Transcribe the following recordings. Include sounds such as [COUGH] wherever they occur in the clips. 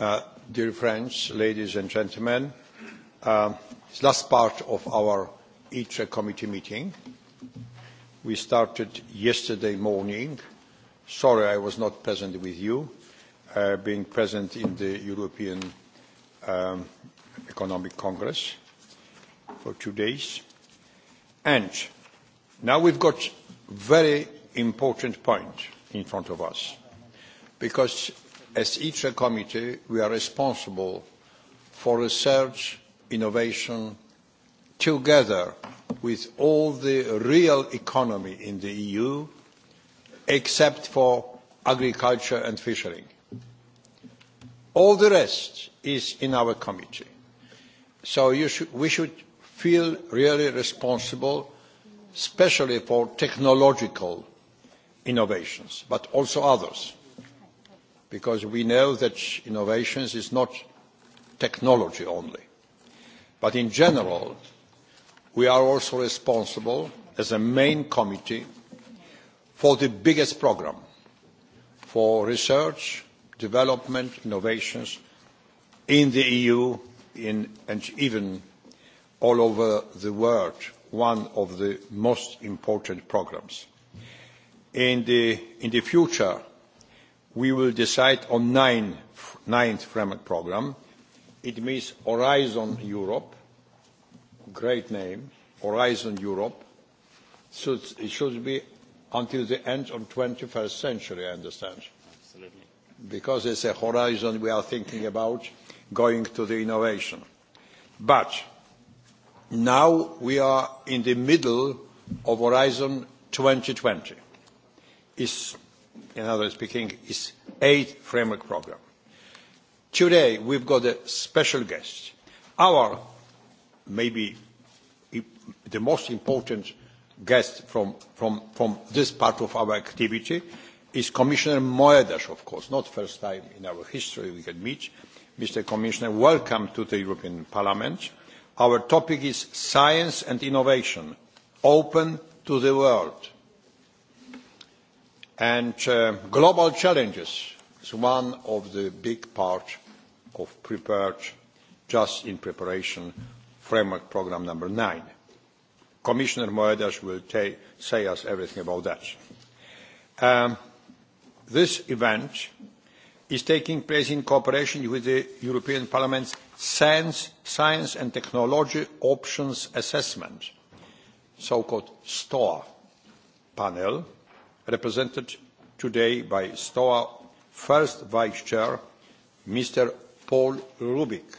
Uh, dear friends, ladies and gentlemen, uh, last part of our ITRE committee meeting. We started yesterday morning. Sorry I was not present with you, uh, being present in the European um, Economic Congress for two days. And now we've got very important point in front of us because as each committee, we are responsible for research, innovation, together with all the real economy in the EU, except for agriculture and fishing. All the rest is in our committee. So you sh we should feel really responsible, especially for technological innovations, but also others because we know that innovations is not technology only. But in general, we are also responsible as a main committee for the biggest program for research, development, innovations in the EU in, and even all over the world, one of the most important programs. In the, in the future, we will decide on the ninth framework program. It means Horizon Europe, great name, Horizon Europe. So it should be until the end of the 21st century, I understand. Absolutely. Because it's a horizon we are thinking about going to the innovation. But now we are in the middle of Horizon 2020. It's in other speaking, is aid framework program. Today, we've got a special guest, our maybe the most important guest from, from, from this part of our activity is Commissioner Moedas, of course, not first time in our history we can meet. Mr. Commissioner, welcome to the European Parliament. Our topic is science and innovation, open to the world And uh, global challenges is one of the big parts of prepared, just in preparation, framework programme number nine. Commissioner Moedas will say us everything about that. Um, this event is taking place in cooperation with the European Parliament's Science, Science and Technology Options Assessment, so-called STOA panel, represented today by STOA First Vice Chair, Mr. Paul Rubik.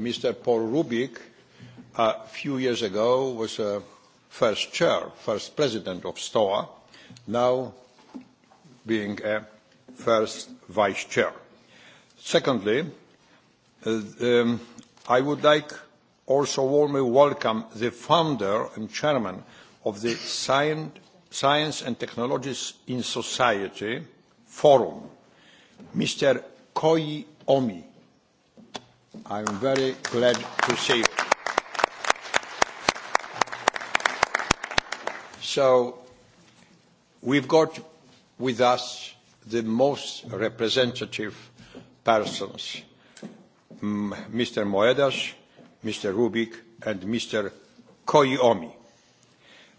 Mr. Paul Rubik, a few years ago, was a uh, first chair, first president of STOA, now being a uh, first vice chair. Secondly, uh, um, I would like also warmly welcome the founder and chairman of the Science Science and Technologies in Society Forum, Mr. Koi Omi. I am very glad to see you. So we've got with us the most representative persons, Mr. Moedas, Mr. Rubik, and Mr. omi.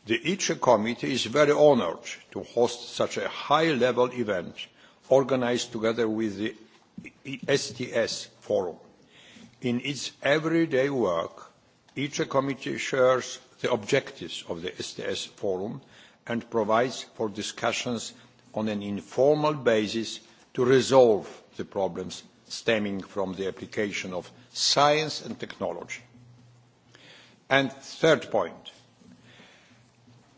The ICE committee is very honored to host such a high-level event organized together with the STS e forum. In its everyday work, ICE committee shares the objectives of the STS e forum and provides for discussions on an informal basis to resolve the problems stemming from the application of science and technology. And third point,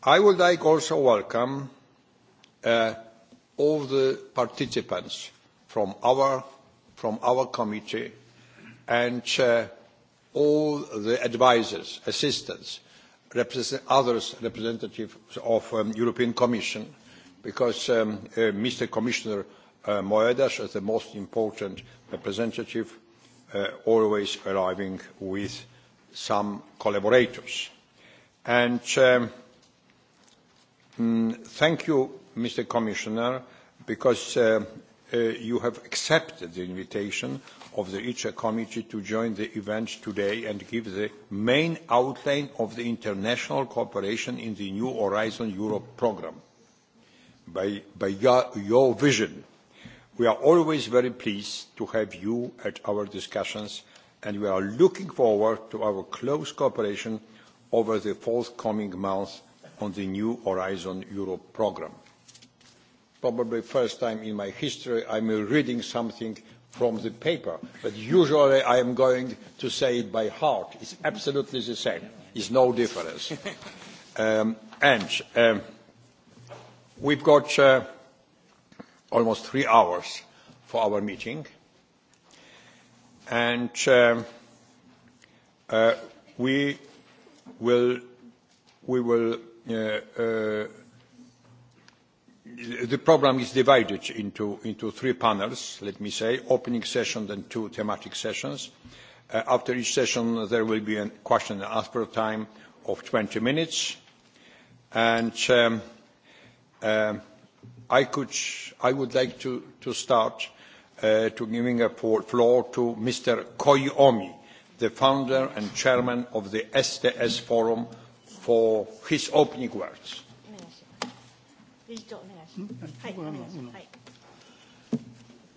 i would like also welcome uh, all the participants from our, from our committee and uh, all the advisers, assistants, represent, others representatives of um, European Commission, because um, uh, Mr. Commissioner uh, Moedas is the most important representative, uh, always arriving with some collaborators. And um, Mm, thank you, Mr. Commissioner, because uh, uh, you have accepted the invitation of the ICHA committee to join the event today and give the main outline of the international cooperation in the New Horizon Europe programme. By, your vision, we are always very pleased to have you at our discussions and we are looking forward to our close cooperation over the forthcoming months on the new Horizon Europe programme. Probably the first time in my history I am reading something from the paper, but usually I am going to say it by heart. It is absolutely the same. There is no difference. [LAUGHS] um, and um, we've got uh, almost three hours for our meeting, and uh, uh, we will we will E, e, the program is divided into, into three panels, let me say, opening session and two thematic sessions. Uh, after each session, there will be a question and answer time of 20 minutes. And um, um, I, could, I would like to, to start uh, to giving a floor to Mr. Koyomi, the founder and chairman of the STS Forum for his opening words.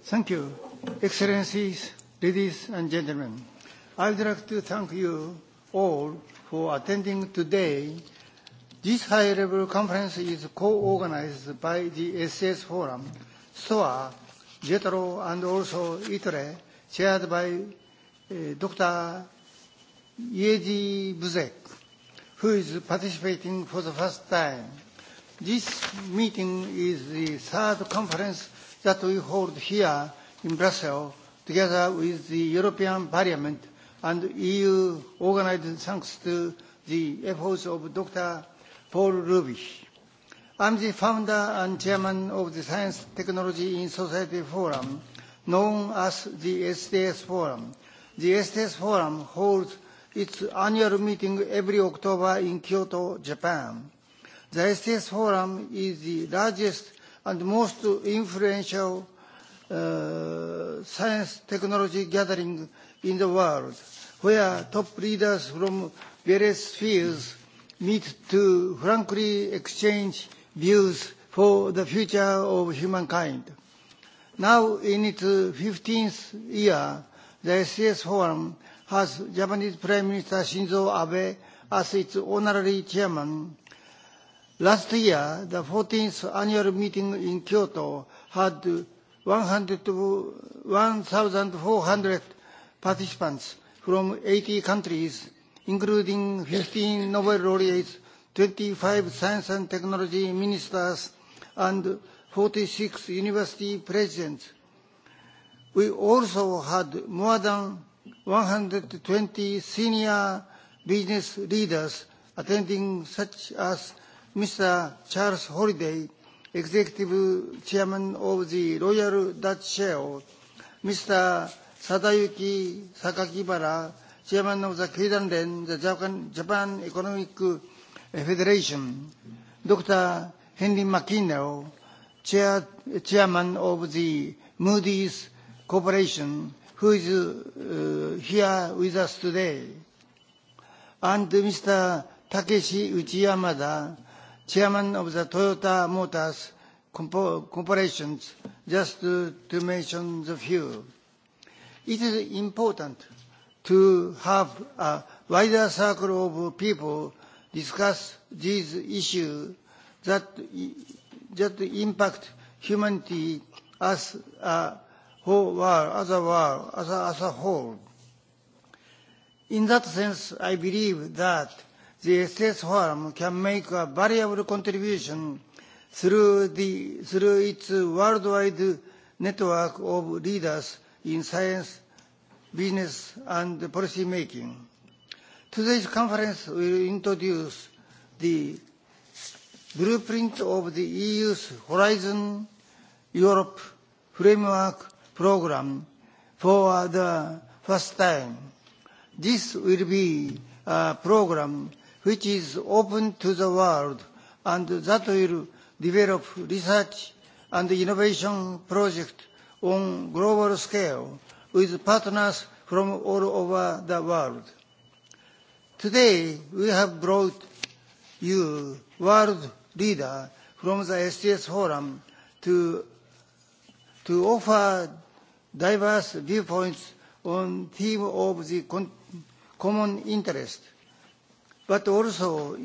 Thank you, Excellencies, ladies and gentlemen. I would like to thank you all for attending today. This high-level conference is co-organized by the SS Forum, SOA, JETRO, and also ITRE, chaired by uh, eh, Dr. Yeji Buzek who is participating for the first time. This meeting is the third conference that we hold here in Brussels together with the European Parliament and EU organized thanks to the efforts of Dr. Paul Rubish. I'm the founder and chairman of the Science Technology in Society Forum, known as the SDS Forum. The STS Forum holds its annual meeting every October in Kyoto, Japan. The STS Forum is the largest and most influential uh, science technology gathering in the world, where top leaders from various fields meet to frankly exchange views for the future of humankind. Now in its 15th year, the STS Forum has Japanese Prime Minister Shinzo Abe as its honorary chairman. Last year, the 14th annual meeting in Kyoto had 1,400 participants from 80 countries, including 15 Nobel laureates, 25 science and technology ministers, and 46 university presidents. We also had more than one hundred and twenty senior business leaders attending such as Mr. Charles Holiday, Executive Chairman of the Royal Dutch Shell, Mr. Sadayuki Sakakibara, Chairman of the Kidanren, the Japan, Japan Economic Federation, Dr. Henry McKinnell, Chair, Chairman of the Moody's Corporation, who is uh, here with us today, and Mr. Takeshi Uchiyamada, chairman of the Toyota Motors Corporations, just to, to mention the few. It is important to have a wider circle of people discuss these issues that, that impact humanity as a who were as a, were, as a, as a whole. In that sense, I believe that the SS Forum can make a variable contribution through, the, through its worldwide network of leaders in science, business, and policy making. Today's conference will introduce the blueprint of the EU's Horizon Europe framework program for the first time. This will be a program which is open to the world and that will develop research and innovation projects on global scale with partners from all over the world. Today, we have brought you world leader from the STS Forum to to offer diverse viewpoints on theme of the con common interest. But also,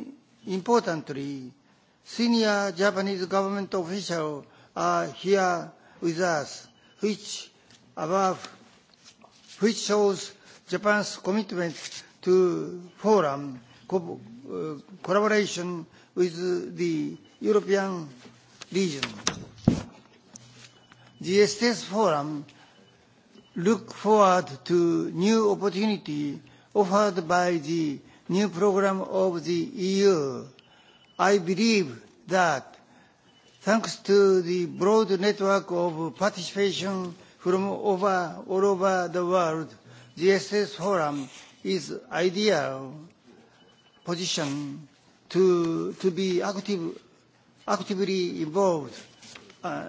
importantly, senior Japanese government officials are here with us, which above, which shows Japan's commitment to forum co uh, collaboration with the European region. GSTS Forum look forward to new opportunity offered by the new program of the EU. I believe that thanks to the broad network of participation from over, all over the world, the Forum is ideal position to, to be active, actively involved uh,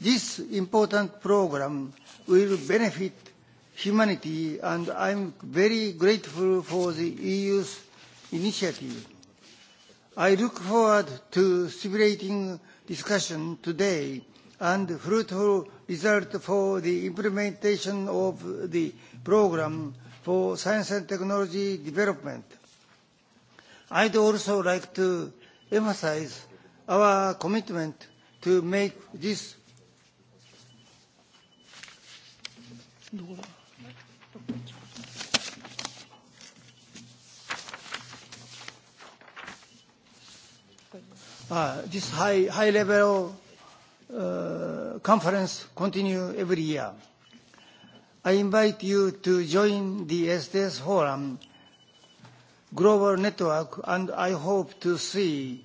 This important program will benefit humanity and I am very grateful for the EU's initiative. I look forward to stimulating discussion today and fruitful result for the implementation of the program for science and technology development. I'd also like to emphasize our commitment to make this Uh, this high, high level uh, conference continue every year. I invite you to join the SDS Forum Global Network and I hope to see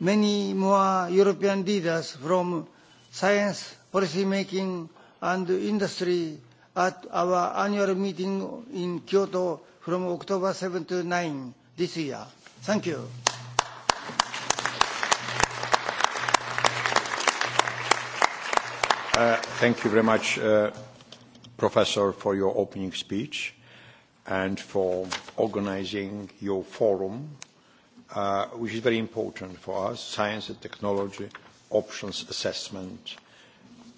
many more European leaders from science, policy making, and industry at our annual meeting in Kyoto from October 7 to 9 this year. Thank you. Uh, thank you very much, uh, Professor, for your opening speech and for organizing your forum, uh, which is very important for us, science and technology options assessment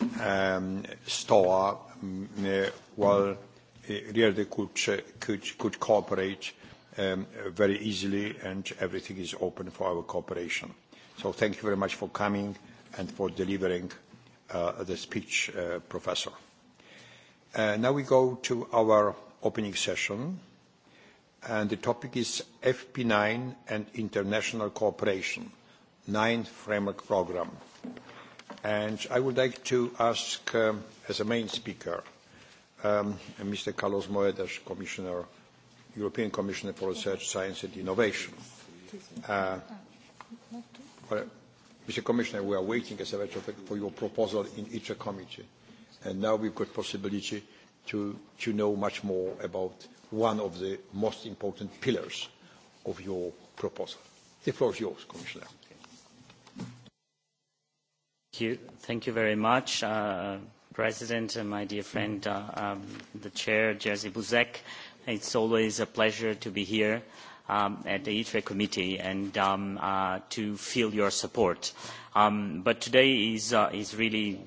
store ehm, STOA well really could, could, could cooperate um, very easily and everything is open for our cooperation. So thank you very much for coming and for delivering uh, the speech, uh, Professor. Uh, now we go to our opening session and the topic is FP9 and international cooperation, ninth framework program. And I would like to ask, um, as a main speaker, um, Mr. Carlos Moedas, Commissioner, European Commissioner for Research, Science and Innovation. Uh, Mr. Commissioner, we are waiting, as a matter of fact, for your proposal in each committee. And now we've got possibility to, to know much more about one of the most important pillars of your proposal. The floor is yours, Commissioner. Thank you. very much, uh, President, and my dear friend, uh, um, the Chair, Jerzy Buzek. It's always a pleasure to be here um, at the ITRE committee and um, uh, to feel your support. Um, but today is, uh, is really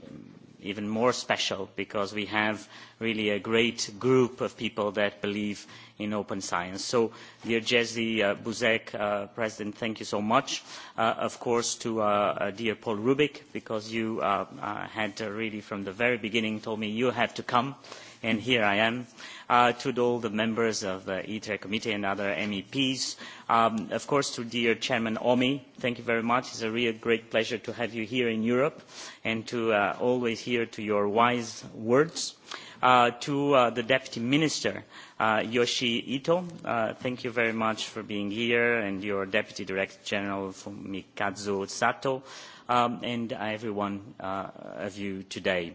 even more special because we have really a great group of people that believe in open science. So, dear Jesse uh, Buzek, uh, President, thank you so much. Uh, of course, to uh, uh dear Paul Rubik, because you uh, uh, had really from the very beginning told me you have to come and here I am, uh, to all the members of the uh, ITRE committee and other MEPs. Um, of course, to dear Chairman Omi, thank you very much. It's a real great pleasure to have you here in Europe and to uh, always hear to your wise words. Uh, to uh, the Deputy Minister, uh, Yoshi Ito, uh, thank you very much for being here, and your Deputy Director General, Fumikazu Sato, um, and everyone uh, of you today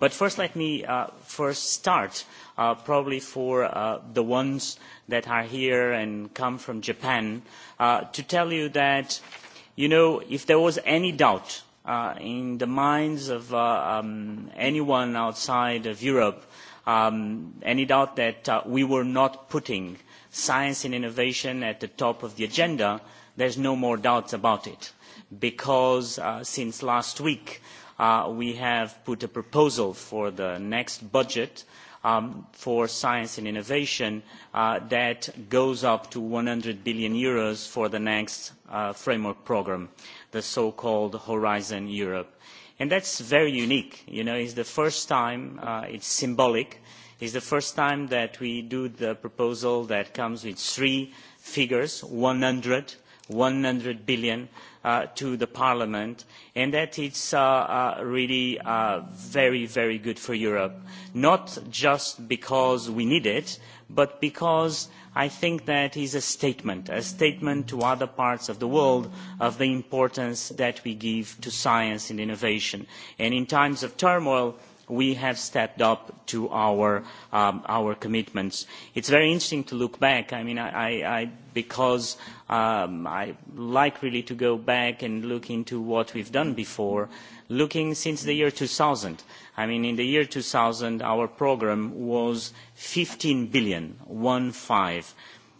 But first, let me uh, first start uh, probably for uh, the ones that are here and come from Japan to tell you that, you know, if there was any doubt in the minds of um, anyone outside of Europe, um, any doubt that we were not putting science and innovation at the top of the agenda, there's no more doubt about it because since last week, Uh, we have put a proposal for the next budget um, for science and innovation uh, that goes up to EUR one hundred billion for the next uh, framework programme, the so-called Horizon Europe. That is very unique. It is the first time, it is symbolic, it is the first time that we do the proposal that comes with three figures one hundred one hundred billion uh, to the parliament and that is uh, uh, really very very good for europe not just because we need it but because i think that is a statement a statement to other parts of the world of the importance that we give to science and innovation and in times of turmoil we have stepped up to our, um, our commitments. It's very interesting to look back. I mean, I, I, I because um, I like really to go back and look into what we've done before, looking since the year 2000. I mean, in the year 2000, our program was 15 billion, one five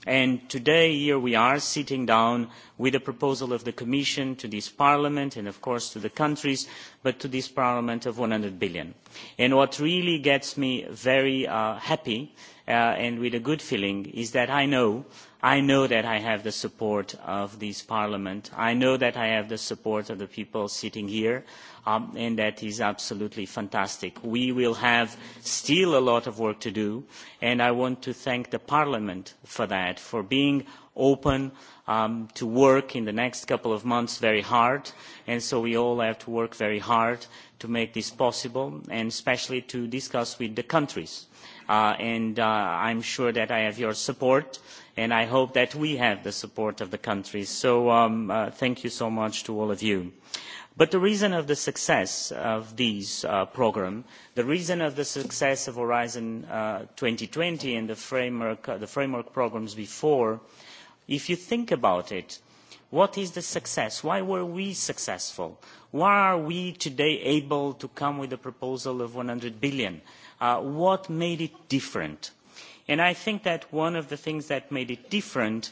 and today here we are sitting down with a proposal of the commission to this parliament and of course to the countries but to this parliament of eur one hundred billion. And what really gets me very uh, happy uh, and with a good feeling is that i know i know that i have the support of this parliament i know that i have the support of the people sitting here and um, and that is absolutely fantastic. We will have still a lot of work to do, and I want to thank the Parliament for that, for being open um, to work in the next couple of months very hard, and so we all have to work very hard to make this possible, and especially to discuss with the countries. Uh, and uh, I'm sure that I have your support, and I hope that we have the support of the countries. So um, uh, thank you so much to all of you. Uh, but the reason for the success of these programme uh, programmes the reason for the success of horizon two thousand and twenty and the framework, uh, programmes before if you think about it what is the success? why were we successful? why are we today able to come with a proposal of eur one hundred billion? Uh, what made it different? and i think that one of the things that made it different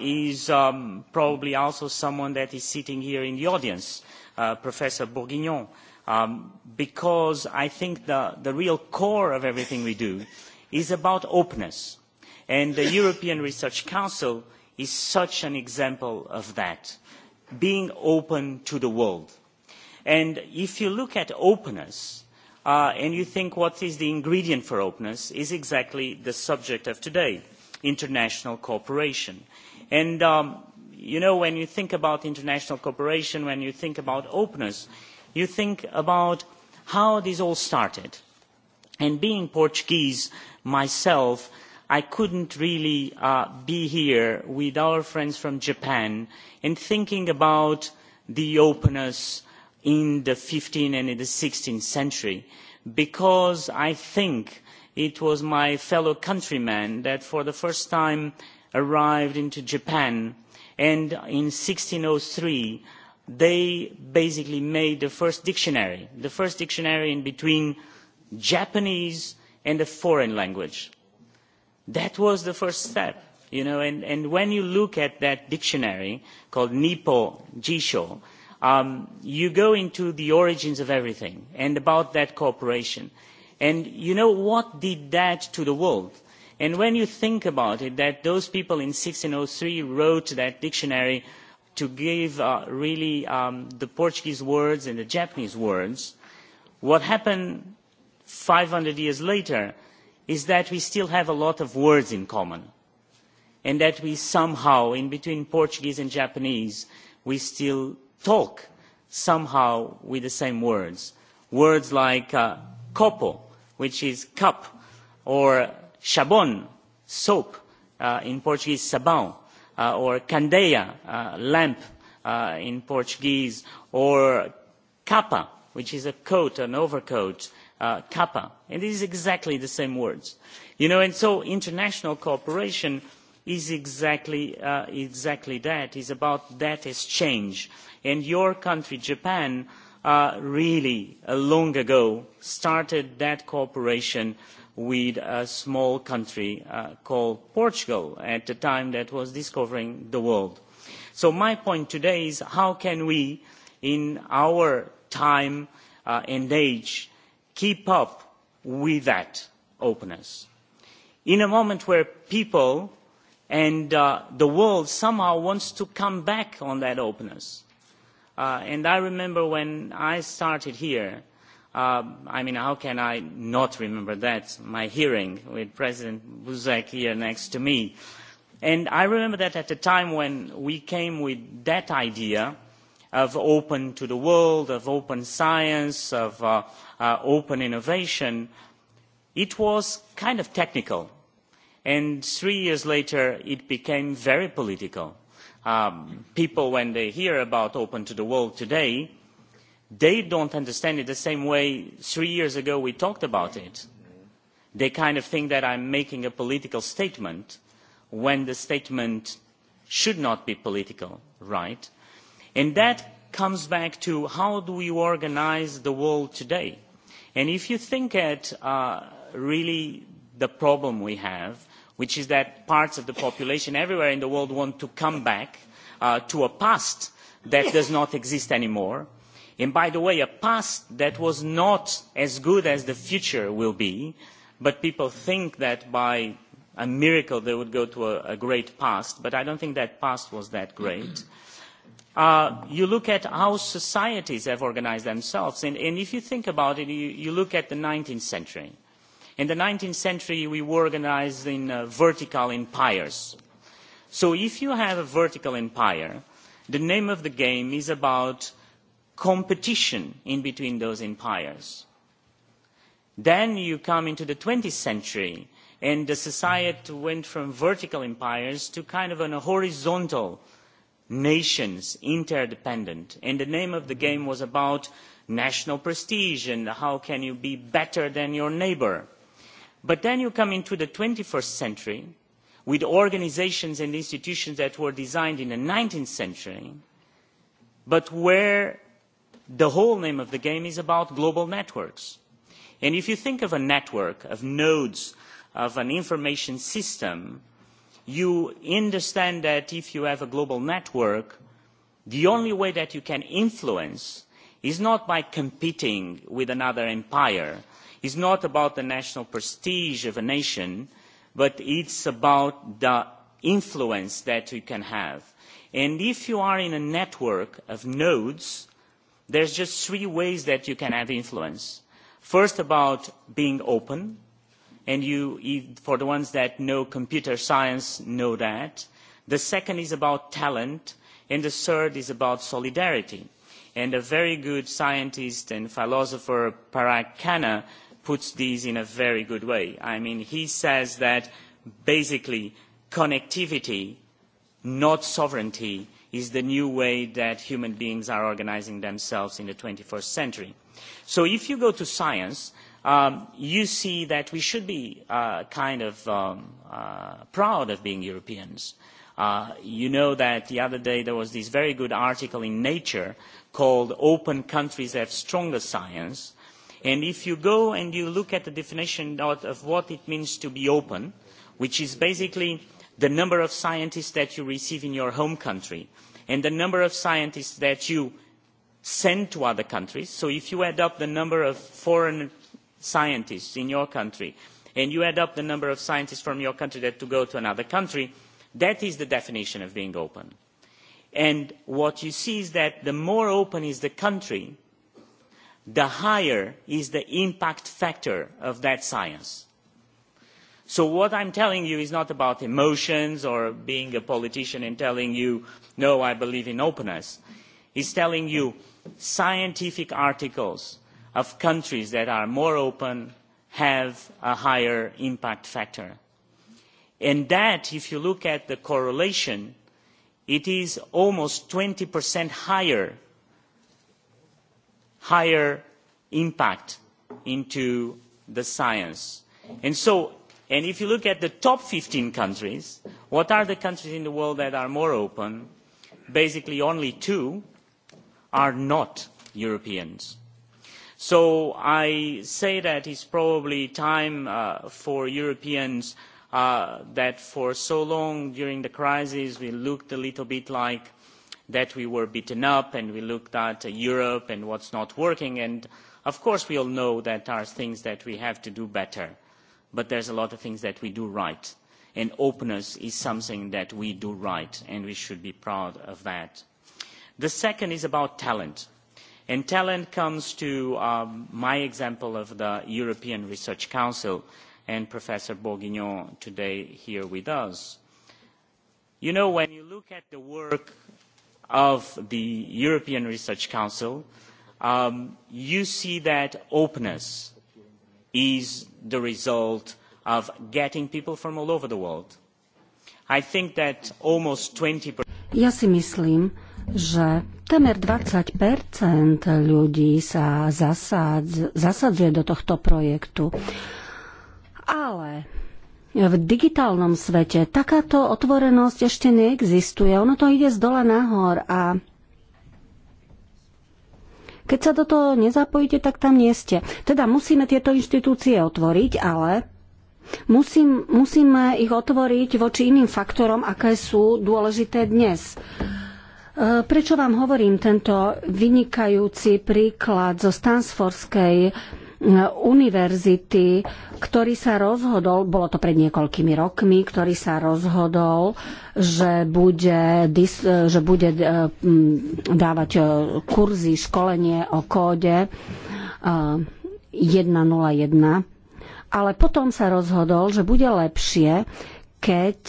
is um, probably also someone that is sitting here in the audience Uh, Professor Bourguignon, um, because I think the, the real core of everything we do is about openness. And the European Research Council is such an example of that, being open to the world. And if you look at openness, uh, and you think what is the ingredient for openness, is exactly the subject of today, international cooperation. And um, you know when you think about international cooperation when you think about openness you think about how this all started and being portuguese myself i could not really uh, be here with our friends from japan and thinking about the openness in the fifteenth and in the sixteenth century because i think it was my fellow countrymen that for the first time arrived in japan and in oh three they basically made the first dictionary the first dictionary in between japanese and a foreign language. that was the first step you know and, and when you look at that dictionary called nippo jisho um, you go into the origins of everything and about that cooperation and you know what did that to the world? and when you think about it that those people in one oh three wrote that dictionary to give uh, really um, the portuguese words and the japanese words what happened five hundred years later is that we still have a lot of words in common and that we somehow in between portuguese and japanese we still talk somehow with the same words words like uh, copo which is cup or Shabon, soap, uh, in Portuguese sabão, uh, or candeia, uh, lamp, uh, in Portuguese, or capa, which is a coat, an overcoat, uh, capa. And it is exactly the same words. You know, and so international cooperation is exactly, uh, that it that, is about that exchange. And your country, Japan, uh, really, uh, long ago, started that cooperation with a small country uh, called portugal at the time that was discovering the world. so my point today is how can we in our time uh, and age keep up with that openness? in a moment where people and uh, the world somehow wants to come back on that openness. Uh, and i remember when i started here Um, I mean, how can I not remember that? My hearing with President Buzek here next to me. And I remember that at the time when we came with that idea of open to the world, of open science, of uh, uh, open innovation, it was kind of technical. And three years later, it became very political. Um, people, when they hear about open to the world today, they don't understand it the same way three years ago we talked about it. They kind of think that I'm making a political statement when the statement should not be political, right? And that comes back to how do we organise the world today? And if you think at uh, really the problem we have, which is that parts of the population everywhere in the world want to come back uh, to a past that does not exist anymore, and by the way a past that was not as good as the future will be but people think that by a miracle they would go to a, great past but i don't think that past was that great uh, you look at how societies have organised themselves and, and if you think about it you, you look at the nineteenth century in the nineteenth century we were organised in uh, vertical empires so if you have a vertical empire the name of the game is about competition in between those empires. Then you come into the twentieth century and the society went from vertical empires to kind of an horizontal nations interdependent and the name of the game was about national prestige and how can you be better than your neighbour but then you come into the twenty first century with organisations and institutions that were designed in the nineteenth century but where the whole name of the game is about global networks. And if you think of a network of nodes of an information system, you understand that if you have a global network, the only way that you can influence is not by competing with another empire, is not about the national prestige of a nation, but it's about the influence that you can have. And if you are in a network of nodes, there are just three ways that you can have influence first about being open and you for the ones that know computer science know that the second is about talent and the third is about solidarity and a very good scientist and philosopher parag khanna puts these in a very good way i mean he says that basically connectivity not sovereignty is the new way that human beings are organising themselves in the twenty first century. so if you go to science um, you see that we should be uh, kind of um, uh, proud of being europeans. Uh, you know that the other day there was this very good article in nature called open countries have stronger science' and if you go and you look at the definition of what it means to be open which is basically the number of scientists that you receive in your home country and the number of scientists that you send to other countries so if you add up the number of foreign scientists in your country and you add up the number of scientists from your country that go to another country that is the definition of being open. And what you see is that the more open is the country the higher is the impact factor of that science so what i'm telling you is not about emotions or being a politician and telling you no i believe in openness it's telling you scientific articles of countries that are more open have a higher impact factor and that if you look at the correlation it is almost 20% higher higher impact into the science and so and if you look at the top fifteen countries what are the countries in the world that are more open? basically only two are not europeans. so i say that it is probably time uh, for europeans uh, that for so long during the crisis we looked a little bit like that we were beaten up and we looked at uh, europe and what's not working and of course we all know that there are things that we have to do better but there's a lot of things that we do right. And openness is something that we do right, and we should be proud of that. The second is about talent. And talent comes to um, my example of the European Research Council and Professor Bourguignon today here with us. You know, when you look at the work of the European Research Council, um, you see that openness is the result of getting people from all over the world. I think that almost 20 ja si myslím, že temer 20 ľudí sa zasádz, zasadzuje do tohto projektu. Ale v digitálnom svete takáto otvorenosť ešte neexistuje. Ono to ide z dola nahor a keď sa do toho nezapojíte, tak tam nie ste. Teda musíme tieto inštitúcie otvoriť, ale musím, musíme ich otvoriť voči iným faktorom, aké sú dôležité dnes. E, prečo vám hovorím tento vynikajúci príklad zo Stansforskej univerzity, ktorý sa rozhodol, bolo to pred niekoľkými rokmi, ktorý sa rozhodol, že bude, že bude e, dávať e, kurzy, školenie o kóde 101 e, ale potom sa rozhodol, že bude lepšie, keď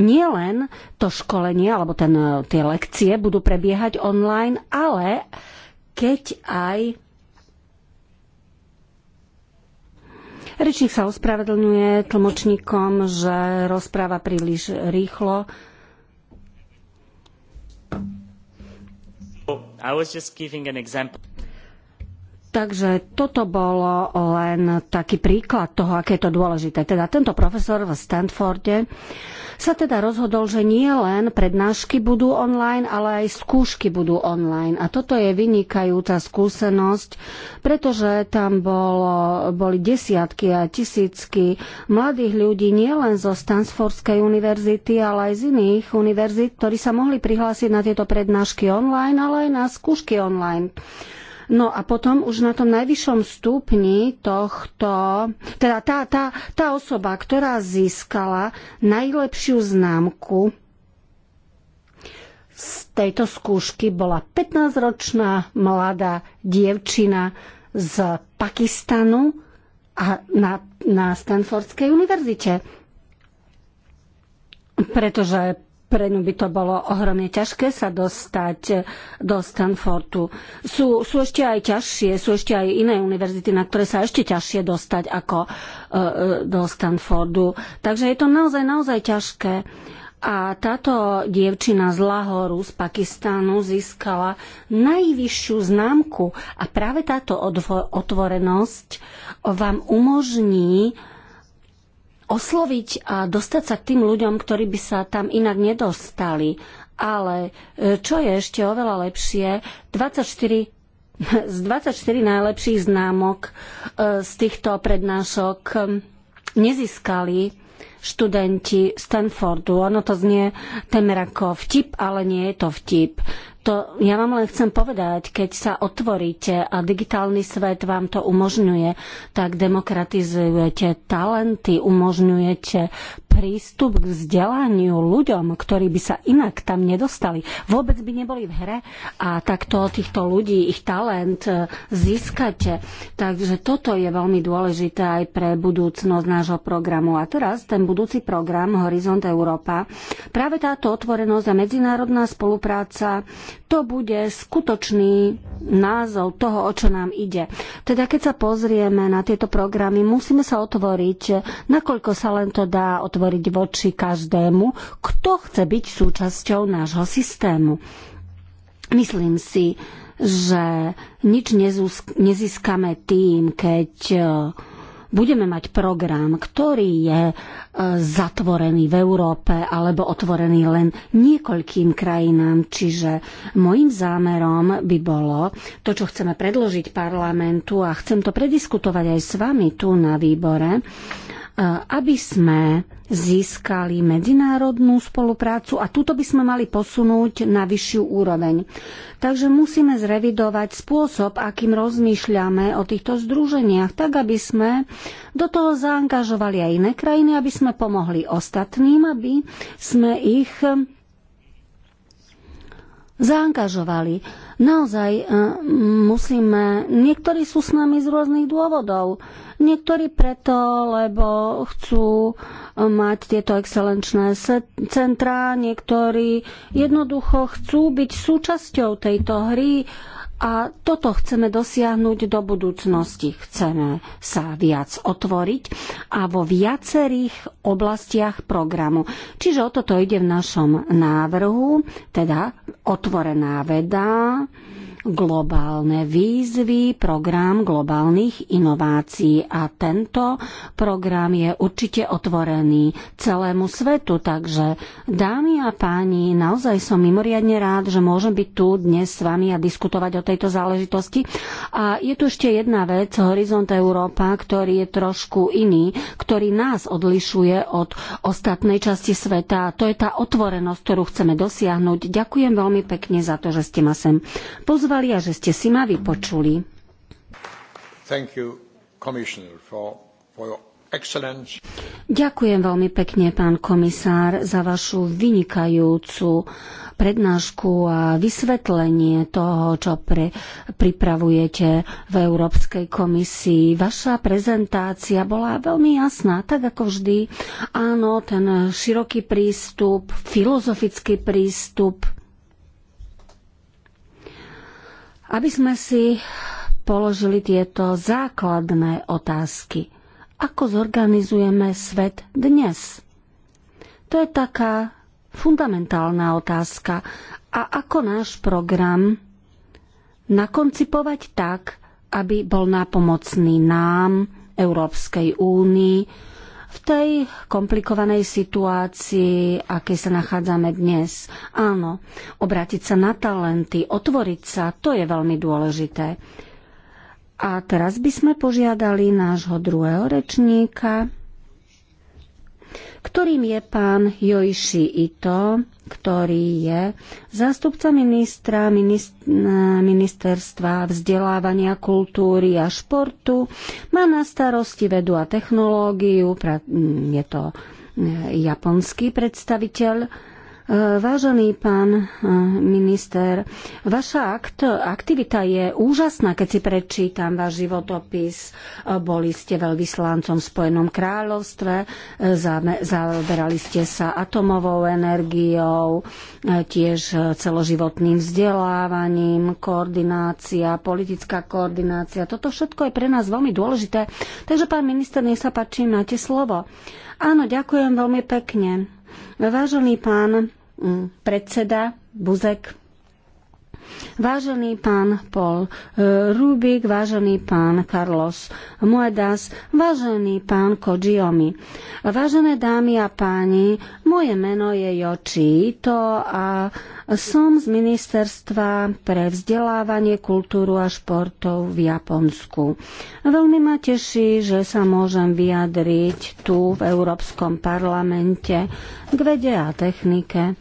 nielen len to školenie alebo ten, tie lekcie budú prebiehať online, ale keď aj Rečník sa ospravedlňuje tlmočníkom, že rozpráva príliš rýchlo. I was just giving an example. Takže toto bolo len taký príklad toho, aké je to dôležité. Teda tento profesor v Stanforde sa teda rozhodol, že nie len prednášky budú online, ale aj skúšky budú online. A toto je vynikajúca skúsenosť, pretože tam bolo, boli desiatky a tisícky mladých ľudí nielen zo Stanfordskej univerzity, ale aj z iných univerzít, ktorí sa mohli prihlásiť na tieto prednášky online, ale aj na skúšky online. No a potom už na tom najvyššom stupni tohto, teda tá, tá, tá osoba, ktorá získala najlepšiu známku z tejto skúšky, bola 15-ročná mladá dievčina z Pakistanu a na, na Stanfordskej univerzite. Pretože pre ňu by to bolo ohromne ťažké sa dostať do Stanfordu. Sú, sú ešte aj ťažšie, sú ešte aj iné univerzity, na ktoré sa ešte ťažšie dostať ako e, e do Stanfordu. Takže je to naozaj, naozaj ťažké. A táto dievčina z Lahoru, z Pakistánu, získala najvyššiu známku. A práve táto otvorenosť vám umožní osloviť a dostať sa k tým ľuďom, ktorí by sa tam inak nedostali. Ale e, čo je ešte oveľa lepšie, 24 [LAUGHS] z 24 najlepších známok e, z týchto prednášok e, nezískali študenti Stanfordu. Ono to znie temer ako vtip, ale nie je to vtip to ja vám len chcem povedať, keď sa otvoríte a digitálny svet vám to umožňuje, tak demokratizujete talenty, umožňujete prístup k vzdelaniu ľuďom, ktorí by sa inak tam nedostali. Vôbec by neboli v hre a takto týchto ľudí, ich talent e, získate. Takže toto je veľmi dôležité aj pre budúcnosť nášho programu. A teraz ten budúci program Horizont Európa. Práve táto otvorenosť a medzinárodná spolupráca to bude skutočný názov toho, o čo nám ide. Teda keď sa pozrieme na tieto programy, musíme sa otvoriť, nakoľko sa len to dá otvoriť voči každému, kto chce byť súčasťou nášho systému. Myslím si, že nič nezískame tým, keď uh, budeme mať program, ktorý je e, zatvorený v Európe alebo otvorený len niekoľkým krajinám. Čiže môjim zámerom by bolo to, čo chceme predložiť parlamentu a chcem to prediskutovať aj s vami tu na výbore, aby sme získali medzinárodnú spoluprácu a túto by sme mali posunúť na vyššiu úroveň. Takže musíme zrevidovať spôsob, akým rozmýšľame o týchto združeniach, tak aby sme do toho zaangažovali aj iné krajiny, aby sme pomohli ostatným, aby sme ich zaangažovali. Naozaj e, musíme, niektorí sú s nami z rôznych dôvodov, Niektorí preto, lebo chcú eh, mať tieto excelenčné centrá, niektorí jednoducho chcú byť súčasťou tejto hry a toto chceme dosiahnuť do budúcnosti. Chceme sa viac otvoriť a vo viacerých oblastiach programu. Čiže o toto ide v našom návrhu, teda otvorená veda, globálne výzvy, program globálnych inovácií a tento program je určite otvorený celému svetu. Takže dámy a páni, naozaj som mimoriadne rád, že môžem byť tu dnes s vami a diskutovať o tejto záležitosti. A je tu ešte jedna vec, Horizont Európa, ktorý je trošku iný, ktorý nás odlišuje od ostatnej časti sveta. To je tá otvorenosť, ktorú chceme dosiahnuť. Ďakujem veľmi pekne za to, že ste ma sem pozvali počúvali a že ste si ma vypočuli. You, for, for Ďakujem veľmi pekne, pán komisár, za vašu vynikajúcu prednášku a vysvetlenie toho, čo pre, pripravujete v Európskej komisii. Vaša prezentácia bola veľmi jasná, tak ako vždy. Áno, ten široký prístup, filozofický prístup aby sme si položili tieto základné otázky. Ako zorganizujeme svet dnes? To je taká fundamentálna otázka. A ako náš program nakoncipovať tak, aby bol nápomocný nám, Európskej únii, v tej komplikovanej situácii, aké sa nachádzame dnes. Áno, obrátiť sa na talenty, otvoriť sa, to je veľmi dôležité. A teraz by sme požiadali nášho druhého rečníka, ktorým je pán Jojši Ito, ktorý je zástupca ministra ministerstva vzdelávania, kultúry a športu. Má na starosti vedu a technológiu, je to japonský predstaviteľ Eh, vážený pán eh, minister, vaša akt, aktivita je úžasná, keď si prečítam váš životopis. Eh, boli ste veľvyslancom v Spojenom kráľovstve, zaoberali ste sa atomovou energiou, tiež celoživotným vzdelávaním, koordinácia, politická koordinácia. Toto všetko je pre nás veľmi dôležité. Takže, pán minister, nech sa páči, máte slovo. Áno, ďakujem veľmi pekne. Vážený pán mm, predseda Buzek, Vážený pán Paul eh, Rubik, vážený pán Carlos Moedas, vážený pán Kojiomi. Vážené dámy a páni, moje meno je Joči To a som z Ministerstva pre vzdelávanie, kultúru a športov v Japonsku. Veľmi ma teší, že sa môžem vyjadriť tu v Európskom parlamente k vede a technike.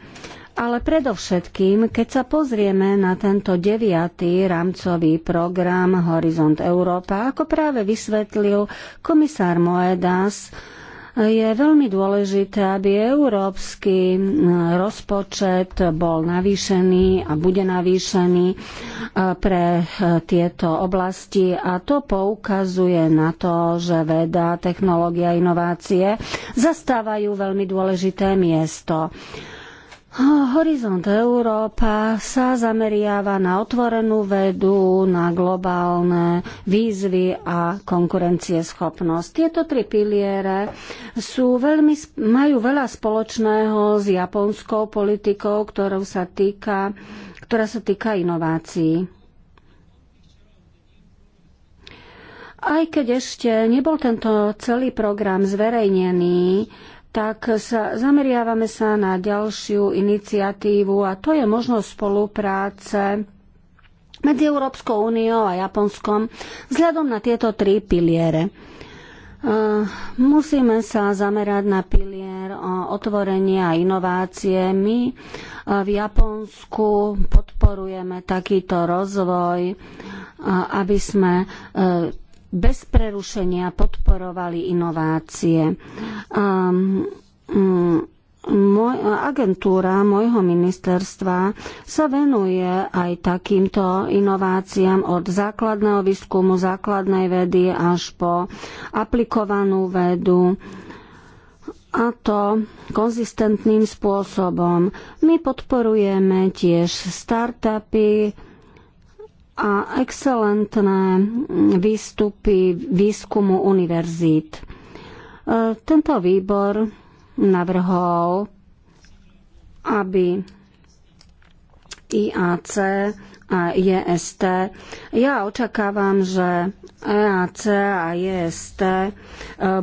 Ale predovšetkým, keď sa pozrieme na tento deviatý rámcový program Horizont Európa, ako práve vysvetlil komisár Moedas, je veľmi dôležité, aby európsky rozpočet bol navýšený a bude navýšený e, pre e, tieto oblasti a to poukazuje na to, že veda, technológia, inovácie zastávajú veľmi dôležité miesto. Horizont Európa sa zameriava na otvorenú vedu, na globálne výzvy a konkurencieschopnosť. Tieto tri piliere sú veľmi, majú veľa spoločného s japonskou politikou, ktorou sa týka, ktorá sa týka inovácií. Aj keď ešte nebol tento celý program zverejnený, tak sa zameriavame sa na ďalšiu iniciatívu a to je možnosť spolupráce medzi Európskou úniou a Japonskom vzhľadom na tieto tri piliere. Musíme sa zamerať na pilier otvorenia a inovácie. My v Japonsku podporujeme takýto rozvoj, aby sme e, bez prerušenia podporovali inovácie. Um, um, môj, agentúra môjho ministerstva sa venuje aj takýmto inováciám od základného výskumu, základnej vedy až po aplikovanú vedu a to konzistentným spôsobom. My podporujeme tiež startupy, a excelentné výstupy výskumu univerzít. E, tento výbor navrhol, aby IAC a IST. Ja očakávam, že EAC a EST e,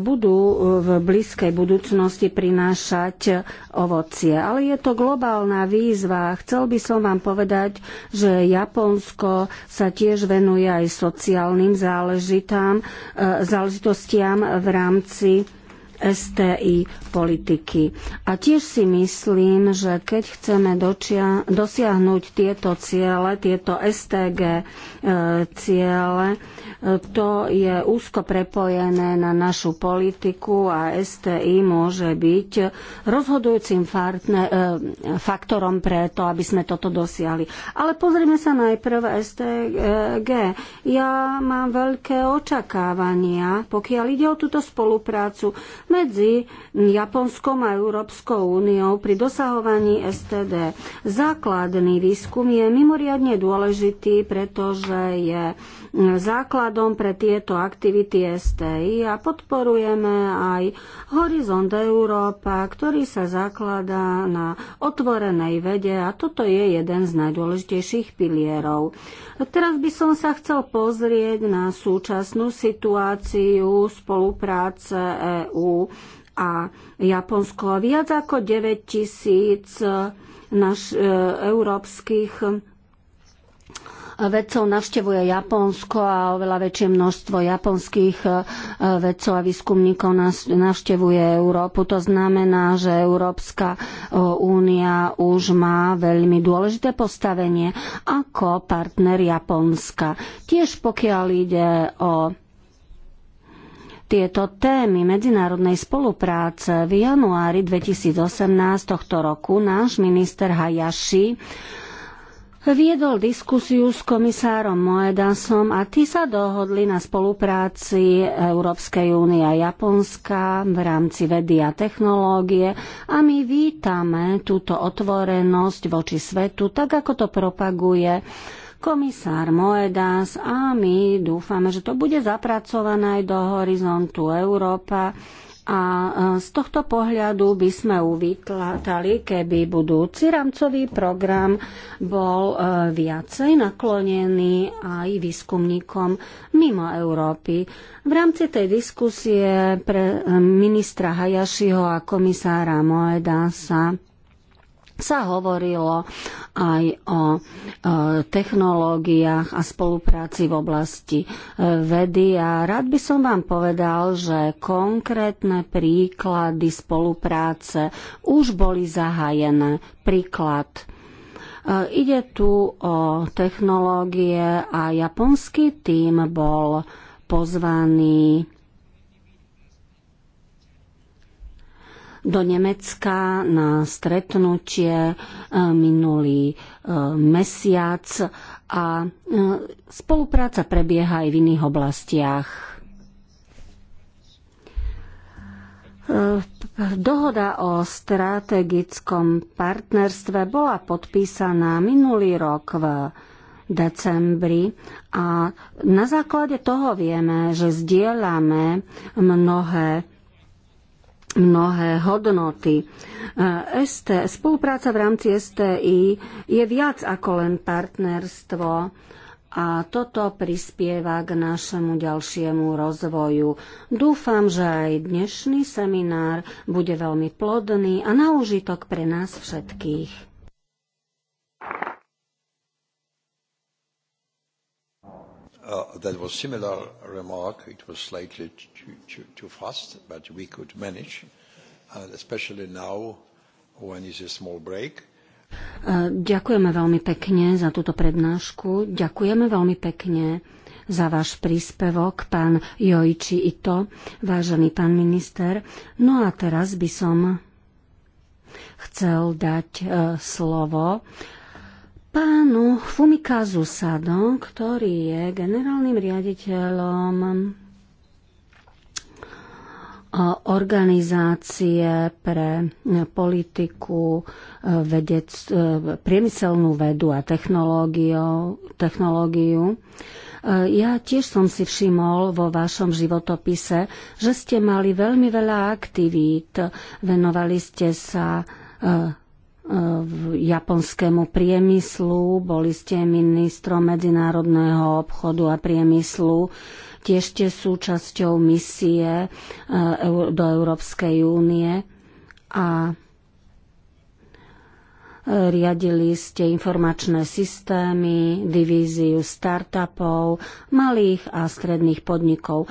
budú v blízkej budúcnosti prinášať ovocie. Ale je to globálna výzva. Chcel by som vám povedať, že Japonsko sa tiež venuje aj sociálnym záležitám, e, záležitostiam v rámci STI politiky. A tiež si myslím, že keď chceme dočia- dosiahnuť tieto ciele, tieto STG e, ciele, e, to je úzko prepojené na našu politiku a STI môže byť rozhodujúcim fartne, e, faktorom pre to, aby sme toto dosiahli. Ale pozrime sa najprv STG. Ja mám veľké očakávania, pokiaľ ide o túto spoluprácu medzi Japonskom a Európskou úniou pri dosahovaní STD. Základný výskum je mimoriadne dôležitý, pretože je základom pre tieto aktivity STI a podporujeme aj Horizont Európa, ktorý sa zakladá na otvorenej vede a toto je jeden z najdôležitejších pilierov. Teraz by som sa chcel pozrieť na súčasnú situáciu spolupráce EÚ a Japonsko. Viac ako 9 tisíc naš, e, európskych vedcov navštevuje Japonsko a oveľa väčšie množstvo japonských e, vedcov a výskumníkov navštevuje Európu. To znamená, že Európska e, únia už má veľmi dôležité postavenie ako partner Japonska. Tiež pokiaľ ide o tieto témy medzinárodnej spolupráce v januári 2018 tohto roku náš minister Hayashi viedol diskusiu s komisárom Moedasom a tí sa dohodli na spolupráci Európskej únie a Japonska v rámci vedy a technológie a my vítame túto otvorenosť voči svetu, tak ako to propaguje komisár Moedas a my dúfame, že to bude zapracované aj do horizontu Európa a e, z tohto pohľadu by sme uvítali, keby budúci rámcový program bol e, viacej naklonený aj výskumníkom mimo Európy. V rámci tej diskusie pre e, ministra Hajašiho a komisára Moeda sa sa hovorilo aj o technológiách a spolupráci v oblasti e, vedy a rád by som vám povedal, že konkrétne príklady spolupráce už boli zahájené. Príklad e, Ide tu o technológie a japonský tým bol pozvaný do Nemecka na stretnutie e, minulý e, mesiac a e, spolupráca prebieha aj v iných oblastiach. Dohoda o strategickom partnerstve bola podpísaná minulý rok v decembri a na základe toho vieme, že zdieľame mnohé mnohé hodnoty. Eh, ST, spolupráca v rámci STI je viac ako len partnerstvo a toto prispieva k našemu ďalšiemu rozvoju. Dúfam, že aj dnešný seminár bude veľmi plodný a na užitok pre nás všetkých. Uh, that was similar remark. It was slightly too, too, too fast, but we could manage, uh, especially now when is a small break. Uh, ďakujeme veľmi pekne za túto prednášku. Ďakujeme veľmi pekne za váš príspevok, pán Jojči Ito, vážený pán minister. No a teraz by som chcel dať e, slovo pánu Fumikazu Sado, ktorý je generálnym riaditeľom organizácie pre politiku, e, vedec, e, priemyselnú vedu a technológiu. E, ja tiež som si všimol vo vašom životopise, že ste mali veľmi veľa aktivít. Venovali ste sa japonskému priemyslu, boli ste ministrom medzinárodného obchodu a priemyslu tiež ste súčasťou misie e, do Európskej únie a e, riadili ste informačné systémy, divíziu startupov, malých a stredných podnikov. E,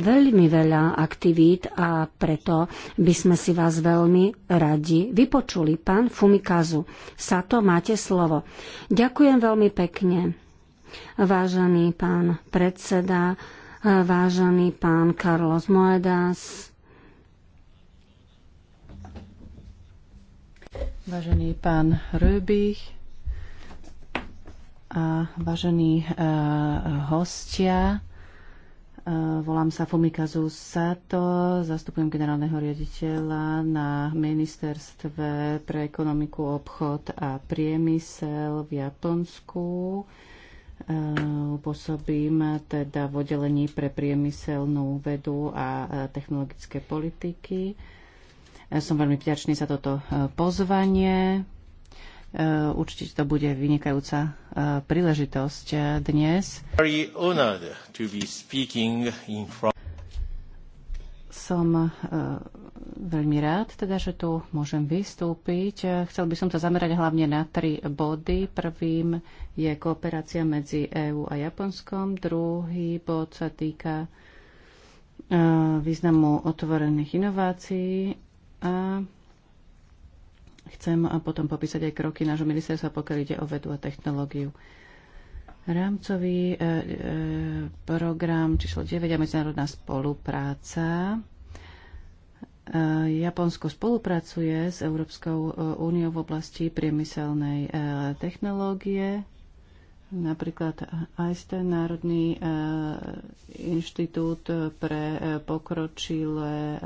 veľmi veľa aktivít a preto by sme si vás veľmi radi vypočuli. Pán Fumikazu, sa to máte slovo. Ďakujem veľmi pekne. Vážený pán predseda, vážený pán Carlos Moedas. Vážený pán Röbich a vážení uh, hostia, uh, volám sa Fumika Zusato, zastupujem generálneho riaditeľa na ministerstve pre ekonomiku, obchod a priemysel v Japonsku. Uh, Pôsobím teda v oddelení pre priemyselnú vedu a e, technologické politiky. E, som veľmi vďačný za toto e, pozvanie. Určite to bude vynikajúca príležitosť dnes. Som e, veľmi rád, teda, že tu môžem vystúpiť. Chcel by som sa zamerať hlavne na tri body. Prvým je kooperácia medzi EÚ a Japonskom. Druhý bod sa týka e, významu otvorených inovácií a chcem potom popísať aj kroky nášho ministerstva, pokiaľ ide o vedu a technológiu. Rámcový e, e, program číslo 9 a medzinárodná spolupráca. E, Japonsko spolupracuje s Európskou úniou v oblasti priemyselnej technológie, napríklad aj ten Národný inštitút pre pokročilé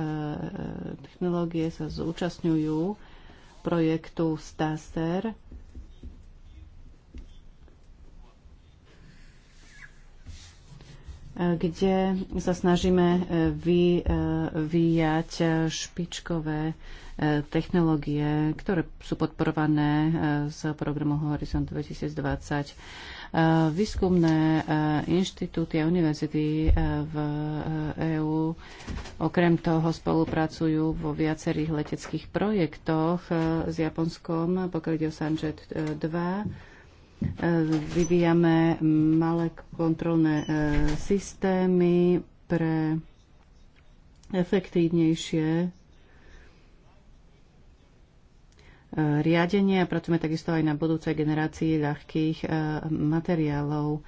technológie sa zúčastňujú projektu STASER kde sa snažíme e, vyvíjať e, špičkové e, technológie, ktoré sú podporované z programu Horizon 2020. Výskumné inštitúty a univerzity v EÚ okrem toho spolupracujú vo viacerých leteckých projektoch s Japonskom, pokiaľ ide o Sanjet 2 E, vyvíjame malé kontrolné e, systémy pre efektívnejšie e, riadenie a pracujeme takisto aj na budúcej generácii ľahkých materiálov.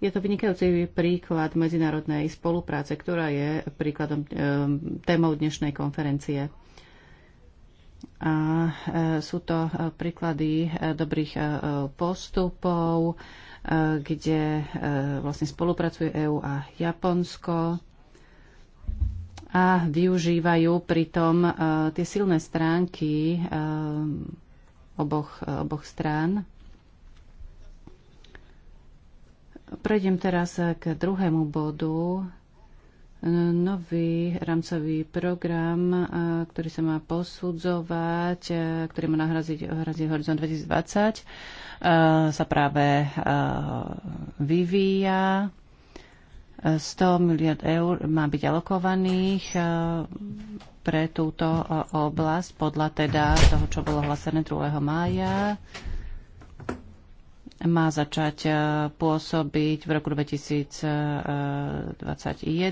Je to vynikajúci príklad medzinárodnej spolupráce, ktorá je príkladom témou dnešnej konferencie. A e, sú to e, príklady e, dobrých postupov, kde vlastne spolupracuje EÚ a Japonsko a využívajú pritom tie silné stránky oboch, oboch strán. Prejdem teraz k druhému bodu, nový rámcový program, ktorý sa má posudzovať, ktorý má nahraziť hrazi Horizon 2020, sa práve vyvíja. 100 miliard eur má byť alokovaných pre túto oblasť podľa teda toho, čo bolo hlasené 2. mája má začať e, pôsobiť v roku 2021,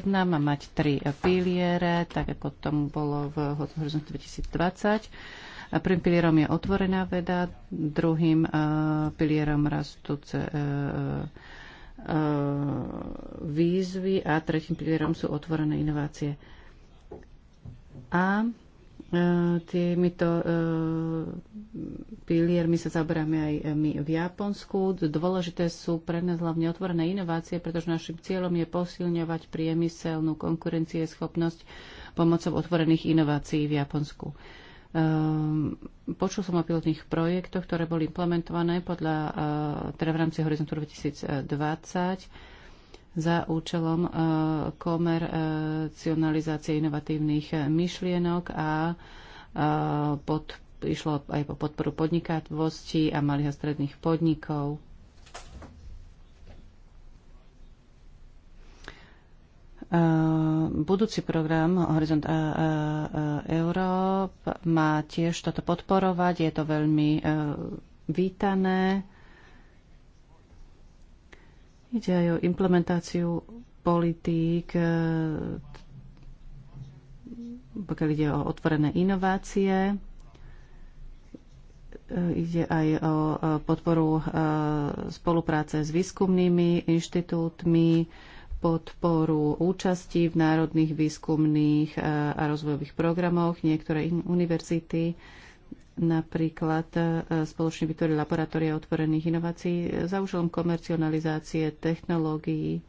má mať tri piliere, tak ako tomu bolo v horizonte 2020. Prvým pilierom je otvorená veda, druhým e, pilierom rastúce e, výzvy a tretím pilierom sú otvorené inovácie. A E, týmito e, piliermi sa zaberáme aj my v Japonsku. Dôležité sú pre nás hlavne otvorené inovácie, pretože našim cieľom je posilňovať priemyselnú konkurencieschopnosť pomocou otvorených inovácií v Japonsku. E, počul som o pilotných projektoch, ktoré boli implementované podľa, teda v rámci Horizontu 2020 za účelom e, komercionalizácie inovatívnych myšlienok a e, pod, išlo aj po podporu podnikavosti a malých a stredných podnikov. E, budúci program Horizont Európ má tiež toto podporovať. Je to veľmi vítané. Ide aj o implementáciu politík, e, pokiaľ ide o otvorené inovácie, e, ide aj o e, podporu spolupráce s výskumnými inštitútmi, podporu účasti v národných výskumných a rozvojových programoch. niektorej univerzity napríklad e, spoločne vytvorili laboratória otvorených inovácií za účelom komercionalizácie technológií,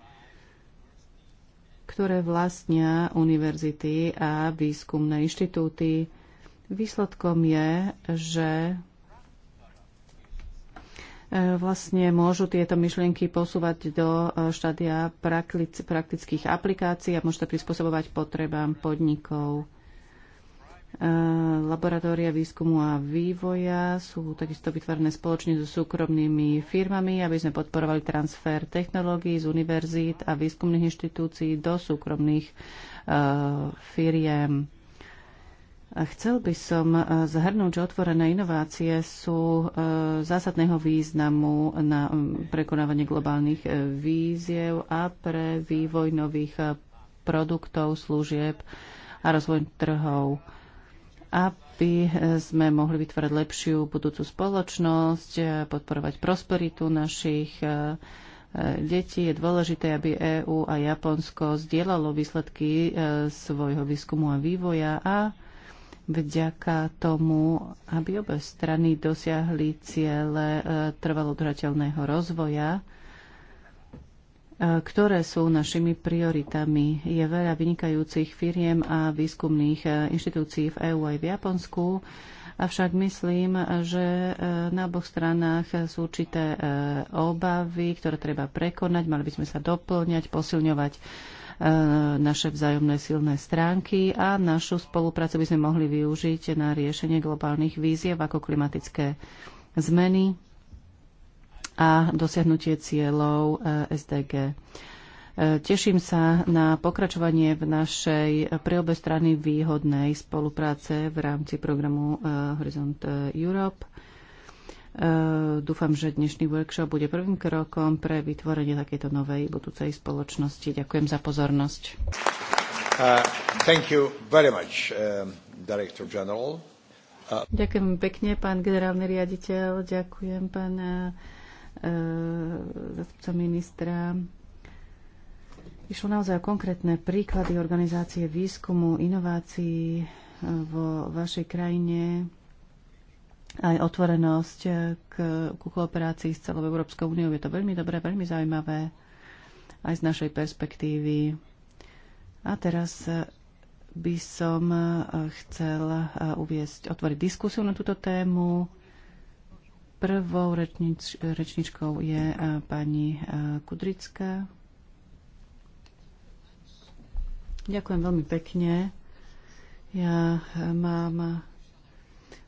ktoré vlastnia univerzity a výskumné inštitúty. Výsledkom je, že e, vlastne môžu tieto myšlienky posúvať do e, štádia praktických aplikácií a môžete prispôsobovať potrebám podnikov. E, laboratória výskumu a vývoja sú takisto vytvorené spoločne so súkromnými firmami, aby sme podporovali transfer technológií z univerzít a výskumných inštitúcií do súkromných uh, firiem. Chcel by som e, zhrnúť, že otvorené inovácie sú zásadného významu na prekonávanie globálnych víziev a pre vývoj nových produktov, služieb a rozvoj trhov aby eh, sme mohli vytvárať lepšiu budúcu spoločnosť, eh, podporovať prosperitu našich eh, detí. Je dôležité, aby EÚ a Japonsko zdieľalo výsledky svojho výskumu a vývoja a vďaka tomu, aby obe strany dosiahli ciele trvalodržateľného rozvoja ktoré sú našimi prioritami. Je veľa vynikajúcich firiem a výskumných e, inštitúcií v EÚ aj v Japonsku, avšak myslím, že e, na oboch stranách sú určité e, obavy, ktoré treba prekonať. Mali by sme sa doplňať, posilňovať naše vzájomné silné stránky a našu spoluprácu by sme mohli využiť na riešenie globálnych víziev ako klimatické zmeny, a dosiahnutie cieľov eh, SDG. Eh, teším sa na pokračovanie v našej pre obe strany výhodnej spolupráce v rámci programu eh, Horizont Europe. Dúfam, že dnešný workshop bude prvým krokom pre vytvorenie takéto novej budúcej spoločnosti. Ďakujem za pozornosť. Uh, thank you very much, Director General. Uh... Ďakujem pekne, pán generálny riaditeľ. Ďakujem, pán E, zastupca ministra. Išlo naozaj o konkrétne príklady organizácie výskumu, inovácií e, vo vašej krajine, aj otvorenosť e, k, k kooperácii s celou Európskou úniou. Je to veľmi dobré, veľmi zaujímavé aj z našej perspektívy. A teraz by som chcel uviesť, otvoriť diskusiu na túto tému. Prvou rečnič, rečničkou je e, pani e, Kudrická. Ďakujem veľmi pekne. Ja e, mám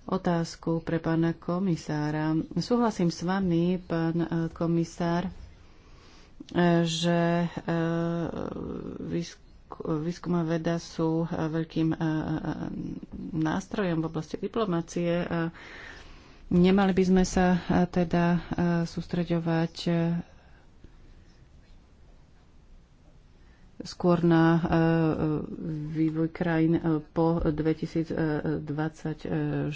otázku pre pána komisára. Súhlasím s vami, pán komisár, že výskum a veda sú veľkým nástrojom v oblasti diplomácie a Nemali by sme sa e, teda e, sústreďovať e, skôr na vývoj krajín po 2024,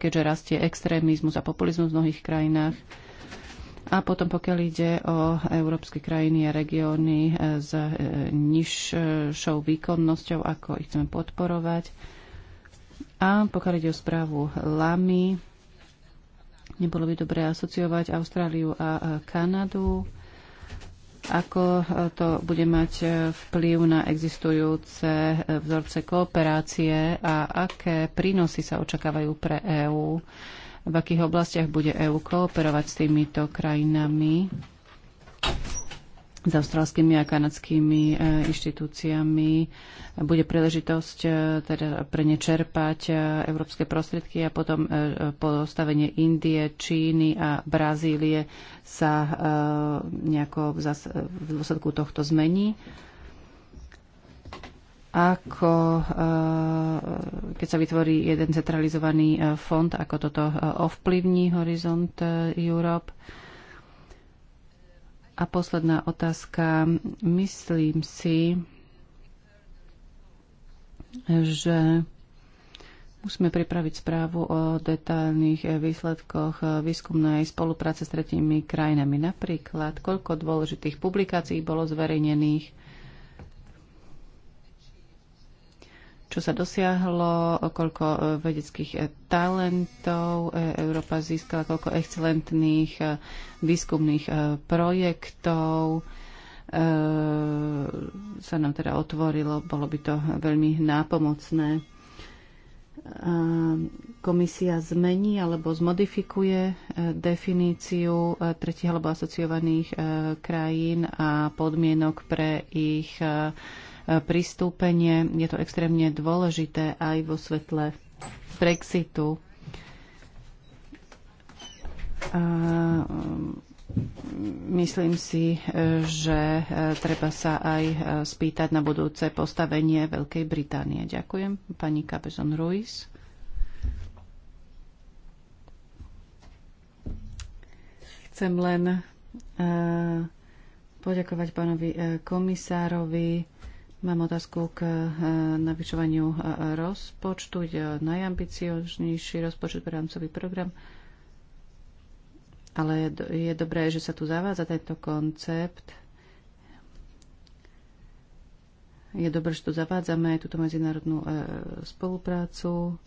keďže rastie extrémizmus a populizmus v mnohých krajinách. A potom, pokiaľ ide o európske krajiny a regióny s nižšou výkonnosťou, ako ich chceme podporovať. A pokiaľ ide o správu LAMI, Nebolo by dobré asociovať Austráliu a Kanadu. Ako e, to bude mať e, vplyv na existujúce e, vzorce kooperácie a aké prínosy sa očakávajú pre EÚ? V akých oblastiach bude EÚ kooperovať s týmito krajinami? s australskými a kanadskými e, inštitúciami. Bude príležitosť e, teda pre ne čerpať e, európske prostriedky a potom postavenie Indie, Číny a Brazílie sa nejako v dôsledku tohto zmení ako keď sa vytvorí jeden centralizovaný fond, ako toto ovplyvní Horizont Europe. A posledná otázka. Myslím si, že Musíme pripraviť správu o detailných výsledkoch výskumnej spolupráce s tretími krajinami. Napríklad, koľko dôležitých publikácií bolo zverejnených, čo sa dosiahlo, koľko e, vedeckých e, talentov e, Európa získala, koľko excelentných výskumných projektov sa nám teda otvorilo. Bolo by to veľmi nápomocné. Komisia zmení alebo zmodifikuje definíciu tretich alebo asociovaných krajín a podmienok pre ich pristúpenie. Je to extrémne dôležité aj vo svetle Brexitu. A, mm, myslím si, že e, treba sa aj e, spýtať na budúce postavenie Veľkej Británie. Ďakujem. Pani Cabezon Ruiz. Chcem len e, poďakovať pánovi komisárovi Mám otázku k e, navyšovaniu e, rozpočtu. Ide o najambicioznejší rozpočet pre rámcový program. Ale je dobré, že sa tu zavádza tento koncept. Je dobré, že tu zavádzame aj túto medzinárodnú e, spoluprácu.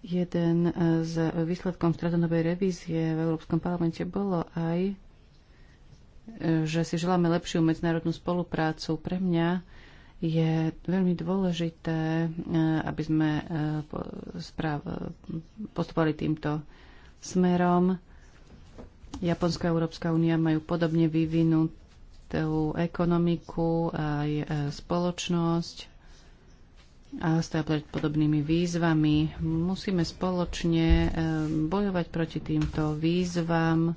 Jeden z výsledkom stratonovej revízie v Európskom parlamente bolo aj že si želáme lepšiu medzinárodnú spoluprácu. Pre mňa je veľmi dôležité, eh, aby sme eh, postupovali týmto smerom. Japonská a Európska únia majú podobne vyvinutú ekonomiku aj eh, spoločnosť a stoja pred podobnými výzvami. Musíme spoločne bojovať proti týmto výzvam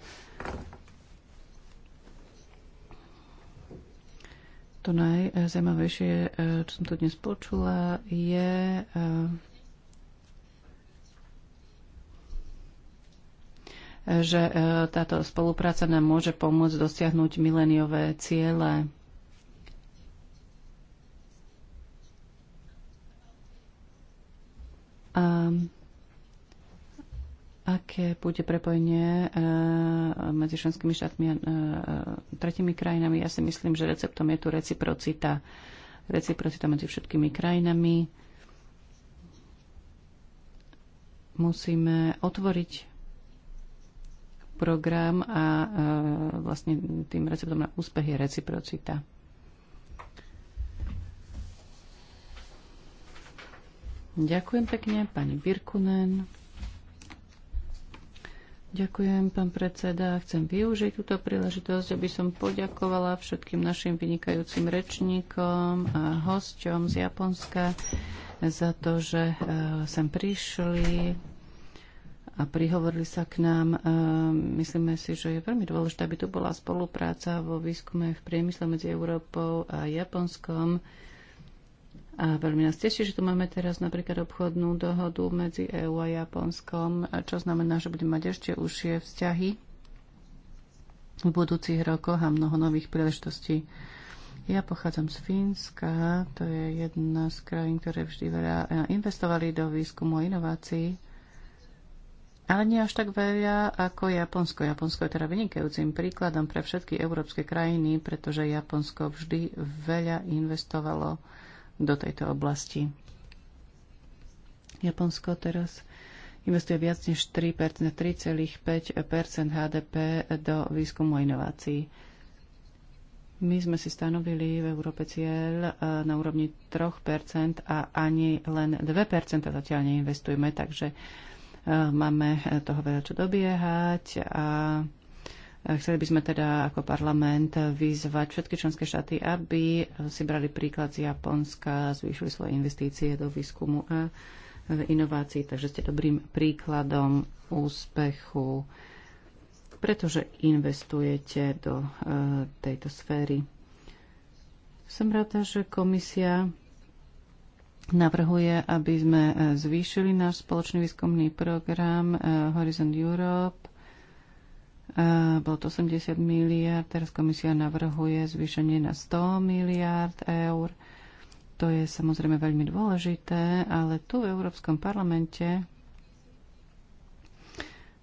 To najzajímavejšie, eh, čo som tu dnes počula, je eh, že eh, táto spolupráca nám môže pomôcť dosiahnuť mileniové ciele. Um, aké bude prepojenie e, medzi členskými štátmi a e, e, tretimi krajinami. Ja si myslím, že receptom je tu reciprocita. Reciprocita medzi všetkými krajinami. Musíme otvoriť program a vlastne tým receptom na úspech je reciprocita. Ďakujem pekne, pani Birkunen. Ďakujem, pán predseda. Chcem využiť túto príležitosť, aby som poďakovala všetkým našim vynikajúcim rečníkom a hosťom z Japonska za to, že e, sem prišli a prihovorili sa k nám. E, myslíme si, že je veľmi dôležité, aby tu bola spolupráca vo výskume v priemysle medzi Európou a Japonskom a veľmi nás teší, že tu máme teraz napríklad obchodnú dohodu medzi EÚ a Japonskom, čo znamená, že budeme mať ešte užšie vzťahy v budúcich rokoch a mnoho nových príležitostí. Ja pochádzam z Fínska, to je jedna z krajín, ktoré vždy veľa e, investovali do výskumu a inovácií, ale nie až tak veľa ako Japonsko. Japonsko je teda vynikajúcim príkladom pre všetky európske krajiny, pretože Japonsko vždy veľa investovalo do tejto oblasti. Japonsko teraz investuje viac než 3,5 HDP do výskumu a inovácií. My sme si stanovili v Európe cieľ e, na úrovni 3% a ani len 2% zatiaľ neinvestujeme, takže e, máme toho veľa čo dobiehať a Chceli by sme teda ako parlament vyzvať všetky členské štáty, aby si brali príklad z Japonska, zvýšili svoje investície do výskumu a inovácií, takže ste dobrým príkladom úspechu, pretože investujete do e, tejto sféry. Som rada, že komisia navrhuje, aby sme e, zvýšili náš spoločný výskumný program e, Horizon Europe bolo to 80 miliard, teraz komisia navrhuje zvýšenie na 100 miliard eur. To je samozrejme veľmi dôležité, ale tu v Európskom parlamente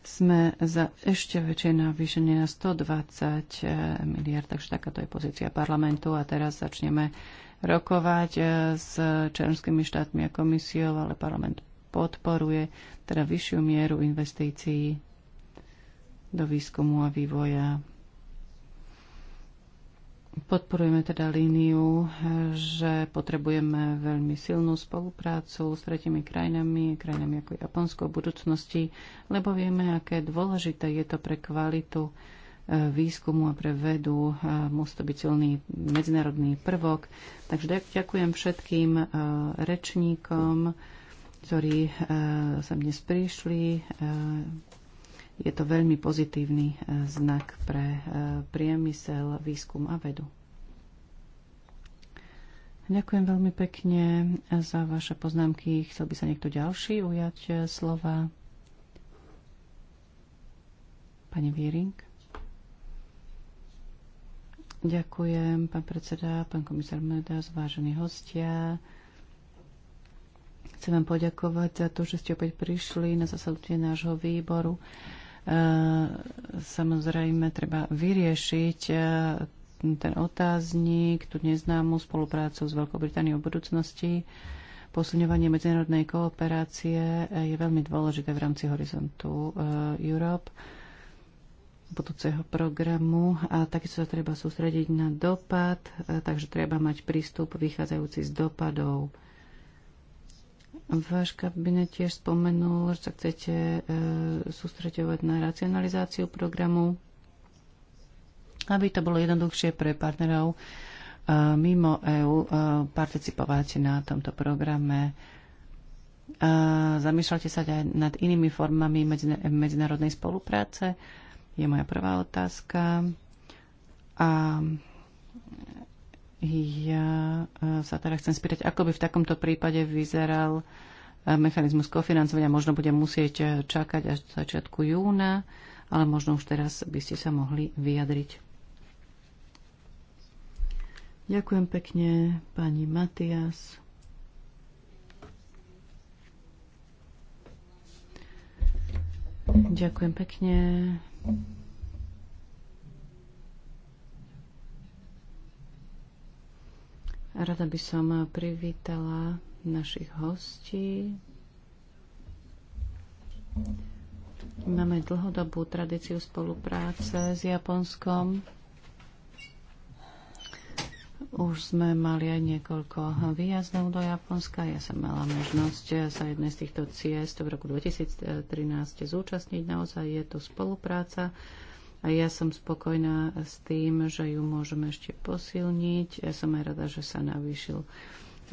sme za ešte väčšie navýšenie na 120 e, miliard, takže takáto je pozícia parlamentu a teraz začneme rokovať e, s členskými štátmi a komisiou, ale parlament podporuje teda vyššiu mieru investícií do výskumu a vývoja. Podporujeme teda líniu, že potrebujeme veľmi silnú spoluprácu s tretimi krajinami, krajinami ako Japonsko v budúcnosti, lebo vieme, aké dôležité je to pre kvalitu e, výskumu a pre vedu. E, musí to byť silný medzinárodný prvok. Takže ďakujem všetkým e, rečníkom, ktorí sa dnes prišli. Je to veľmi pozitívny e, znak pre e, priemysel, výskum a vedu. Ďakujem veľmi pekne e, za vaše poznámky. Chcel by sa niekto ďalší ujať slova? Pani Viering. Ďakujem, pán predseda, pán komisár Meda, zvážení hostia. Chcem vám poďakovať za to, že ste opäť prišli na zasadnutie nášho výboru. E, samozrejme, treba vyriešiť e, ten otáznik, tú neznámu spoluprácu s Veľkou Britániou v budúcnosti. Posilňovanie medzinárodnej kooperácie e, je veľmi dôležité v rámci Horizontu Europe budúceho programu a takisto sa treba sústrediť na dopad, takže treba mať prístup vychádzajúci z dopadov Váš kabinet tiež spomenul, že sa chcete e, sústreďovať na racionalizáciu programu, aby to bolo jednoduchšie pre partnerov e, mimo EÚ e, participovať na tomto programe. E, zamýšľate sa aj nad inými formami medzina- medzinárodnej spolupráce? Je moja prvá otázka. A ja eh, sa teda chcem spýtať, ako by v takomto prípade vyzeral eh, mechanizmus kofinancovania. Možno budem musieť eh, čakať až do začiatku júna, ale možno už teraz by ste sa mohli vyjadriť. Ďakujem pekne, pani Matias. Ďakujem pekne. Rada by som privítala našich hostí. Máme dlhodobú tradíciu spolupráce s Japonskom. Už sme mali aj niekoľko výjazdov do Japonska. Ja som mala možnosť sa jednej z týchto ciest v roku 2013 zúčastniť. Naozaj je to spolupráca, a ja som spokojná s tým, že ju môžeme ešte posilniť. Ja som aj rada, že sa navýšil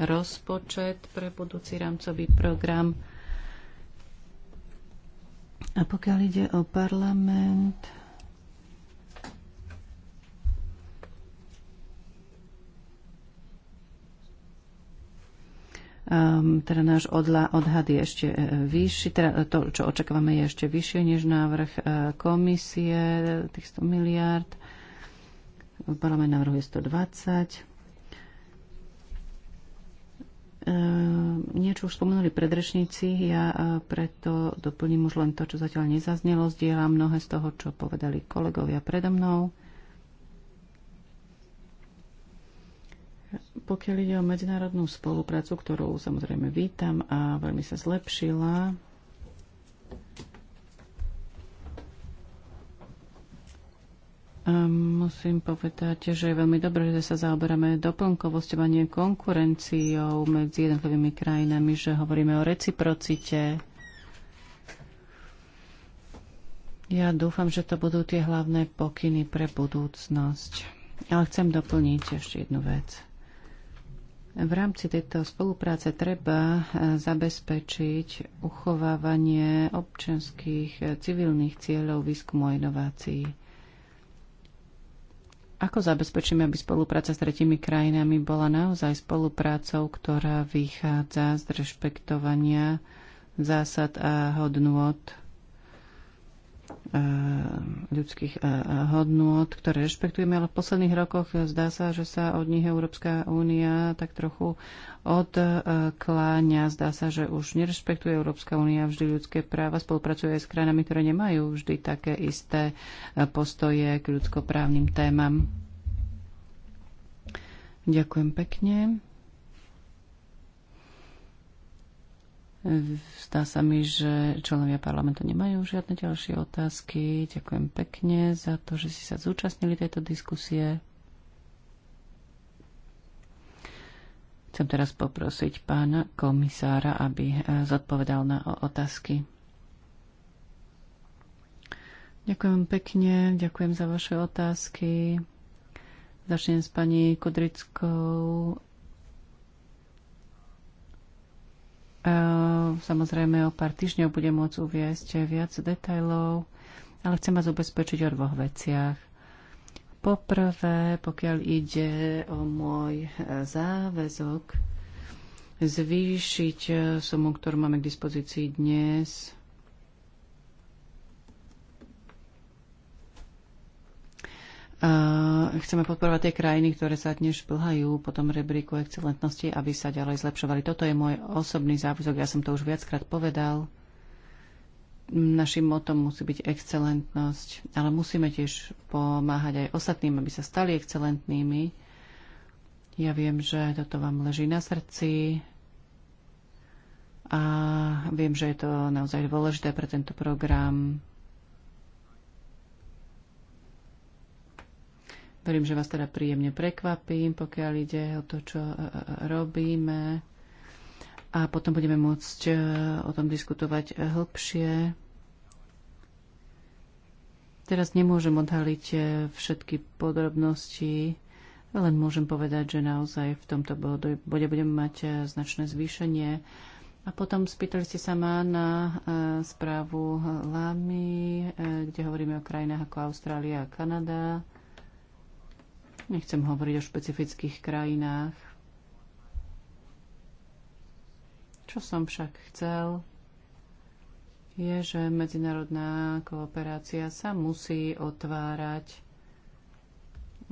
rozpočet pre budúci rámcový program. A pokiaľ ide o parlament, Um, teda náš odla, odhad je ešte e, vyšší, teda to, čo očakávame, je ešte vyššie než návrh e, komisie, tých 100 miliárd. Parlament navrhuje 120. E, ehm, niečo už spomenuli predrečníci, ja e, preto doplním už len to, čo zatiaľ nezaznelo. Zdieľam mnohé z toho, čo povedali kolegovia predo mnou. Pokiaľ ide o medzinárodnú spoluprácu, ktorú samozrejme vítam a veľmi sa zlepšila, ehm, Musím povedať, že je veľmi dobré, že sa zaoberáme doplnkovosťou a nie konkurenciou medzi jednotlivými krajinami, že hovoríme o reciprocite. Ja dúfam, že to budú tie hlavné pokyny pre budúcnosť. Ale chcem doplniť ešte jednu vec. V rámci tejto spolupráce treba eh, zabezpečiť uchovávanie občanských eh, civilných cieľov výskumu a inovácií. Ako zabezpečíme, aby spolupráca s tretimi krajinami bola naozaj spoluprácou, ktorá vychádza z rešpektovania zásad a hodnôt Eh, ľudských eh, eh, hodnôt, ktoré rešpektujeme, ale v posledných rokoch zdá sa, že sa od nich Európska únia tak trochu odkláňa. Zdá sa, že už nerešpektuje Európska únia vždy ľudské práva, spolupracuje s krajinami, ktoré nemajú vždy také isté postoje k ľudskoprávnym témam. Ďakujem pekne. Zdá sa mi, že členovia parlamentu nemajú žiadne ďalšie otázky. Ďakujem pekne za to, že si sa zúčastnili tejto diskusie. Chcem teraz poprosiť pána komisára, aby zodpovedal na otázky. Ďakujem pekne, ďakujem za vaše otázky. Začnem s pani Kudrickou Ehm, samozrejme o pár týždňov budem môcť uviesť viac detajlov, ale chcem vás ubezpečiť o dvoch veciach. Poprvé, pokiaľ ide o môj e, záväzok zvýšiť e, sumu, ktorú máme k dispozícii dnes chceme podporovať tie krajiny, ktoré sa dnes plhajú po tom rebríku excelentnosti, aby sa ďalej zlepšovali. Toto je môj osobný záväzok, ja som to už viackrát povedal. Našim motom musí byť excelentnosť, ale musíme tiež pomáhať aj ostatným, aby sa stali excelentnými. Ja viem, že toto vám leží na srdci a viem, že je to naozaj dôležité pre tento program Verím, že vás teda príjemne prekvapím, pokiaľ ide o to, čo e, e, robíme. A potom budeme môcť e, o tom diskutovať hĺbšie. Teraz nemôžem odhaliť všetky podrobnosti, len môžem povedať, že naozaj v tomto bode budeme mať značné zvýšenie. A potom spýtali ste sa ma na správu LAMI, kde hovoríme o krajinách ako Austrália a Kanada. Nechcem hovoriť o špecifických krajinách. Čo som však chcel, je, že medzinárodná kooperácia sa musí otvárať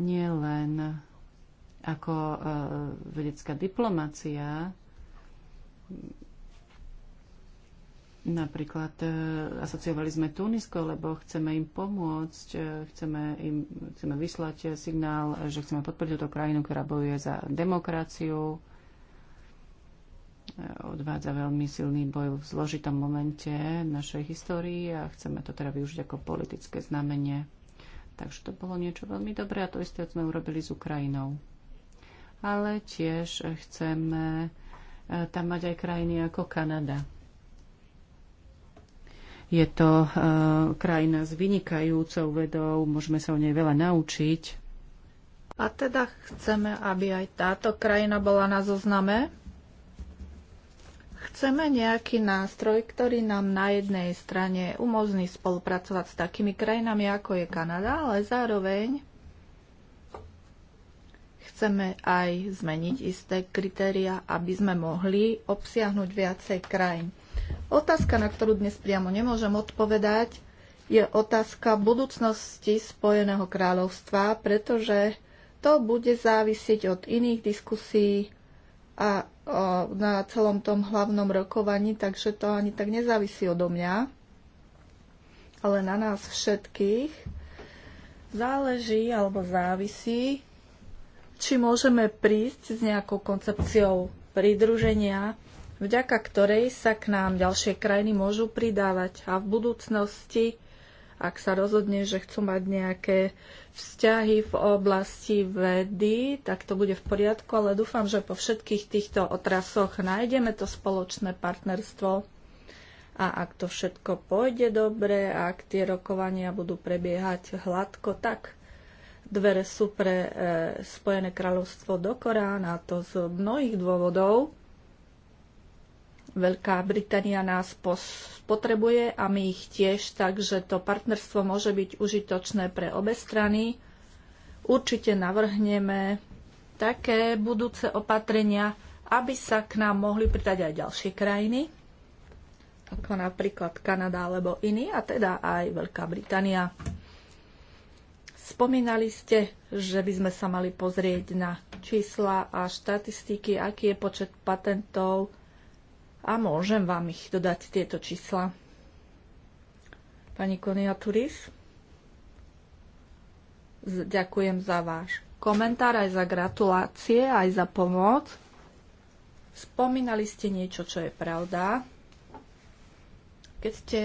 nielen ako e, vedecká diplomacia, Napríklad e, asociovali sme Tunisko, lebo chceme im pomôcť, e, chceme, im, chceme vyslať e, signál, že chceme podporiť túto krajinu, ktorá bojuje za demokraciu, odvádza veľmi silný boj v zložitom momente v našej histórii a chceme to teda využiť ako politické znamenie. Takže to bolo niečo veľmi dobré a to isté sme urobili s Ukrajinou. Ale tiež chceme tam mať aj krajiny ako Kanada je to e, krajina s vynikajúcou vedou, môžeme sa o nej veľa naučiť. A teda chceme, aby aj táto krajina bola na zozname? Chceme nejaký nástroj, ktorý nám na jednej strane umožní spolupracovať s takými krajinami, ako je Kanada, ale zároveň chceme aj zmeniť isté kritéria, aby sme mohli obsiahnuť viacej krajín. Otázka, na ktorú dnes priamo nemôžem odpovedať, je otázka budúcnosti Spojeného kráľovstva, pretože to bude závisieť od iných diskusí a na celom tom hlavnom rokovaní, takže to ani tak nezávisí odo mňa, ale na nás všetkých záleží alebo závisí, či môžeme prísť s nejakou koncepciou pridruženia vďaka ktorej sa k nám ďalšie krajiny môžu pridávať a v budúcnosti, ak sa rozhodne, že chcú mať nejaké vzťahy v oblasti vedy, tak to bude v poriadku, ale dúfam, že po všetkých týchto otrasoch nájdeme to spoločné partnerstvo a ak to všetko pôjde dobre a ak tie rokovania budú prebiehať hladko, tak dvere sú pre e, Spojené kráľovstvo do Korána, to z mnohých dôvodov Veľká Británia nás potrebuje a my ich tiež, takže to partnerstvo môže byť užitočné pre obe strany. Určite navrhneme také budúce opatrenia, aby sa k nám mohli pridať aj ďalšie krajiny, ako napríklad Kanada alebo iní, a teda aj Veľká Británia. Spomínali ste, že by sme sa mali pozrieť na čísla a štatistiky, aký je počet patentov a môžem vám ich dodať tieto čísla. Pani Konia Turis, ďakujem za váš komentár, aj za gratulácie, aj za pomoc. Spomínali ste niečo, čo je pravda. Keď ste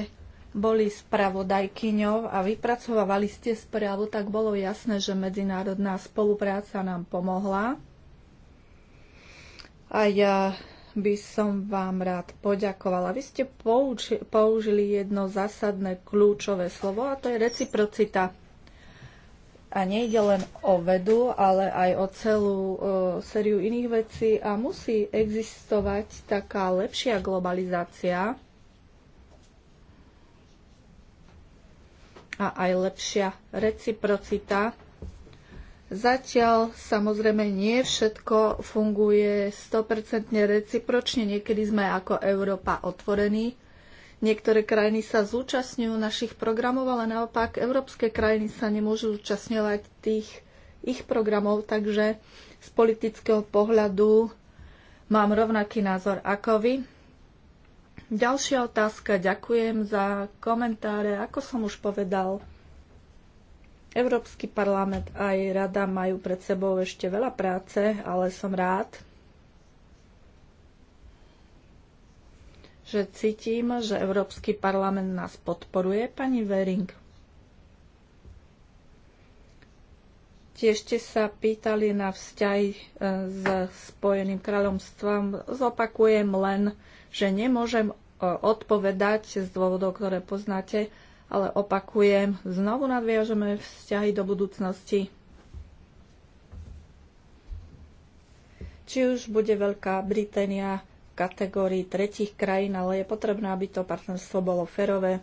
boli spravodajkyňou a vypracovali ste správu, tak bolo jasné, že medzinárodná spolupráca nám pomohla. A ja by som vám rád poďakovala. Vy ste pouči- použili jedno zásadné kľúčové slovo a to je reciprocita. A nejde len o vedu, ale aj o celú e, sériu iných vecí a musí existovať taká lepšia globalizácia a aj lepšia reciprocita Zatiaľ samozrejme nie všetko funguje 100% recipročne. Niekedy sme ako Európa otvorení. Niektoré krajiny sa zúčastňujú našich programov, ale naopak európske krajiny sa nemôžu zúčastňovať tých ich programov, takže z politického pohľadu mám rovnaký názor ako vy. Ďalšia otázka. Ďakujem za komentáre. Ako som už povedal, Európsky parlament aj rada majú pred sebou ešte veľa práce, ale som rád, že cítim, že Európsky parlament nás podporuje. Pani Vering, tiež ste sa pýtali na vzťahy e, s Spojeným kráľovstvom. Zopakujem len, že nemôžem e, odpovedať z dôvodov, ktoré poznáte, ale opakujem, znovu nadviažeme vzťahy do budúcnosti. Či už bude Veľká Británia v kategórii tretich krajín, ale je potrebné, aby to partnerstvo bolo ferové.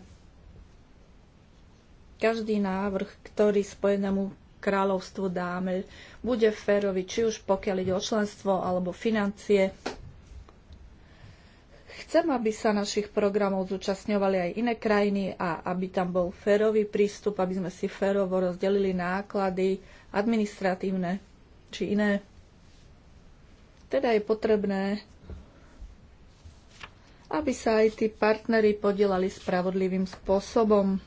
Každý návrh, ktorý Spojenému kráľovstvu dáme, bude férový, či už pokiaľ ide o členstvo alebo financie. Chcem, aby sa našich programov zúčastňovali aj iné krajiny a aby tam bol férový prístup, aby sme si férovo rozdelili náklady administratívne či iné. Teda je potrebné, aby sa aj tí partnery podielali spravodlivým spôsobom.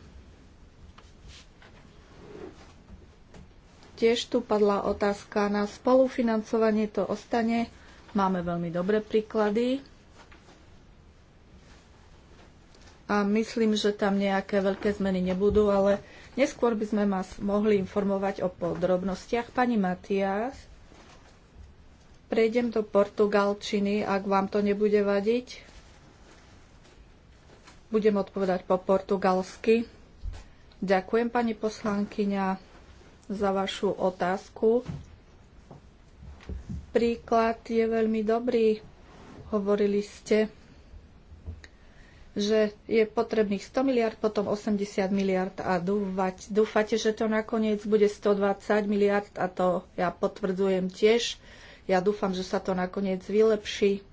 Tiež tu padla otázka na spolufinancovanie, to ostane. Máme veľmi dobré príklady a myslím, že tam nejaké veľké zmeny nebudú, ale neskôr by sme vás mohli informovať o podrobnostiach. Pani Matias, prejdem do portugalčiny, ak vám to nebude vadiť. Budem odpovedať po portugalsky. Ďakujem, pani poslankyňa, za vašu otázku. Príklad je veľmi dobrý. Hovorili ste že je potrebných 100 miliard, potom 80 miliard a dúfať, dúfate, že to nakoniec bude 120 miliard a to ja potvrdzujem tiež. Ja dúfam, že sa to nakoniec vylepší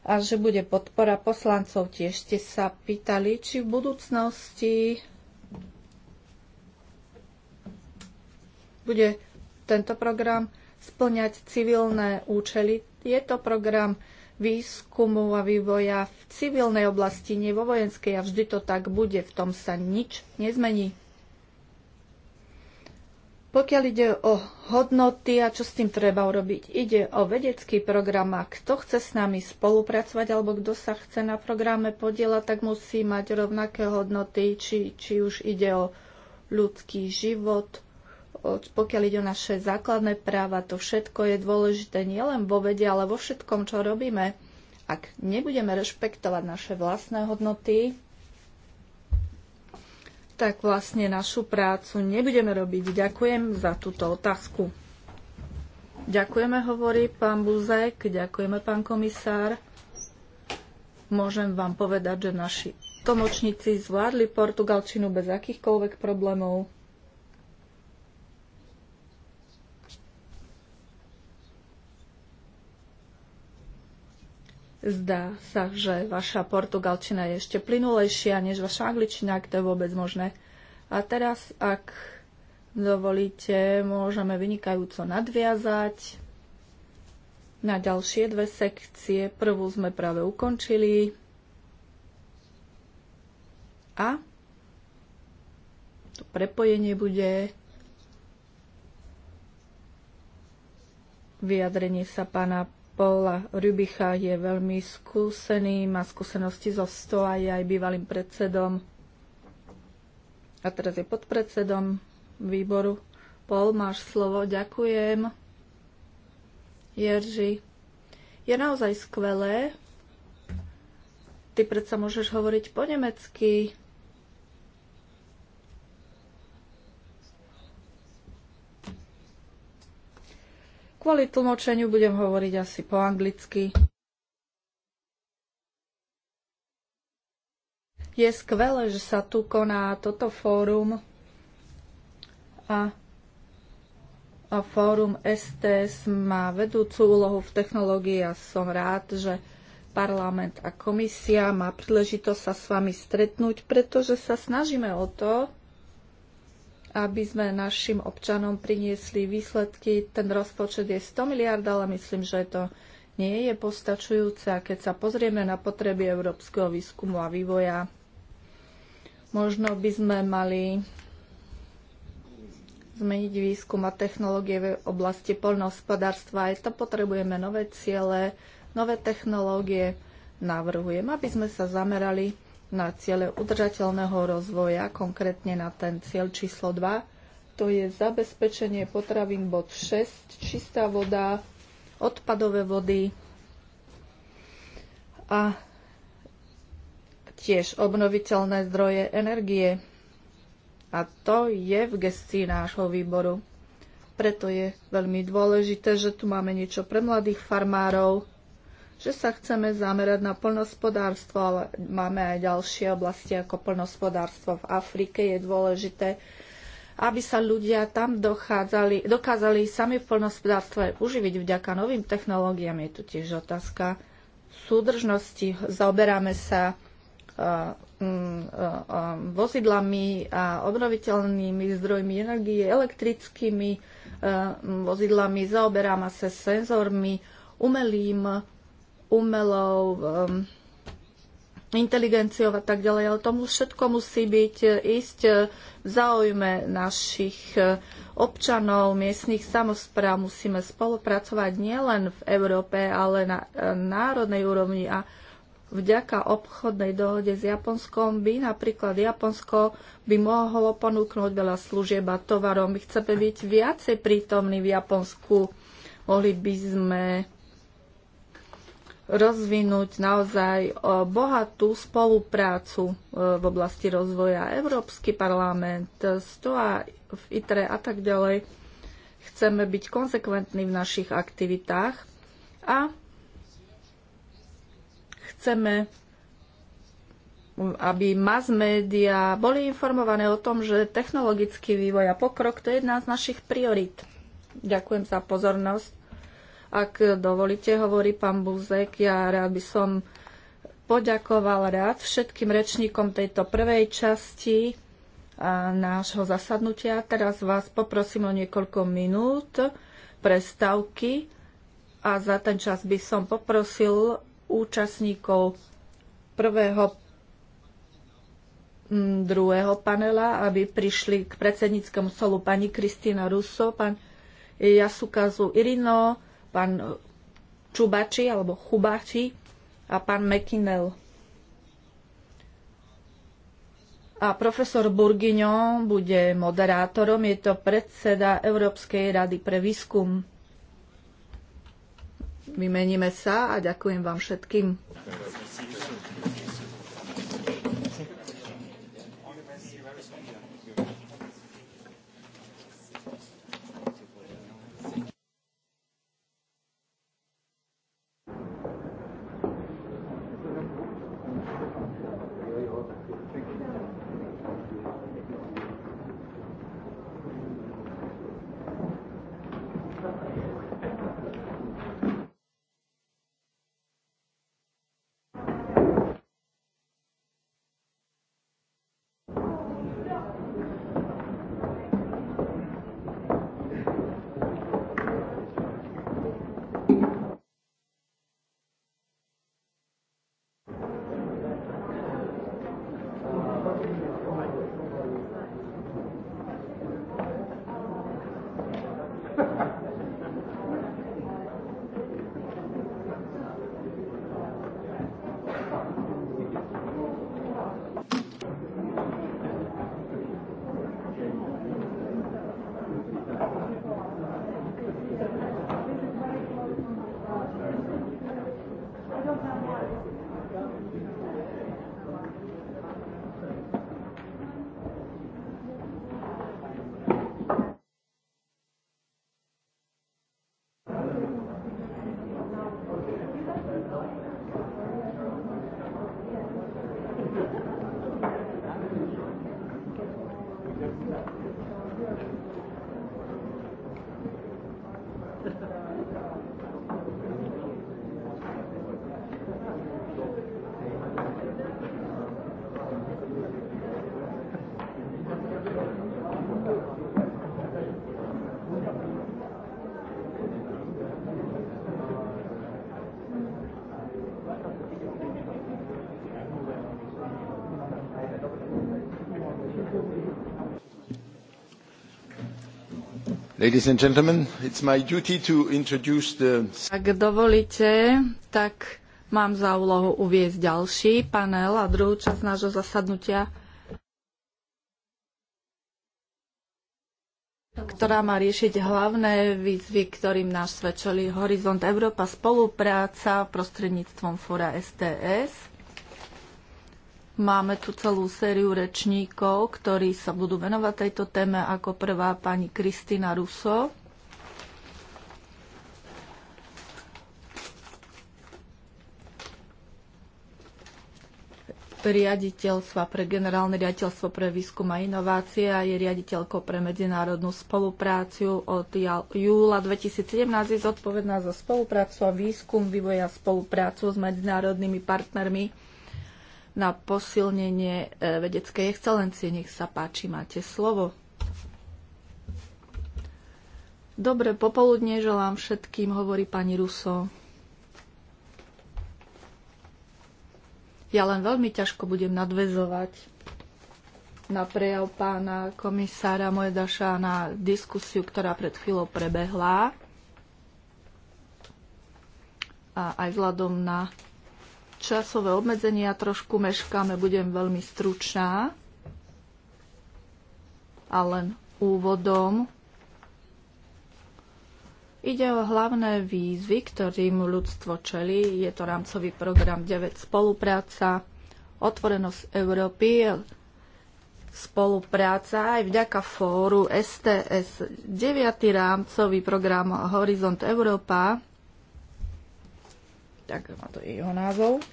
a že bude podpora poslancov. Tiež ste sa pýtali, či v budúcnosti bude tento program splňať civilné účely. Je to program výskumu a vývoja v civilnej oblasti, nie vo vojenskej a vždy to tak bude, v tom sa nič nezmení. Pokiaľ ide o hodnoty a čo s tým treba urobiť, ide o vedecký program a kto chce s nami spolupracovať alebo kto sa chce na programe podielať, tak musí mať rovnaké hodnoty, či, či už ide o ľudský život, pokiaľ ide o naše základné práva, to všetko je dôležité nielen vo vede, ale vo všetkom, čo robíme. Ak nebudeme rešpektovať naše vlastné hodnoty, tak vlastne našu prácu nebudeme robiť. Ďakujem za túto otázku. Ďakujeme, hovorí pán Buzek, ďakujeme, pán komisár. Môžem vám povedať, že naši tlmočníci zvládli portugalčinu bez akýchkoľvek problémov. Zdá sa, že vaša portugalčina je ešte plynulejšia než vaša angličina, ak to je vôbec možné. A teraz, ak dovolíte, môžeme vynikajúco nadviazať na ďalšie dve sekcie. Prvú sme práve ukončili. A to prepojenie bude vyjadrenie sa pána Paula Rubicha je veľmi skúsený, má skúsenosti zo STO a je aj bývalým predsedom a teraz je podpredsedom výboru. Paul, máš slovo, ďakujem. Jerži, je naozaj skvelé. Ty predsa môžeš hovoriť po nemecky. Kvôli tlmočeniu budem hovoriť asi po anglicky. Je skvelé, že sa tu koná toto fórum a, a fórum STS má vedúcu úlohu v technológii a som rád, že parlament a komisia má príležitosť sa s vami stretnúť, pretože sa snažíme o to, aby sme našim občanom priniesli výsledky. Ten rozpočet je 100 miliard, ale myslím, že to nie je postačujúce. A keď sa pozrieme na potreby európskeho výskumu a vývoja, možno by sme mali zmeniť výskum a technológie v oblasti poľnohospodárstva. Aj to potrebujeme nové ciele, nové technológie. Navrhujem, aby sme sa zamerali na ciele udržateľného rozvoja, konkrétne na ten cieľ číslo 2, to je zabezpečenie potravín bod 6, čistá voda, odpadové vody a tiež obnoviteľné zdroje energie. A to je v gestii nášho výboru. Preto je veľmi dôležité, že tu máme niečo pre mladých farmárov, že sa chceme zamerať na plnospodárstvo, ale máme aj ďalšie oblasti ako plnospodárstvo v Afrike. Je dôležité, aby sa ľudia tam dochádzali, dokázali sami v plnospodárstve uživiť vďaka novým technológiám. Je tu tiež otázka súdržnosti. Zaoberáme sa e, e, e, vozidlami a obnoviteľnými zdrojmi energie, elektrickými vozidlami, zaoberáme sa senzormi, umelým umelou um, inteligenciou a tak ďalej, ale tomu všetko musí byť e, ísť e, v záujme našich e, občanov, miestnych samozpráv. Musíme spolupracovať nielen v Európe, ale na národnej úrovni a vďaka obchodnej dohode s Japonskom by napríklad Japonsko by mohlo ponúknuť veľa služieb a tovarov. My chceme byť viacej prítomní v Japonsku. Mohli by sme rozvinúť naozaj e, bohatú spoluprácu e, v oblasti rozvoja. Európsky parlament, e, STOA v ITRE a tak ďalej. Chceme byť konsekventní v našich aktivitách a chceme, aby mass media boli informované o tom, že technologický vývoj a pokrok to je jedna z našich priorit. Ďakujem za pozornosť. Ak dovolíte, hovorí pán Buzek, ja rád by som poďakoval rád všetkým rečníkom tejto prvej časti nášho zasadnutia. Teraz vás poprosím o niekoľko minút prestávky a za ten čas by som poprosil účastníkov prvého druhého panela, aby prišli k predsedníckému stolu pani Kristýna Russo, pán Jasukazu Irino, pán e, Čubači alebo Chubači a pán McKinnell. A profesor Burgiňo bude moderátorom, je to predseda Európskej rady pre výskum. Vymeníme sa a ďakujem vám všetkým. Ak dovolíte, tak mám za úlohu uviezť ďalší panel a druhú časť nášho zasadnutia, ktorá má riešiť hlavné výzvy, ktorým nás svedčili Horizont Európa spolupráca prostredníctvom fóra STS. Máme tu celú sériu rečníkov, ktorí sa budú venovať tejto téme ako prvá pani Kristina Ruso. riaditeľstva pre generálne riaditeľstvo pre výskum a inovácie a je riaditeľkou pre medzinárodnú spoluprácu od júla 2017 je zodpovedná za spoluprácu a výskum vývoja spoluprácu s medzinárodnými partnermi na posilnenie e, vedeckej excelencie. Nech sa páči, máte slovo. Dobre popoludne želám všetkým, hovorí pani Ruso. Ja len veľmi ťažko budem nadvezovať na prejav pána komisára Mojedaša na diskusiu, ktorá pred chvíľou prebehla. A aj vzhľadom na časové obmedzenia, trošku meškáme, budem veľmi stručná. A len úvodom Ide o hlavné výzvy, ktorým ľudstvo čelí. Je to rámcový program 9 spolupráca, otvorenosť Európy, spolupráca aj vďaka fóru STS 9. rámcový program Horizont Európa tak má to je jeho názov.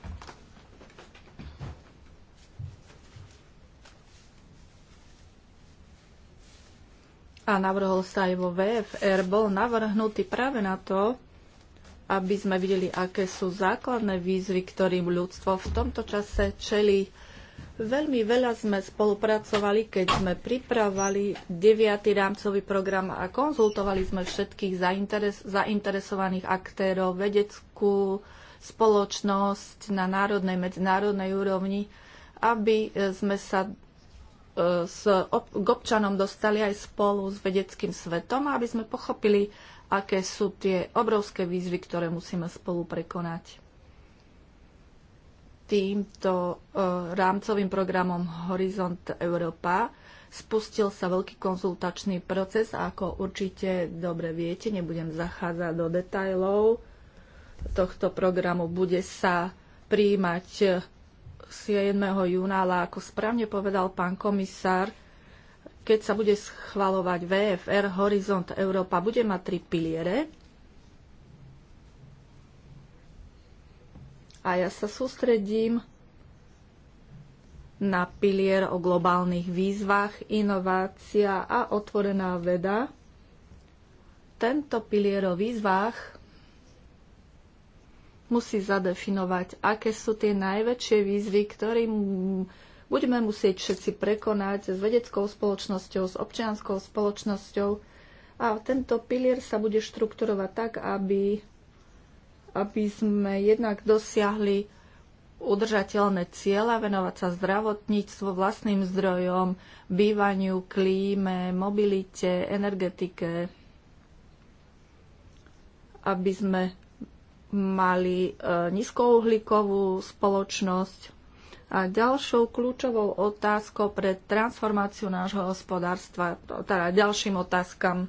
A navrhol sa aj vo VFR, bol navrhnutý práve na to, aby sme videli, aké sú základné výzvy, ktorým ľudstvo v tomto čase čelí. Veľmi veľa sme spolupracovali, keď sme pripravovali 9. rámcový program a konzultovali sme všetkých zainteres- zainteresovaných aktérov, vedeckú, spoločnosť na národnej, medzinárodnej úrovni, aby e, sme sa e, s, k občanom dostali aj spolu s vedeckým svetom, aby sme pochopili, aké sú tie obrovské výzvy, ktoré musíme spolu prekonať. Týmto e, rámcovým programom Horizont Európa spustil sa veľký konzultačný proces a ako určite dobre viete, nebudem zachádzať do detajlov, tohto programu bude sa príjmať 7. Eh, júna, ale ako správne povedal pán komisár, keď sa bude schvalovať VFR Horizont Európa, bude mať tri piliere. A ja sa sústredím na pilier o globálnych výzvach, inovácia a otvorená veda. Tento pilier o výzvach musí zadefinovať, aké sú tie najväčšie výzvy, ktorým budeme musieť všetci prekonať s vedeckou spoločnosťou, s občianskou spoločnosťou. A tento pilier sa bude štrukturovať tak, aby, aby sme jednak dosiahli udržateľné cieľa, venovať sa zdravotníctvu, vlastným zdrojom, bývaniu, klíme, mobilite, energetike, aby sme mali e, nízkouhlíkovú spoločnosť. A ďalšou kľúčovou otázkou pre transformáciu nášho hospodárstva, teda ďalším otázkam,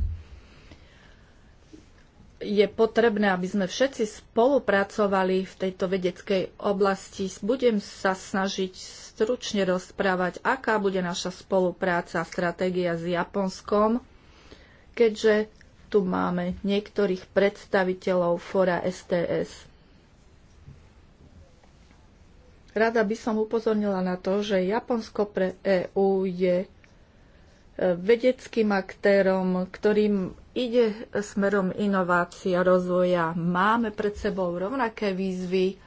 je potrebné, aby sme všetci spolupracovali v tejto vedeckej oblasti. Budem sa snažiť stručne rozprávať, aká bude naša spolupráca a stratégia s Japonskom, keďže tu máme niektorých predstaviteľov fora STS. Rada by som upozornila na to, že Japonsko pre EÚ je e, vedeckým aktérom, ktorým ide smerom inovácia, rozvoja. Máme pred sebou rovnaké výzvy.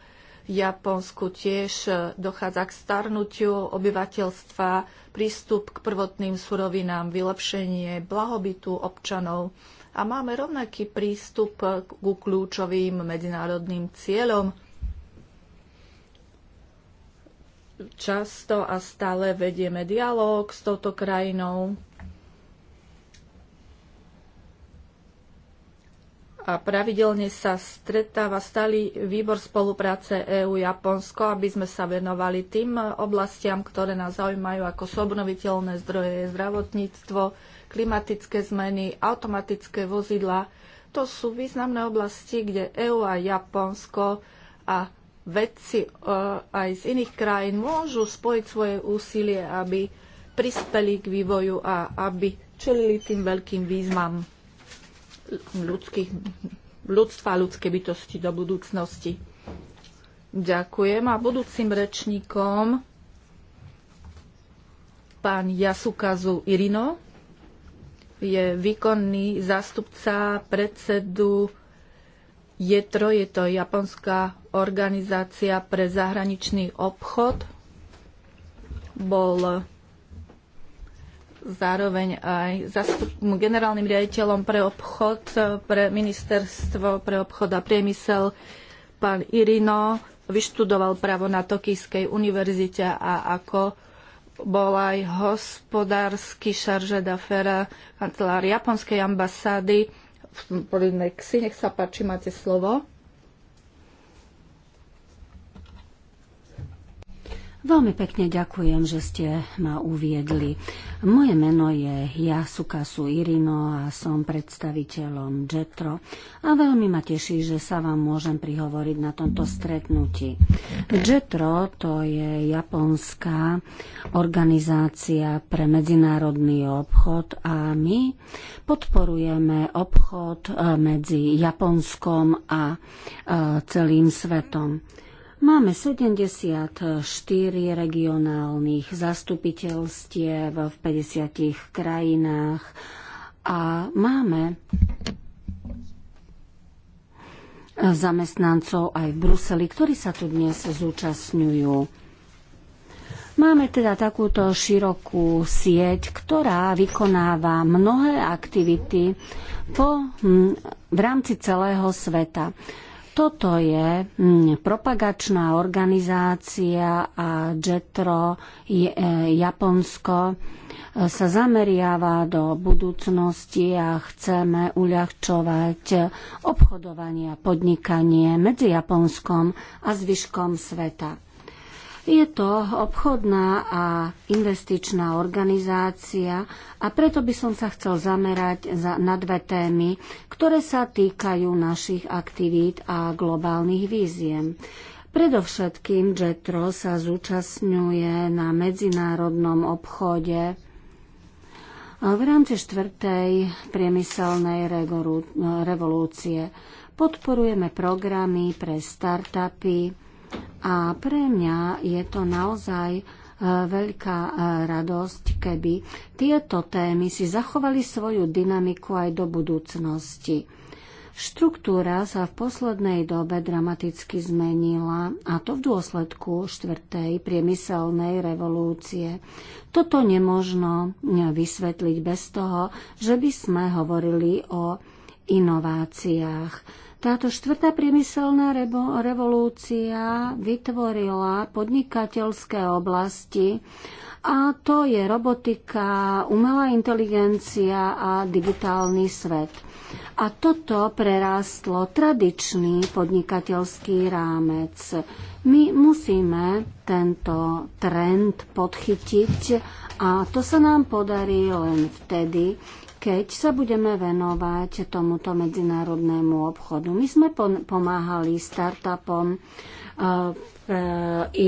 V Japonsku tiež e, dochádza k starnutiu obyvateľstva, prístup k prvotným surovinám, vylepšenie blahobytu občanov a máme rovnaký prístup ku kľúčovým medzinárodným cieľom. Často a stále vedieme dialog s touto krajinou, a pravidelne sa stretáva stály výbor spolupráce EU japonsko aby sme sa venovali tým oblastiam, ktoré nás zaujímajú, ako sú obnoviteľné zdroje, zdravotníctvo, klimatické zmeny, automatické vozidla. To sú významné oblasti, kde EÚ a Japonsko a vedci e, aj z iných krajín môžu spojiť svoje úsilie, aby prispeli k vývoju a aby čelili tým veľkým výzvam ľudstva a ľudské bytosti do budúcnosti. Ďakujem a budúcim rečníkom pán Jasukazu Irino je výkonný zástupca predsedu JETRO, je to Japonská organizácia pre zahraničný obchod. Bol zároveň aj zastup, generálnym riaditeľom pre obchod, pre ministerstvo pre obchod a priemysel pán Irino. Vyštudoval právo na Tokijskej univerzite a ako bol aj hospodársky šarže d'affaires kancelár japonskej ambasády v Polynexi. Nech sa páči, máte slovo. Veľmi pekne ďakujem, že ste ma uviedli. Moje meno je Jasukasu Irino a som predstaviteľom JETRO a veľmi ma teší, že sa vám môžem prihovoriť na tomto stretnutí. JETRO to je japonská organizácia pre medzinárodný obchod a my podporujeme obchod eh, medzi Japonskom a eh, celým svetom. Máme 74 regionálnych zastupiteľstiev v 50 krajinách a máme zamestnancov aj v Bruseli, ktorí sa tu dnes zúčastňujú. Máme teda takúto širokú sieť, ktorá vykonáva mnohé aktivity po, hm, v rámci celého sveta. Toto je mm, propagačná organizácia a JETRO e, Japonsko e, sa zameriava do budúcnosti a chceme uľahčovať obchodovanie a podnikanie medzi Japonskom a zvyškom sveta. Je to obchodná a investičná organizácia a preto by som sa chcel zamerať za, na dve témy, ktoré sa týkajú našich aktivít a globálnych víziem. Predovšetkým JETRO sa zúčastňuje na medzinárodnom obchode v rámci štvrtej priemyselnej revolúcie. Podporujeme programy pre startupy, a pre mňa je to naozaj e, veľká e, radosť, keby tieto témy si zachovali svoju dynamiku aj do budúcnosti. Štruktúra sa v poslednej dobe dramaticky zmenila, a to v dôsledku štvrtej priemyselnej revolúcie. Toto nemožno e, vysvetliť bez toho, že by sme hovorili o inováciách táto štvrtá priemyselná revolúcia vytvorila podnikateľské oblasti a to je robotika, umelá inteligencia a digitálny svet. A toto prerástlo tradičný podnikateľský rámec. My musíme tento trend podchytiť a to sa nám podarí len vtedy, keď sa budeme venovať tomuto medzinárodnému obchodu. My sme pomáhali startupom e, e,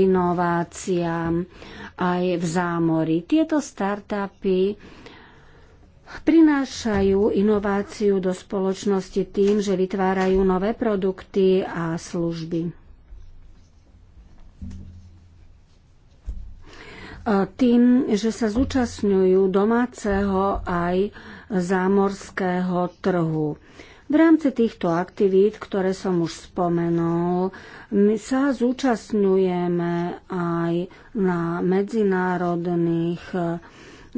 inováciám aj v zámori. Tieto startupy prinášajú inováciu do spoločnosti tým, že vytvárajú nové produkty a služby. E, tým, že sa zúčastňujú domáceho aj zámorského trhu. V rámci týchto aktivít, ktoré som už spomenul, my sa zúčastňujeme aj na medzinárodných e,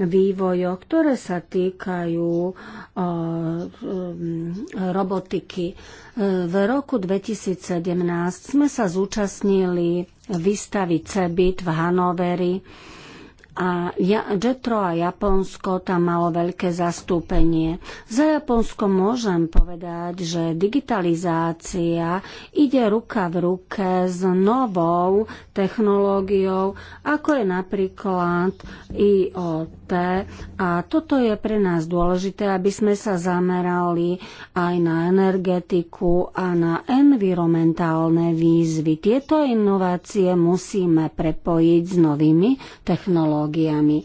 vývojoch, ktoré sa týkajú e, robotiky. V roku 2017 sme sa zúčastnili výstavy CEBIT v Hanoveri a ja, Jetro a Japonsko tam malo veľké zastúpenie. Za Japonsko môžem povedať, že digitalizácia ide ruka v ruke s novou technológiou, ako je napríklad IoT. A toto je pre nás dôležité, aby sme sa zamerali aj na energetiku a na environmentálne výzvy. Tieto inovácie musíme prepojiť s novými technológiami technológiami.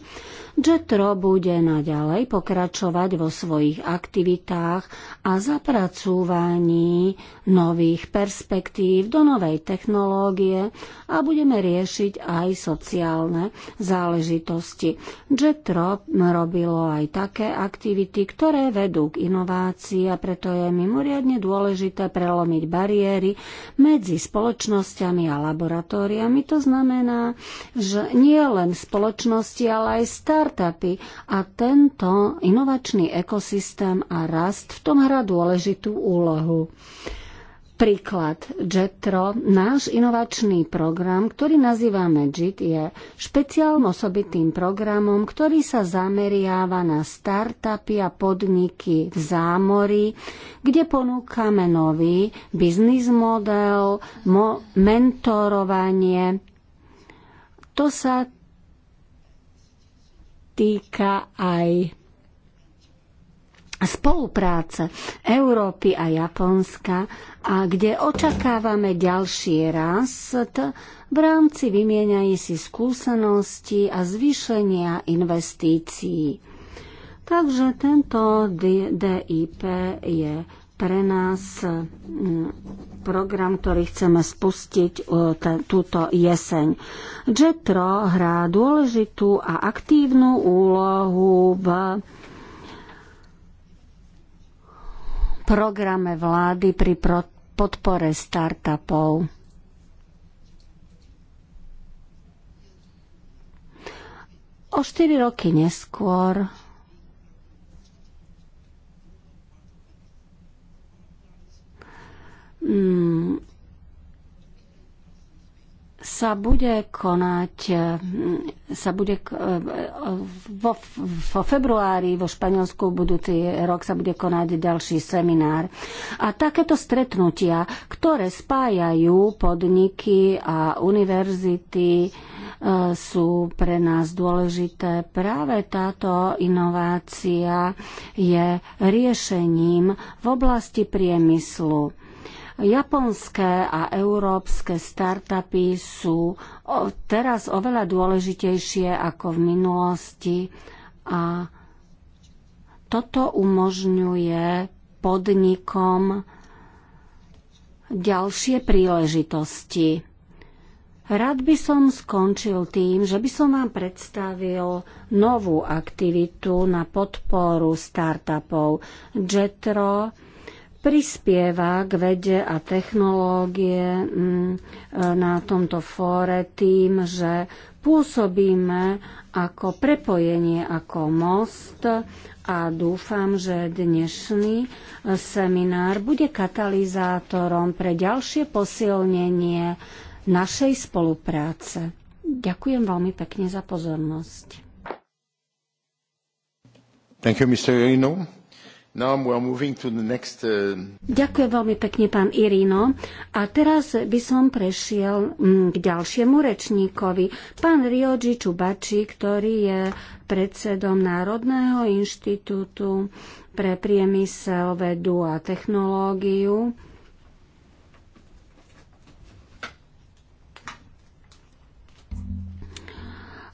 JETRO bude naďalej pokračovať vo svojich aktivitách a zapracúvaní nových perspektív do novej technológie a budeme riešiť aj sociálne záležitosti. JETRO robilo aj také aktivity, ktoré vedú k inovácii a preto je mimoriadne dôležité prelomiť bariéry medzi spoločnosťami a laboratóriami. To znamená, že nie len spoločnosti, ale aj staré startupy a tento inovačný ekosystém a rast v tom hrá dôležitú úlohu. Príklad JETRO, náš inovačný program, ktorý nazývame JIT, je špeciálnym osobitým programom, ktorý sa zameriava na startupy a podniky v zámori, kde ponúkame nový biznis model, mo- mentorovanie. To sa týka aj spolupráce Európy a Japonska a kde očakávame ďalší rast v rámci vymieňania si skúseností a zvýšenia investícií. Takže tento DIP je pre nás mm, program, ktorý chceme spustiť e, túto jeseň. Jetro hrá dôležitú a aktívnu úlohu v programe vlády pri podpore startupov. O 4 roky neskôr Mm. sa bude konať mm, sa bude e, vo, vo februári vo Španielsku budúci rok sa bude konať ďalší seminár. A takéto stretnutia, ktoré spájajú podniky a univerzity, e, sú pre nás dôležité. Práve táto inovácia je riešením v oblasti priemyslu Japonské a európske startupy sú teraz oveľa dôležitejšie ako v minulosti a toto umožňuje podnikom ďalšie príležitosti. Rád by som skončil tým, že by som vám predstavil novú aktivitu na podporu startupov. JETRO prispieva k vede a technológie mm, e, na tomto fóre tým, že pôsobíme ako prepojenie, ako most a dúfam, že dnešný e, seminár bude katalizátorom pre ďalšie posilnenie našej spolupráce. Ďakujem veľmi pekne za pozornosť. Thank you, Mr we're moving to the next, uh... Ďakujem veľmi pekne, pán Irino. A teraz by som prešiel mm, k ďalšiemu rečníkovi. Pán Rioji Čubači, ktorý je predsedom Národného inštitútu pre priemysel, vedu a technológiu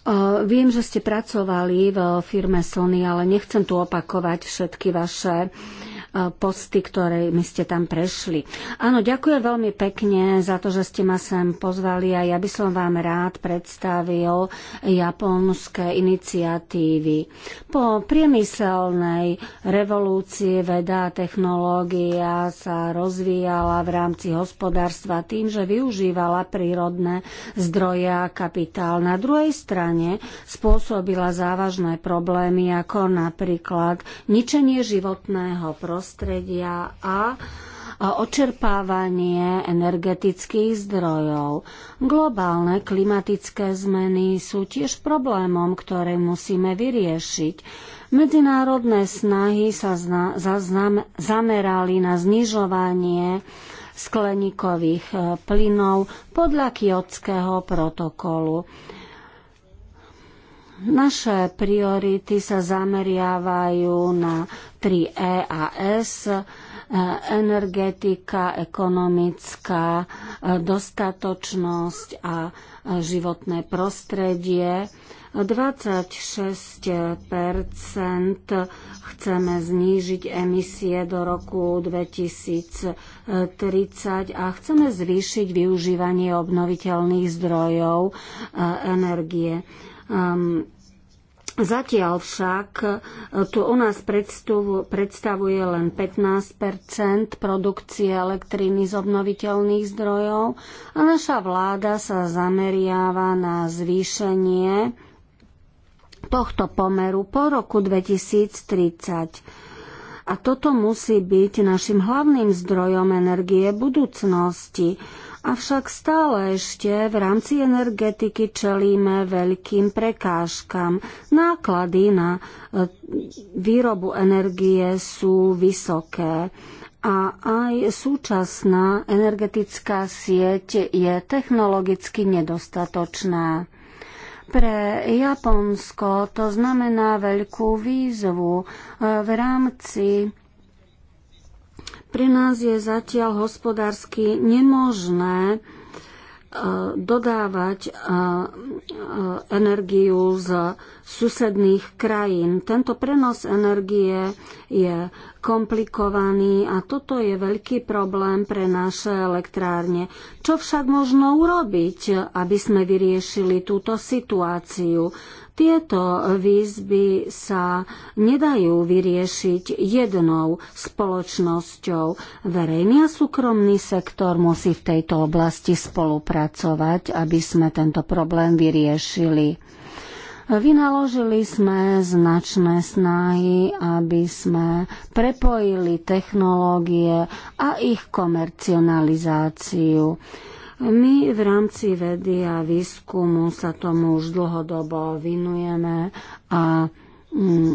E, viem, že ste pracovali v firme Sony, ale nechcem tu opakovať všetky vaše uh, E, posty, ktoré my ste tam prešli. Áno, ďakujem veľmi pekne za to, že ste ma sem pozvali a ja by som vám rád predstavil japonské iniciatívy. Po priemyselnej revolúcii veda a technológia sa rozvíjala v rámci hospodárstva tým, že využívala prírodné zdroje a kapitál. Na druhej strane spôsobila závažné problémy ako napríklad ničenie životného prostredia, prostredia a očerpávanie energetických zdrojov. Globálne klimatické zmeny sú tiež problémom, ktoré musíme vyriešiť. Medzinárodné snahy sa zna, zaznam, zamerali na znižovanie skleníkových e, plynov podľa kiotského protokolu. Naše priority sa zameriavajú na 3E a S, e, energetika, ekonomická e, dostatočnosť a e, životné prostredie. 26 chceme znížiť emisie do roku 2030 a chceme zvýšiť využívanie obnoviteľných zdrojov energie. Um, Zatiaľ však e, tu u nás predstavuje len 15 produkcie elektriny z obnoviteľných zdrojov a naša vláda sa zameriava na zvýšenie tohto pomeru po roku 2030. A toto musí byť našim hlavným zdrojom energie budúcnosti Avšak stále ešte v rámci energetiky čelíme veľkým prekážkam. Náklady na e, výrobu energie sú vysoké a aj súčasná energetická sieť je technologicky nedostatočná. Pre Japonsko to znamená veľkú výzvu e, v rámci pre nás je zatiaľ hospodársky nemožné e, dodávať e, e, energiu z susedných krajín. Tento prenos energie je komplikovaný a toto je veľký problém pre naše elektrárne. Čo však možno urobiť, aby sme vyriešili túto situáciu? Tieto výzby sa nedajú vyriešiť jednou spoločnosťou. Verejný a súkromný sektor musí v tejto oblasti spolupracovať, aby sme tento problém vyriešili. Vynaložili sme značné snahy, aby sme prepojili technológie a ich komercionalizáciu. My v rámci vedy a výskumu sa tomu už dlhodobo vinujeme a mm,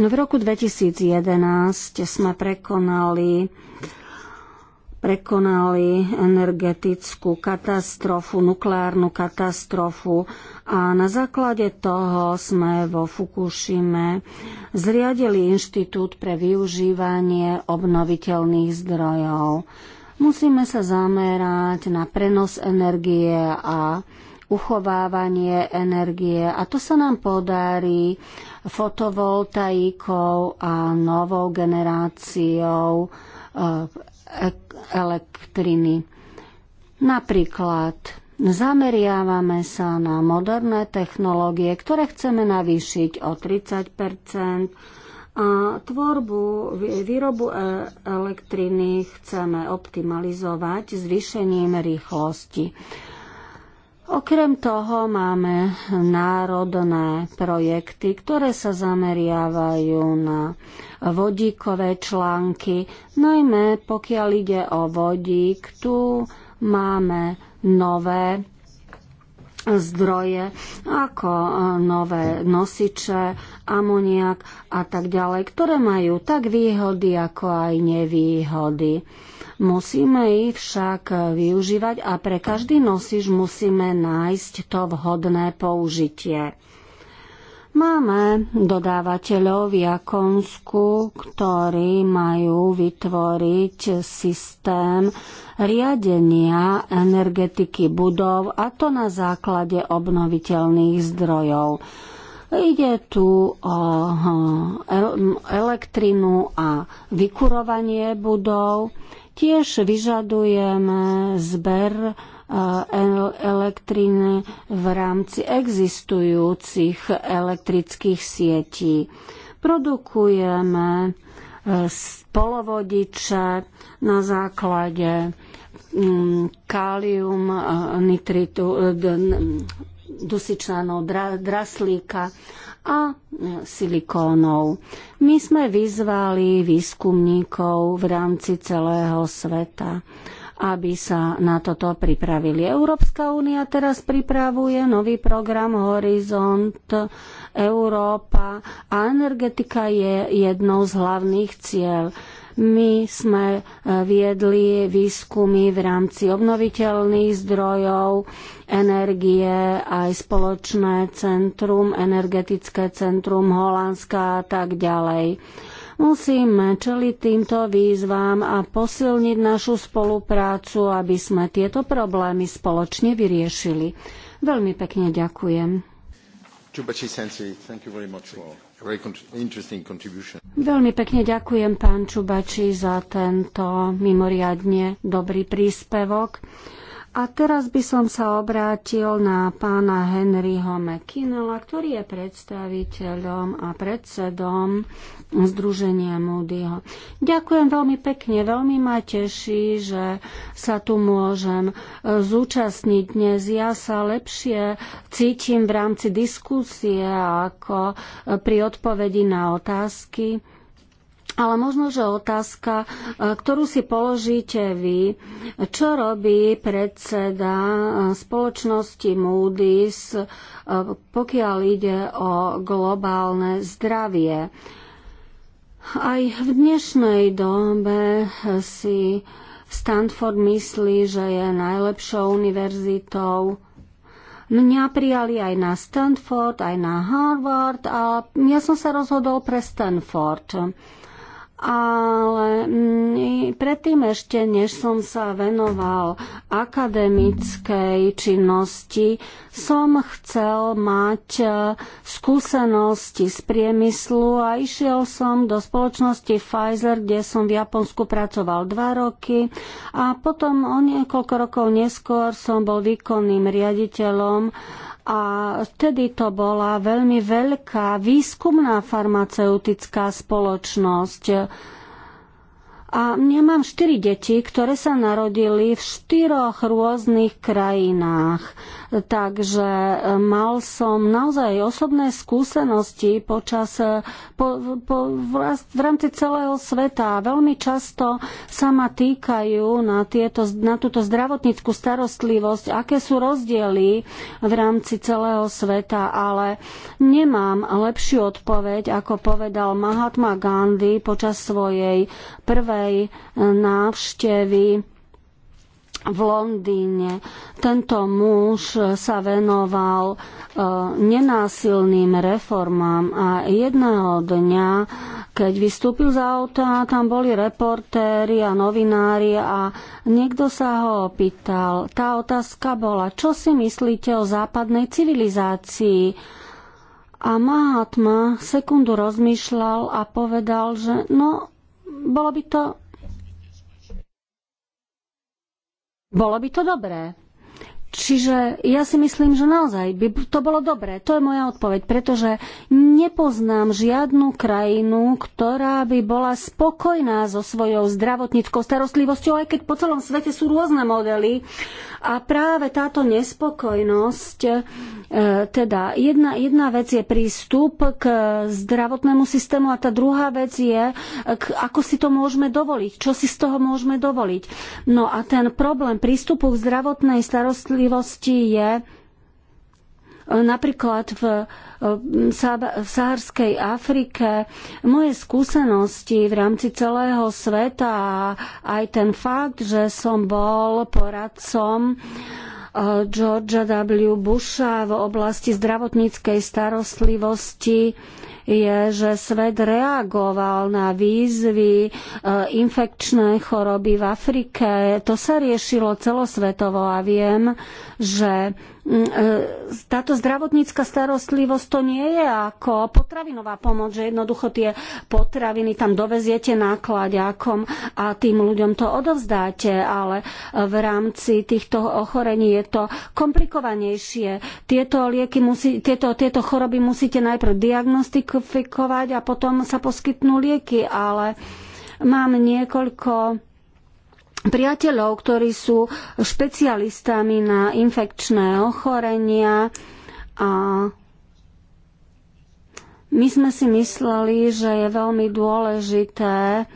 v roku 2011 sme prekonali prekonali energetickú katastrofu, nukleárnu katastrofu a na základe toho sme vo Fukushime zriadili Inštitút pre využívanie obnoviteľných zdrojov. Musíme sa zamerať na prenos energie a uchovávanie energie a to sa nám podarí fotovoltaikou a novou generáciou eh, elektriny. Napríklad zameriavame sa na moderné technológie, ktoré chceme navýšiť o 30 a tvorbu, výrobu e, elektriny chceme optimalizovať zvýšením rýchlosti. Okrem toho máme národné projekty, ktoré sa zameriavajú na vodíkové články, najmä pokiaľ ide o vodík, tu máme nové zdroje ako e, nové nosiče, amoniak a tak ďalej, ktoré majú tak výhody ako aj nevýhody. Musíme ich však využívať a pre každý nosič musíme nájsť to vhodné použitie. Máme dodávateľov v Jakonsku, ktorí majú vytvoriť systém riadenia energetiky budov a to na základe obnoviteľných zdrojov. Ide tu o elektrinu a vykurovanie budov. Tiež vyžadujeme zber elektriny v rámci existujúcich elektrických sietí. Produkujeme e, polovodiče na základe mm, kalium, e, nitritu, e, dusičnanou draslíka a silikónov. My sme vyzvali výskumníkov v rámci celého sveta aby sa na toto pripravili. Európska únia teraz pripravuje nový program Horizont Európa a energetika je jednou z hlavných cieľ. My sme e, viedli výskumy v rámci obnoviteľných zdrojov energie, aj spoločné centrum, energetické centrum Holandska a tak ďalej. Musíme čeliť týmto výzvám a posilniť našu spoluprácu, aby sme tieto problémy spoločne vyriešili. Veľmi pekne ďakujem. Veľmi pekne ďakujem pán Čubači za tento mimoriadne dobrý príspevok. A teraz by som sa obrátil na pána Henryho McKinnella, ktorý je predstaviteľom a predsedom Združenia Moodyho. Ďakujem veľmi pekne, veľmi ma teší, že sa tu môžem e, zúčastniť dnes. Ja sa lepšie cítim v rámci diskusie ako e, pri odpovedi na otázky. Ale možno, že otázka, e, ktorú si položíte vy, čo robí predseda e, spoločnosti Moody's, e, pokiaľ ide o globálne zdravie. Aj v dnešnej dobe si Stanford myslí, že je najlepšou univerzitou Mňa prijali aj na Stanford, aj na Harvard a ja som sa rozhodol pre Stanford ale mm, predtým ešte, než som sa venoval akademickej činnosti, som chcel mať e, skúsenosti z priemyslu a išiel som do spoločnosti Pfizer, kde som v Japonsku pracoval dva roky a potom o niekoľko rokov neskôr som bol výkonným riaditeľom a vtedy to bola veľmi veľká výskumná farmaceutická spoločnosť. A nemám štyri deti, ktoré sa narodili v štyroch rôznych krajinách. Takže e, mal som naozaj osobné skúsenosti počas, e, po, po, v rámci celého sveta. a Veľmi často sa ma týkajú na, tieto, na túto zdravotníckú starostlivosť, aké sú rozdiely v rámci celého sveta, ale nemám lepšiu odpoveď, ako povedal Mahatma Gandhi počas svojej prvej e, návštevy v Londýne. Tento muž sa venoval e, nenásilným reformám a jedného dňa, keď vystúpil z auta, tam boli reportéri a novinári a niekto sa ho opýtal. Tá otázka bola, čo si myslíte o západnej civilizácii? A Mahatma sekundu rozmýšľal a povedal, že no, bolo by to Bolo by to dobré. Čiže ja si myslím, že naozaj by to bolo dobré. To je moja odpoveď, pretože nepoznám žiadnu krajinu, ktorá by bola spokojná so svojou zdravotníckou starostlivosťou, aj keď po celom svete sú rôzne modely. A práve táto nespokojnosť, e, teda jedna, jedna vec je prístup k zdravotnému systému a tá druhá vec je, ako si to môžeme dovoliť, čo si z toho môžeme dovoliť. No a ten problém prístupu k zdravotnej starostlivosti spravodlivosti je e, napríklad v, e, v Saharskej Afrike. Moje skúsenosti v rámci celého sveta a aj ten fakt, že som bol poradcom e, Georgia W. Busha v oblasti zdravotníckej starostlivosti je, že svet reagoval na výzvy e, infekčné choroby v Afrike. To sa riešilo celosvetovo a viem, že e, táto zdravotnícka starostlivosť to nie je ako potravinová pomoc, že jednoducho tie potraviny tam doveziete nákladiakom a tým ľuďom to odovzdáte, ale v rámci týchto ochorení je to komplikovanejšie. Tieto, lieky musí, tieto, tieto choroby musíte najprv diagnostikovať, diagnostifikovať a potom sa poskytnú lieky, ale mám niekoľko priateľov, ktorí sú špecialistami na infekčné ochorenia a my sme si mysleli, že je veľmi dôležité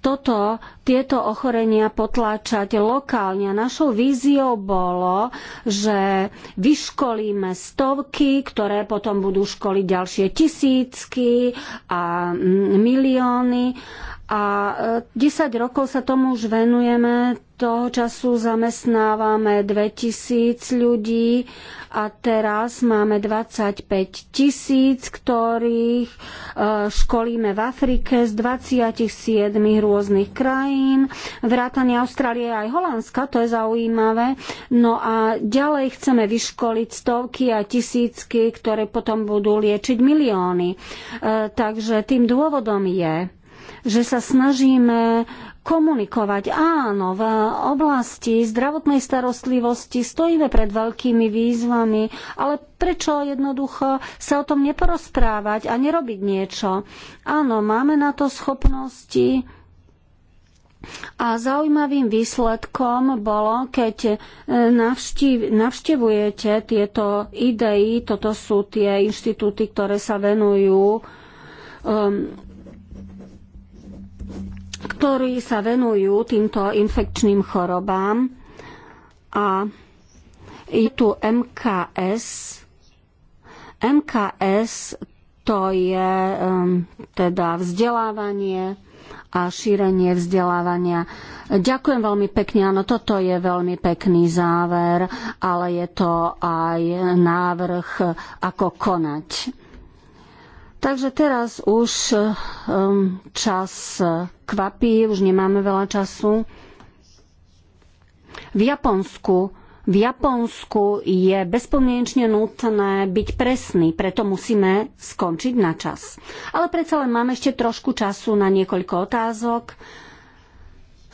toto, tieto ochorenia potláčať lokálne. A našou víziou bolo, že vyškolíme stovky, ktoré potom budú školiť ďalšie tisícky a milióny a 10 e, rokov sa tomu už venujeme, toho času zamestnávame 2000 ľudí a teraz máme 25 tisíc, ktorých e, školíme v Afrike z 27 rôznych krajín, Vrátanie Austrálie aj Holandska, to je zaujímavé. No a ďalej chceme vyškoliť stovky a tisícky, ktoré potom budú liečiť milióny. E, takže tým dôvodom je, že sa snažíme komunikovať. Áno, v oblasti zdravotnej starostlivosti stojíme pred veľkými výzvami, ale prečo jednoducho sa o tom neporozprávať a nerobiť niečo? Áno, máme na to schopnosti. A zaujímavým výsledkom bolo, keď e, navštív, navštevujete tieto idei, toto sú tie inštitúty, ktoré sa venujú um, ktorí sa venujú týmto infekčným chorobám a je tu MKS. MKS to je um, teda vzdelávanie a šírenie vzdelávania. Ďakujem veľmi pekne, áno, toto je veľmi pekný záver, ale je to aj návrh, ako konať. Takže teraz už um, čas kvapí, už nemáme veľa času. V Japonsku v Japonsku je bezpomienečne nutné byť presný, preto musíme skončiť na čas. Ale predsa len máme ešte trošku času na niekoľko otázok.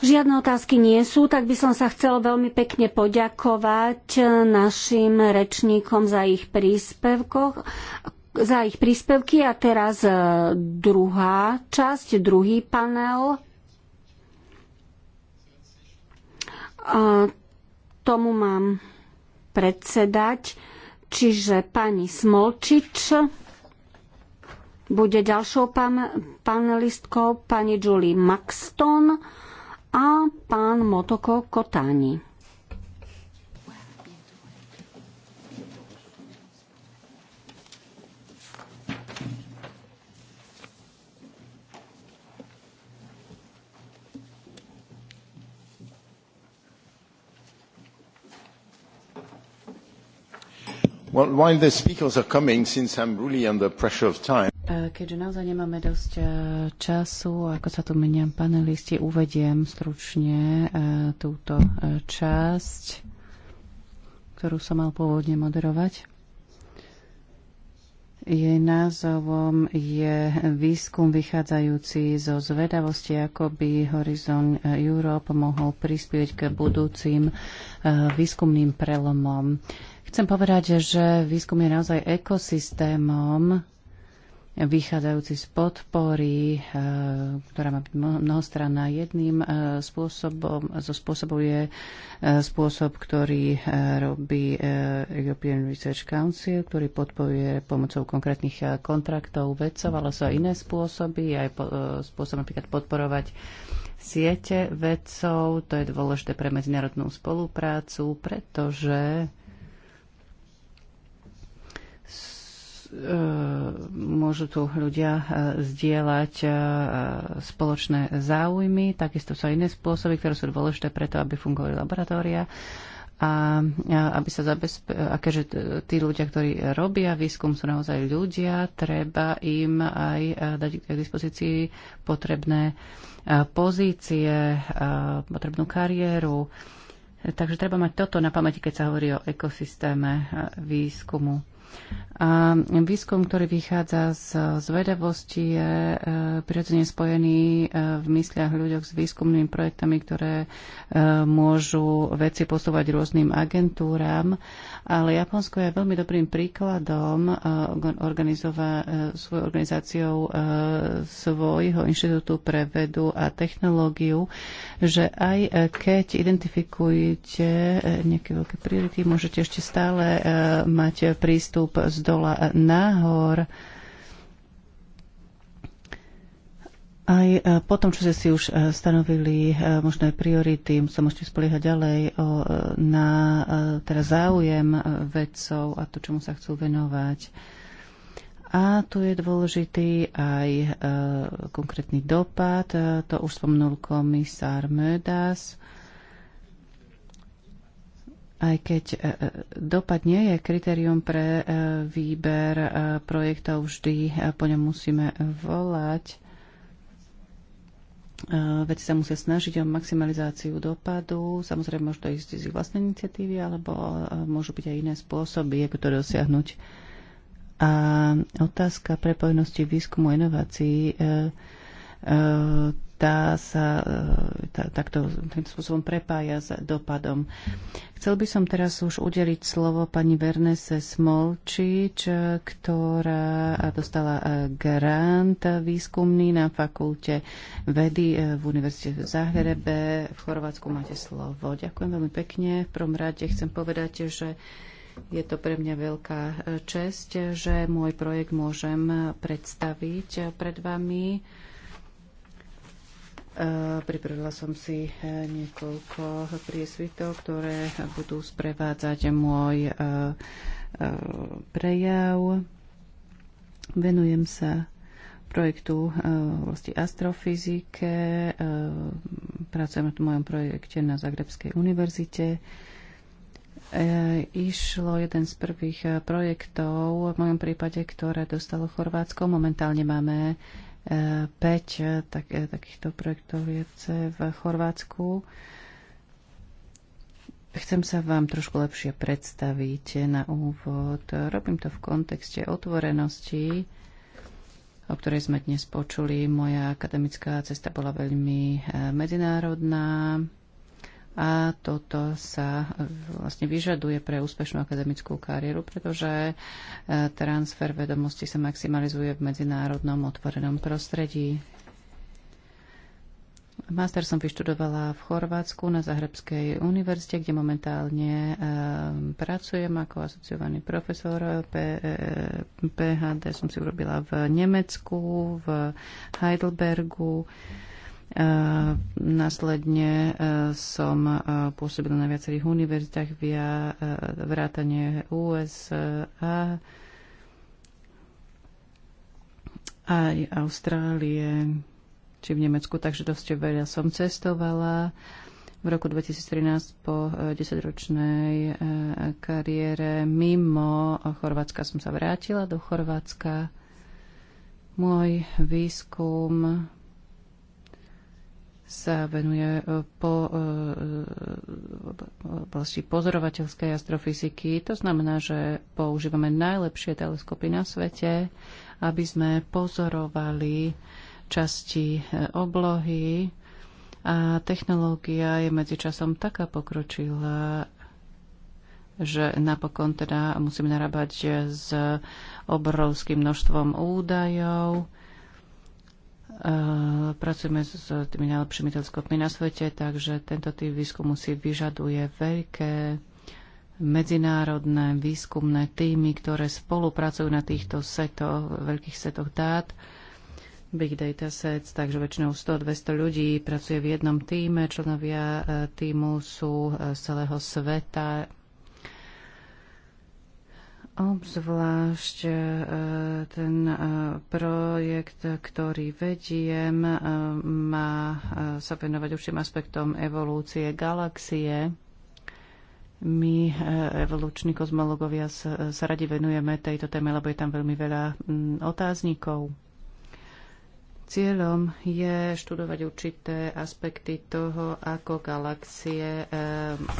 Žiadne otázky nie sú, tak by som sa chcela veľmi pekne poďakovať našim rečníkom za ich príspevkoch za ich príspevky. A teraz e, druhá časť, druhý panel. A e, tomu mám predsedať, čiže pani Smolčič bude ďalšou pan- panelistkou pani Julie Maxton a pán Motoko Kotani. Well, while the speakers are coming, since I'm really under pressure of time, e, Keďže naozaj nemáme dosť e, času, ako sa tu menia panelisti, uvediem stručne e, túto časť, ktorú som mal pôvodne moderovať. Jej názovom je výskum vychádzajúci zo zvedavosti, ako by Horizon Europe mohol prispieť k budúcim výskumným prelomom. Chcem povedať, že výskum je naozaj ekosystémom, vychádzajúci z podpory, eh, ktorá má byť mnohostranná jedným eh, spôsobom. Zo spôsobov je eh, spôsob, ktorý robí European Research Council, ktorý podporuje pomocou konkrétnych kontraktov vedcov, ale sú aj iné spôsoby, aj spôsob napríklad podporovať siete vedcov. To je dôležité pre medzinárodnú spoluprácu, pretože E, môžu tu ľudia e, zdieľať e, spoločné záujmy, takisto sú aj iné spôsoby, ktoré sú dôležité preto, aby fungovali laboratória a aby sa zabezpe- a keďže tí ľudia, ktorí robia výskum, sú naozaj ľudia, treba im aj dať k dispozícii potrebné pozície, potrebnú kariéru. Takže treba mať toto na pamäti, keď sa hovorí o ekosystéme výskumu. A výskum, ktorý vychádza z zvedavosti, je e, prirodzene spojený e, v mysliach ľuďoch s výskumnými projektami, ktoré e, môžu veci posúvať rôznym agentúram. Ale Japonsko je veľmi dobrým príkladom svojou organizáciou svojho inštitútu pre vedu a technológiu, že aj keď identifikujete nejaké veľké priority, môžete ešte stále mať prístup výstup z dola nahor. Aj e, po tom, čo ste si už e, stanovili e, možné priority, sa môžete spoliehať ďalej o, na teda záujem vedcov a to, čomu sa chcú venovať. A tu je dôležitý aj e, konkrétny dopad. To už spomnul komisár Mödas aj keď e, e, dopad nie je kritérium pre e, výber projektov, vždy po ňom musíme volať. Veci sa musia snažiť o maximalizáciu dopadu. Samozrejme, môže to ísť z ich vlastnej iniciatívy, alebo môžu byť aj iné spôsoby, ako to dosiahnuť. A otázka prepojenosti výskumu inovácií. E, tá sa e, tá, takto, takým spôsobom prepája s dopadom. Chcel by som teraz už udeliť slovo pani Vernese Smolčič, ktorá dostala e, grant výskumný na fakulte vedy e, v Univerzite v Záhrebe. V Chorvátsku máte slovo. Ďakujem veľmi pekne. V prvom rade chcem povedať, že je to pre mňa veľká česť, že môj projekt môžem predstaviť pred vami. Eh, pripravila som si eh, niekoľko priesvitov, ktoré budú sprevádzať môj eh, prejav. Venujem sa projektu vlastne astrofyzike. Pracujem na mojom projekte na Zagrebskej univerzite. Išlo jeden z prvých projektov, v mojom prípade, ktoré dostalo Chorvátsko. Momentálne máme 5 eh, tak, eh, takýchto projektov je v Chorvátsku. Chcem sa vám trošku lepšie predstaviť na úvod. Robím to v kontexte otvorenosti, o ktorej sme dnes počuli. Moja akademická cesta bola veľmi eh, medzinárodná a toto sa vlastne vyžaduje pre úspešnú akademickú kariéru, pretože e, transfer vedomostí sa maximalizuje v medzinárodnom otvorenom prostredí. Master som vyštudovala v Chorvátsku na Zahrebskej univerzite, kde momentálne e, pracujem ako asociovaný profesor. E, P, e, PHD som si urobila v Nemecku, v Heidelbergu. E, Eh, následne eh, som eh, pôsobila na viacerých univerzitách via vrátanie USA aj Austrálie či v Nemecku, takže dosť veľa som cestovala. V roku 2013 po 10-ročnej kariére mimo Chorvátska som sa vrátila do Chorvátska. Môj výskum sa venuje e, po e, e, oblasti pozorovateľskej astrofyziky. To znamená, že používame najlepšie teleskopy na svete, aby sme pozorovali časti oblohy. A technológia je medzičasom taká pokročilá, že napokon teda musíme narábať s obrovským množstvom údajov Eh, pracujeme s tými najlepšími teleskopmi na svete, takže tento typ výskumu si vyžaduje veľké medzinárodné výskumné týmy, ktoré spolupracujú na týchto setoch, veľkých setoch dát, big data sets, takže väčšinou 100-200 ľudí pracuje v jednom týme, členovia eh, týmu sú eh, z celého sveta, Obzvlášť e, ten e, projekt, ktorý vediem, e, má sa venovať určitým aspektom evolúcie galaxie. My, evoluční kozmologovia, sa radi venujeme tejto téme, lebo je tam veľmi veľa otáznikov. Cieľom je študovať určité aspekty toho, ako galaxie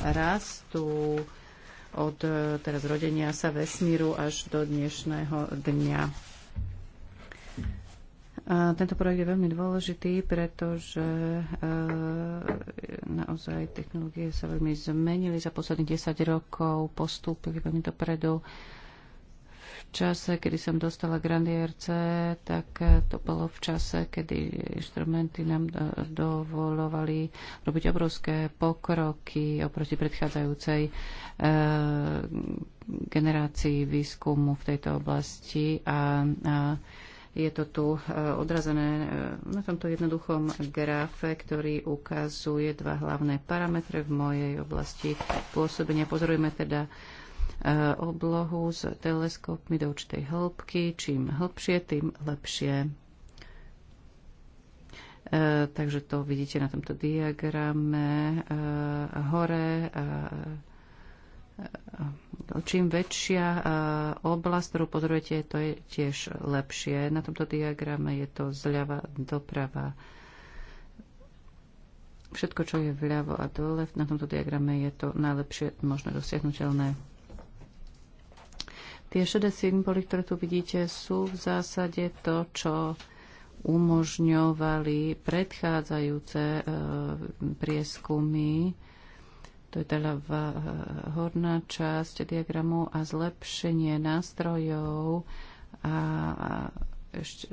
rastú, od e, teraz rodenia sa vesmíru až do dnešného dňa. tento projekt je veľmi dôležitý, pretože e, naozaj technológie sa veľmi zmenili za posledných 10 rokov, postúpili veľmi dopredu čase, kedy som dostala grandierce, tak to bolo v čase, kedy inštrumenty nám dovolovali robiť obrovské pokroky oproti predchádzajúcej e, generácii výskumu v tejto oblasti a, a je to tu e, odrazené e, na tomto jednoduchom grafe, ktorý ukazuje dva hlavné parametre v mojej oblasti pôsobenia. Pozorujeme teda Eh, oblohu s teleskopmi do určitej hĺbky. Čím hĺbšie, tým lepšie. E, takže to vidíte na tomto diagrame e, hore. E, čím väčšia oblasť, ktorú pozorujete, to je tiež lepšie. Na tomto diagrame je to zľava doprava. Všetko, čo je vľavo a dole, na tomto diagrame je to najlepšie možno dosiahnuteľné. Tie šedé symboly, ktoré tu vidíte, sú v zásade to, čo umožňovali predchádzajúce e, prieskumy to je teda v, e, horná časť diagramu a zlepšenie nástrojov a, a ešte,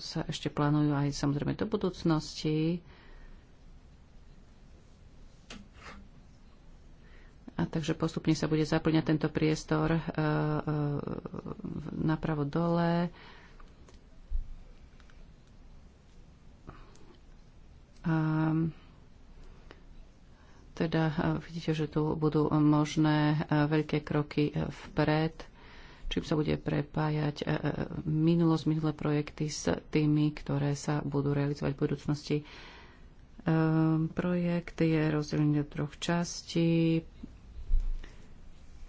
sa ešte plánujú aj samozrejme do budúcnosti. A takže postupne sa bude zaplňať tento priestor e, e, napravo dole. A teda e, vidíte, že tu budú možné veľké kroky vpred, čím sa bude prepájať minulosť, minulé projekty s tými, ktoré sa budú realizovať v budúcnosti. Projekt je rozdelený do troch častí.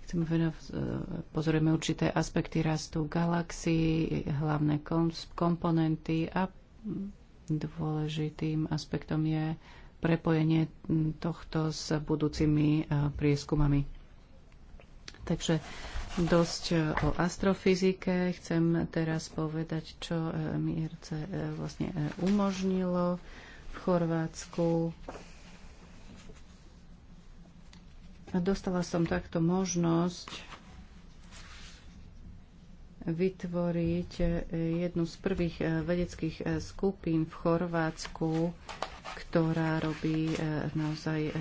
Chcem venovať, e, určité aspekty rastu galaxií, hlavné komponenty a dôležitým aspektom je prepojenie tohto s budúcimi e, prieskumami. Takže dosť e, o astrofyzike. Chcem teraz povedať, čo MIRC vlastne umožnilo v Chorvátsku. Dostala som takto možnosť vytvoriť eh, jednu z prvých eh, vedeckých eh, skupín v Chorvátsku, ktorá robí naozaj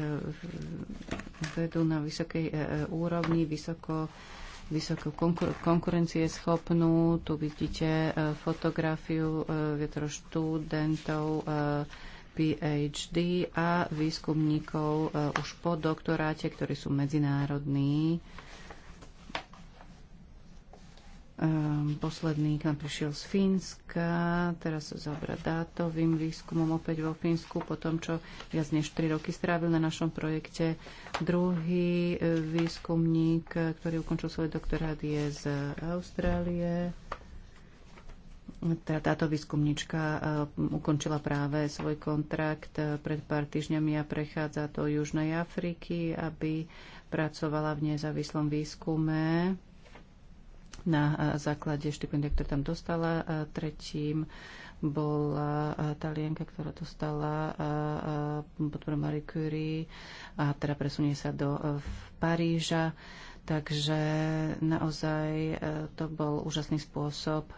vedu na vysokej úrovni, vysoko vysoko konkurencieschopnú. Tu vidíte fotografiu vietro študentov PhD a výskumníkov e, už po doktoráte, ktorí sú medzinárodní. E, posledný k nám prišiel z Fínska, teraz sa zaoberá dátovým výskumom opäť vo Fínsku, po tom, čo viac než 3 roky strávil na našom projekte. Druhý e, výskumník, ktorý ukončil svoj doktorát, je z Austrálie teda táto výskumnička e, ukončila práve svoj kontrakt e, pred pár týždňami a prechádza do Južnej Afriky, aby pracovala v nezávislom výskume na e, základe štipendia, ktoré tam dostala. Tretím bola Talienka, ktorá dostala podporu Marie Curie a teda presunie sa do Paríža. Takže naozaj to bol úžasný spôsob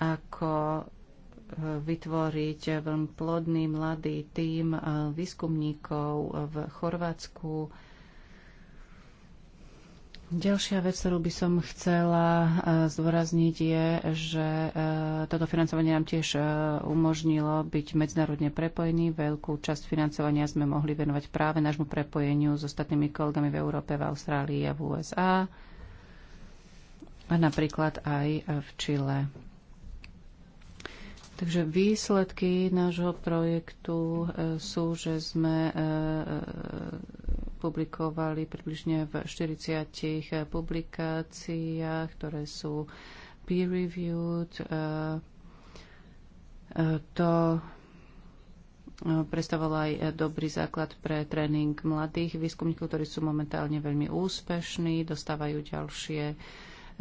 ako e, vytvoriť veľmi plodný mladý tím e, výskumníkov v Chorvátsku. Ďalšia vec, ktorú by som chcela e, zdôrazniť, je, že toto financovanie nám tiež umožnilo byť medzinárodne prepojený. Veľkú časť financovania sme mohli venovať práve nášmu prepojeniu s ostatnými kolegami v Európe, v Austrálii a v USA a napríklad aj v Čile. Takže výsledky nášho projektu e, sú, že sme e, e, publikovali približne v 40 publikáciách, ktoré sú peer-reviewed. To predstavoval aj dobrý základ pre tréning mladých výskumníkov, ktorí sú momentálne veľmi úspešní, dostávajú ďalšie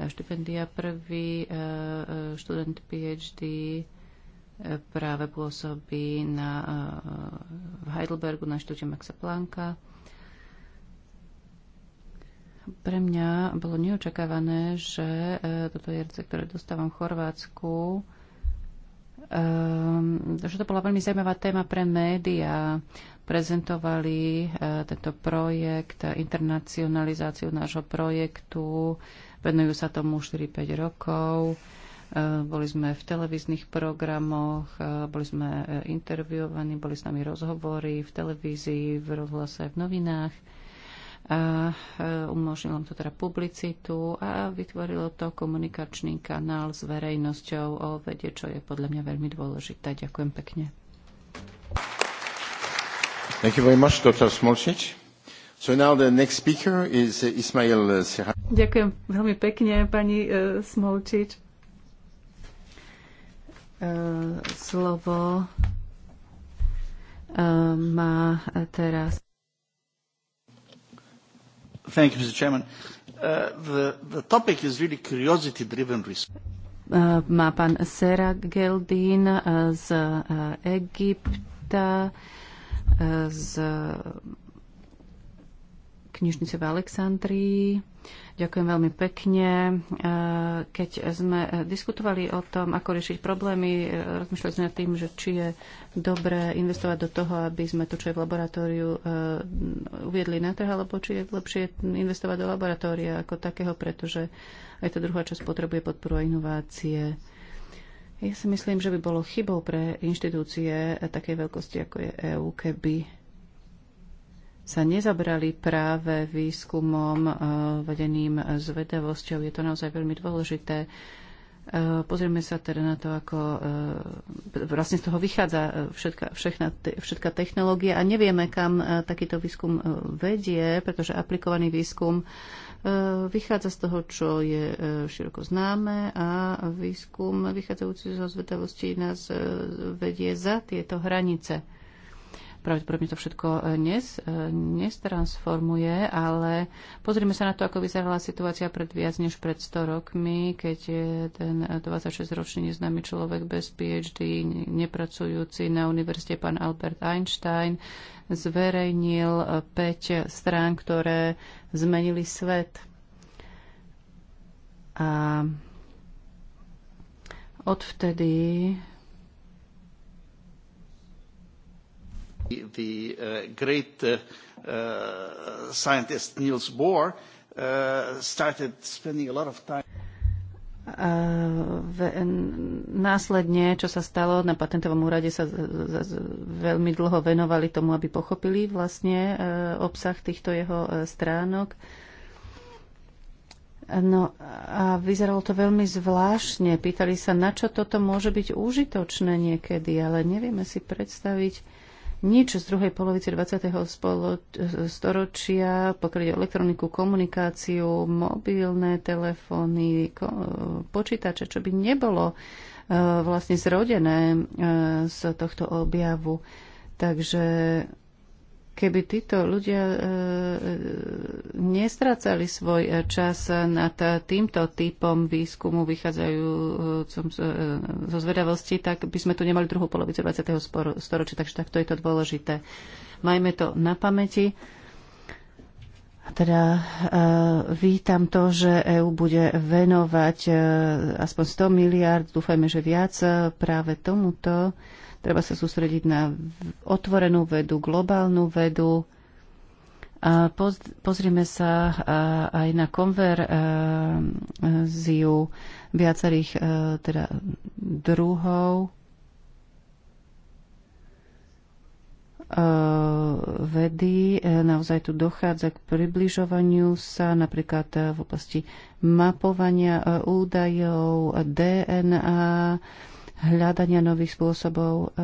štipendia. Prvý študent PhD práve pôsobí na, eh, v Heidelbergu na štúte Maxa Plancka. Pre mňa bolo neočakávané, že eh, toto jerce, ktoré dostávam v Chorvátsku, eh, že to bola veľmi zaujímavá téma pre médiá. Prezentovali tento projekt, internacionalizáciu nášho projektu, venujú sa tomu 4-5 rokov E, boli sme v televíznych programoch, e, boli sme e, interviovaní, boli s nami rozhovory v televízii, v rozhlase, v novinách. A umožnilo to teda publicitu a vytvorilo to komunikačný kanál s verejnosťou o vede, čo je podľa mňa veľmi dôležité. Ďakujem pekne. Thank you very much, Dr. Smolčič. So now the next speaker is uh, Ismail uh, Ďakujem veľmi pekne, pani uh, Smolčič. Eh, slovo eh, má teraz. Thank you, Mr. Chairman. Uh, the, the topic is really curiosity-driven risk má pán Sera Geldín z Egypta, z knižnice v Alexandrii. Ďakujem veľmi pekne. Eh, keď sme eh, diskutovali o tom, ako riešiť problémy, eh, rozmýšľali sme nad tým, že či je dobré investovať do toho, aby sme to, čo je v laboratóriu, uviedli na trh, alebo či je lepšie investovať do laboratória ako takého, pretože aj tá druhá časť potrebuje podporu a inovácie. Ja si myslím, že by bolo chybou pre inštitúcie takej veľkosti, ako je EÚ, keby sa nezabrali práve výskumom e, vedeným zvedavosťou. Je to naozaj veľmi dôležité. E, pozrieme sa teda na to, ako e, vlastne z toho vychádza všetka, všetka, všetka technológia a nevieme, kam takýto výskum vedie, pretože aplikovaný výskum vychádza z toho, čo je široko známe a výskum vychádzajúci zo zvedavosti nás vedie za tieto hranice pravdepodobne to všetko e, nes, e, nestransformuje, ale pozrime sa na to, ako vyzerala situácia pred viac než pred 100 rokmi, keď je ten 26-ročný e, neznámy človek bez PhD, nepracujúci na univerzite pán Albert Einstein, zverejnil 5 strán, ktoré zmenili svet. A odvtedy The uh, great uh, uh, scientist Niels Bohr uh, started spending a lot of time v, následne, čo sa stalo, na patentovom úrade sa z, z, z, veľmi dlho venovali tomu, aby pochopili vlastne e, obsah týchto jeho e, stránok. No a vyzeralo to veľmi zvláštne. Pýtali sa, na čo toto môže byť užitočné niekedy, ale nevieme si predstaviť, nič z druhej polovice 20. storočia, pokiaľ ide elektroniku, komunikáciu, mobilné telefóny, počítače, čo by nebolo e, vlastne zrodené e, z tohto objavu. Takže Keby títo ľudia e, e nestrácali svoj e, čas nad e, týmto typom výskumu vychádzajú e, zo zvedavosti, tak by sme tu nemali druhú polovicu 20. storočia, takže takto je to dôležité. Majme to na pamäti. Teda e, vítam to, že EÚ bude venovať e, aspoň 100 miliard, dúfajme, že viac práve tomuto. E, Treba sa sústrediť na otvorenú vedu, globálnu vedu. A pozrieme sa aj na konverziu viacerých e, teda, druhov e, vedy. E, naozaj tu dochádza k približovaniu sa napríklad v oblasti mapovania údajov, DNA, hľadania nových spôsobov e,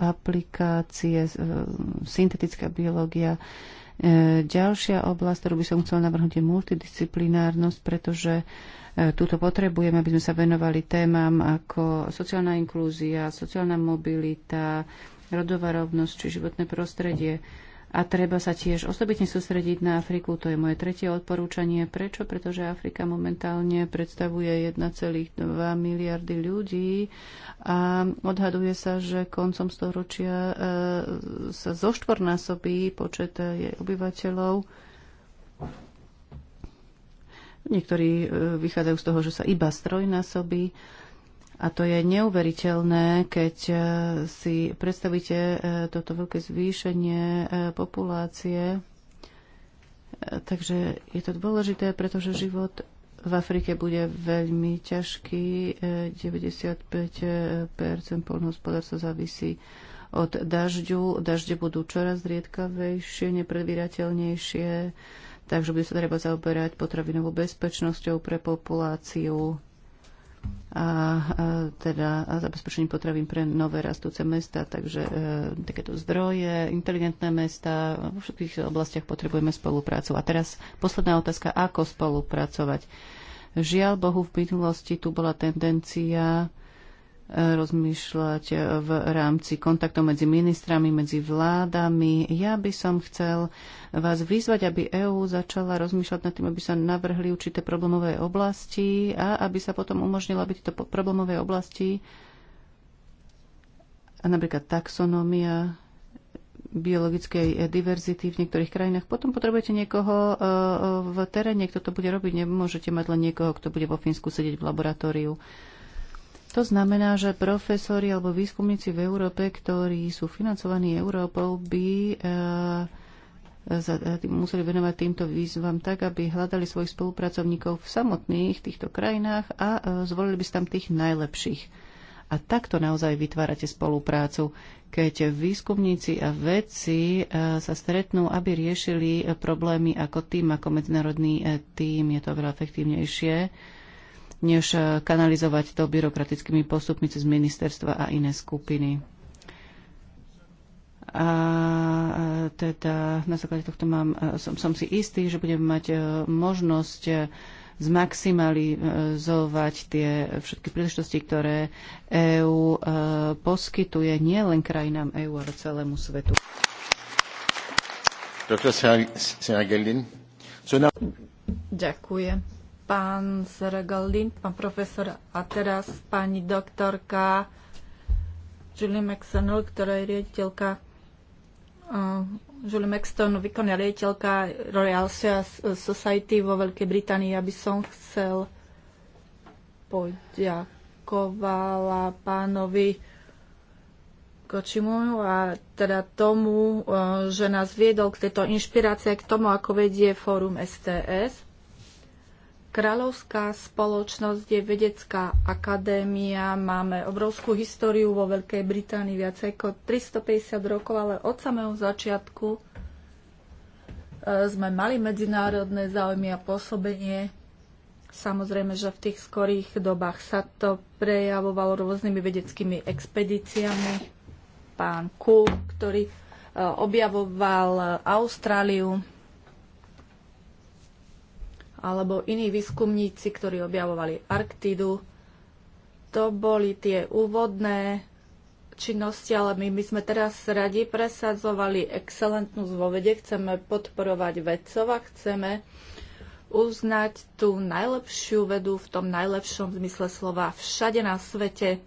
aplikácie, e, syntetická biológia. E, ďalšia oblasť, ktorú by som chcela navrhnúť, je multidisciplinárnosť, pretože túto potrebujeme, aby sme sa venovali témam ako sociálna inklúzia, sociálna mobilita, rodová rovnosť či životné prostredie. A treba sa tiež osobitne sústrediť na Afriku, to je moje tretie odporúčanie. Prečo? Pretože Afrika momentálne predstavuje 1,2 miliardy ľudí a odhaduje sa, že koncom storočia e, sa zoštvornásobí počet e, jej obyvateľov. Niektorí e, vychádzajú z toho, že sa iba strojnásobí. A to je neuveriteľné, keď e, si predstavíte e, toto veľké zvýšenie e, populácie. Takže je to dôležité, pretože život v Afrike bude veľmi ťažký. 95% polnohospodárstva závisí od dažďu. Dažde budú čoraz riedkavejšie, nepredvírateľnejšie. takže bude sa treba zaoberať potravinovou bezpečnosťou pre populáciu a teda zabezpečení potravín pre nové rastúce mesta, takže e, takéto zdroje, inteligentné mesta, vo všetkých oblastiach potrebujeme spoluprácu. A teraz posledná otázka, ako spolupracovať? Žiaľ Bohu, v minulosti tu bola tendencia rozmýšľať v rámci kontaktov medzi ministrami, medzi vládami. Ja by som chcel vás vyzvať, aby EÚ začala rozmýšľať nad tým, aby sa navrhli určité problémové oblasti a aby sa potom umožnilo, aby tieto problémové oblasti a napríklad taxonomia biologickej diverzity v niektorých krajinách. Potom potrebujete niekoho e, e, v teréne, kto to bude robiť. Nemôžete mať len niekoho, kto bude vo Fínsku sedieť v laboratóriu. To znamená, že profesori alebo výskumníci v Európe, ktorí sú financovaní Európou, by e, e, e, museli venovať týmto výzvam tak, aby hľadali svojich spolupracovníkov v samotných týchto krajinách a zvolili by si tam tých najlepších. A takto naozaj vytvárate spoluprácu, keď výskumníci a vedci sa stretnú, aby riešili problémy ako tým, ako medzinárodný tým. Je to veľa efektívnejšie než eh, kanalizovať to byrokratickými postupmi cez ministerstva a iné skupiny. A eh, teda na základe tohto mám, eh, som, som si istý, že budem mať možnosť zmaximalizovať tie všetky príležitosti, ktoré EÚ poskytuje nielen krajinám EÚ, ale celému svetu. Ďakujem pán Seregoldin, pán profesor a teraz pani doktorka Julie McSonnell, ktorá je riaditeľka uh, Julie McStone, výkonná riaditeľka Royal Society vo Veľkej Británii. by som chcel poďakovala pánovi Kočimu a teda tomu, eh, že nás viedol k tejto inšpirácie, k tomu, ako vedie fórum STS. Kráľovská spoločnosť je vedecká akadémia, máme obrovskú históriu vo Veľkej Británii, viac ako 350 rokov, ale od samého začiatku e, sme mali medzinárodné záujmy a pôsobenie. Samozrejme, že v tých skorých dobách sa to prejavovalo rôznymi vedeckými expedíciami. Pán Ku, ktorý e, objavoval Austráliu, alebo iní výskumníci, ktorí objavovali Arktídu. To boli tie úvodné činnosti, ale my by sme teraz radi presadzovali excelentnosť vo vede, chceme podporovať vedcov a chceme uznať tú najlepšiu vedu v tom najlepšom zmysle slova všade na svete.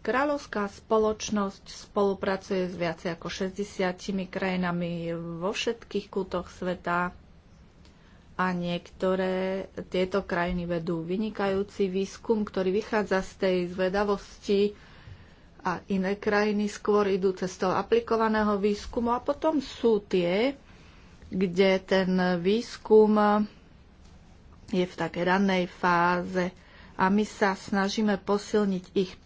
Kráľovská spoločnosť spolupracuje s viac ako 60 krajinami vo všetkých kútoch sveta a niektoré tieto krajiny vedú vynikajúci výskum, ktorý vychádza z tej zvedavosti a iné krajiny skôr idú cestou aplikovaného výskumu a potom sú tie, kde ten výskum je v takej rannej fáze a my sa snažíme posilniť ich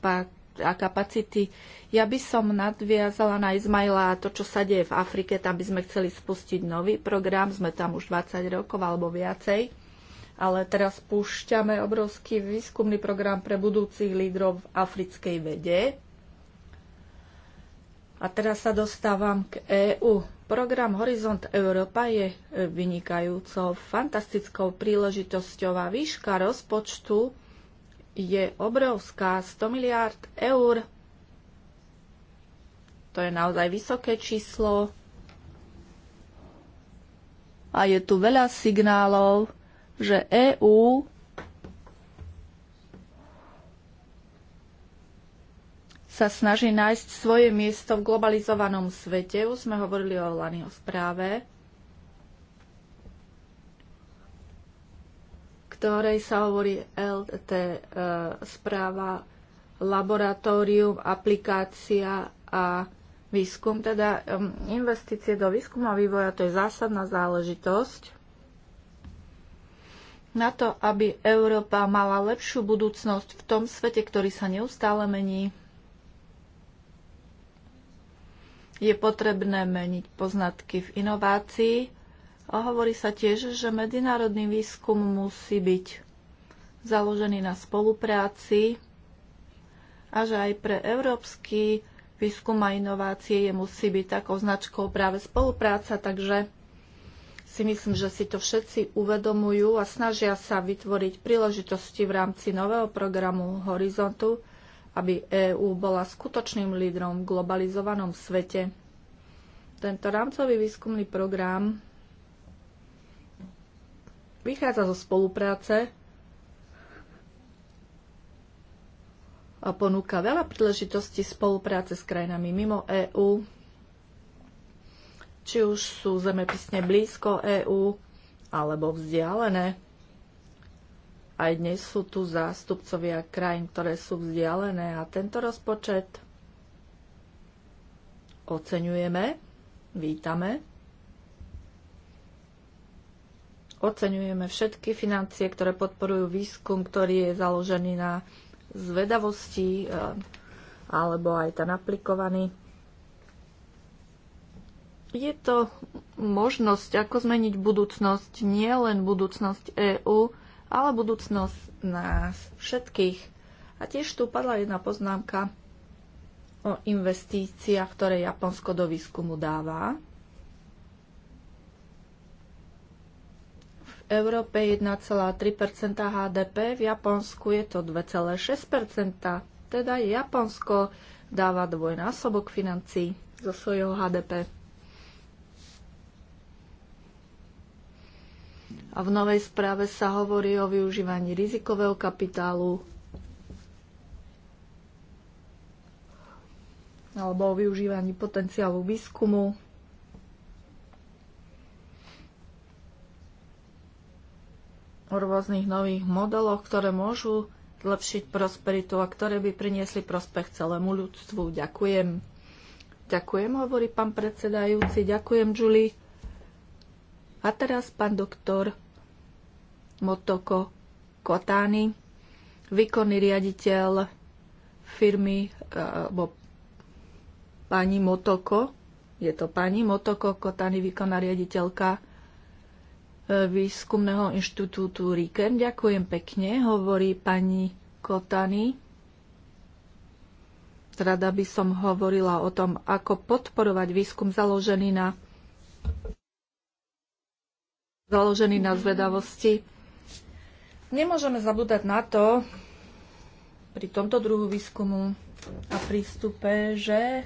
a kapacity. Ja by som nadviazala na Izmaila a to, čo sa deje v Afrike. Tam by sme chceli spustiť nový program. Sme tam už 20 rokov alebo viacej. Ale teraz spúšťame obrovský výskumný program pre budúcich lídrov v africkej vede. A teraz sa dostávam k EÚ. Program Horizont Európa je e, vynikajúcou, fantastickou príležitosťou a výška rozpočtu je obrovská, 100 miliárd eur. To je naozaj vysoké číslo. A je tu veľa signálov, že EÚ sa snaží nájsť svoje miesto v globalizovanom svete. Už sme hovorili o Laniho správe. ktorej sa hovorí LT e, správa laboratórium, aplikácia a výskum. Teda investície do výskumu a vývoja to je zásadná záležitosť na to, aby Európa mala lepšiu budúcnosť v tom svete, ktorý sa neustále mení. Je potrebné meniť poznatky v inovácii a hovorí sa tiež, že medzinárodný výskum musí byť založený na spolupráci a že aj pre európsky výskum a inovácie je musí byť takou značkou práve spolupráca, takže si myslím, že si to všetci uvedomujú a snažia sa vytvoriť príležitosti v rámci nového programu Horizontu, aby EÚ bola skutočným lídrom v globalizovanom svete. Tento rámcový výskumný program vychádza zo spolupráce a ponúka veľa príležitostí spolupráce s krajinami mimo EÚ, či už sú zemepisne blízko EÚ alebo vzdialené. Aj dnes sú tu zástupcovia krajín, ktoré sú vzdialené a tento rozpočet oceňujeme, vítame. Oceňujeme všetky financie, ktoré podporujú výskum, ktorý je založený na zvedavosti eh, alebo aj ten aplikovaný. Je to možnosť, ako zmeniť budúcnosť, nie len budúcnosť EÚ, ale budúcnosť nás všetkých. A tiež tu padla jedna poznámka o investíciách, ktoré Japonsko do výskumu dáva. Európe 1,3 HDP, v Japonsku je to 2,6 Teda Japonsko dáva dvojnásobok financí zo svojho HDP. A v novej správe sa hovorí o využívaní rizikového kapitálu alebo o využívaní potenciálu výskumu o rôznych nových modeloch, ktoré môžu zlepšiť prosperitu a ktoré by priniesli prospech celému ľudstvu. Ďakujem. Ďakujem, hovorí pán predsedajúci. Ďakujem, Julie. A teraz pán doktor Motoko Kotány, výkonný riaditeľ firmy alebo pani Motoko, je to pani Motoko Kotány, výkonná riaditeľka výskumného inštitútu RIKEN. Ďakujem pekne, hovorí pani Kotany. Rada by som hovorila o tom, ako podporovať výskum založený na, založený na zvedavosti. Nemôžeme zabúdať na to pri tomto druhu výskumu a prístupe, že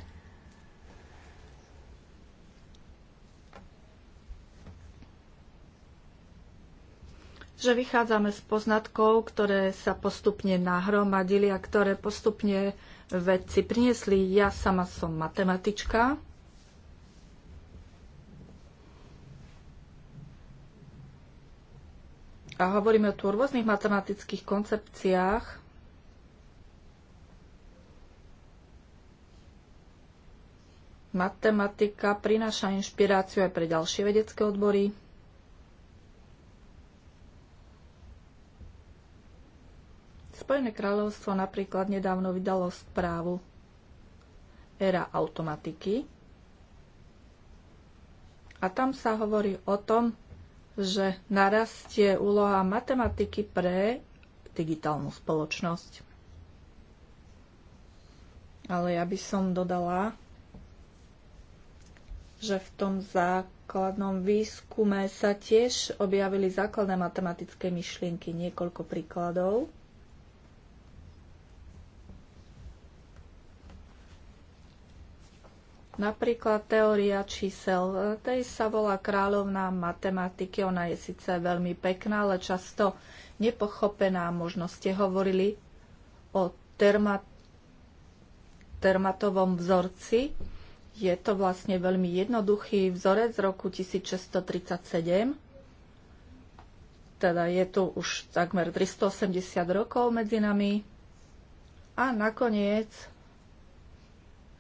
že vychádzame z poznatkov, ktoré sa postupne nahromadili a ktoré postupne vedci priniesli. Ja sama som matematička, a hovoríme tu o rôznych matematických koncepciách, matematika prináša inšpiráciu aj pre ďalšie vedecké odbory. Spojené kráľovstvo napríklad nedávno vydalo správu Era automatiky a tam sa hovorí o tom, že narastie úloha matematiky pre digitálnu spoločnosť. Ale ja by som dodala, že v tom základnom výskume sa tiež objavili základné matematické myšlienky, niekoľko príkladov. Napríklad teória čísel. Tej sa volá kráľovná matematiky. Ona je síce veľmi pekná, ale často nepochopená. Možno ste hovorili o terma, termatovom vzorci. Je to vlastne veľmi jednoduchý vzorec z roku 1637. Teda je tu už takmer 380 rokov medzi nami. A nakoniec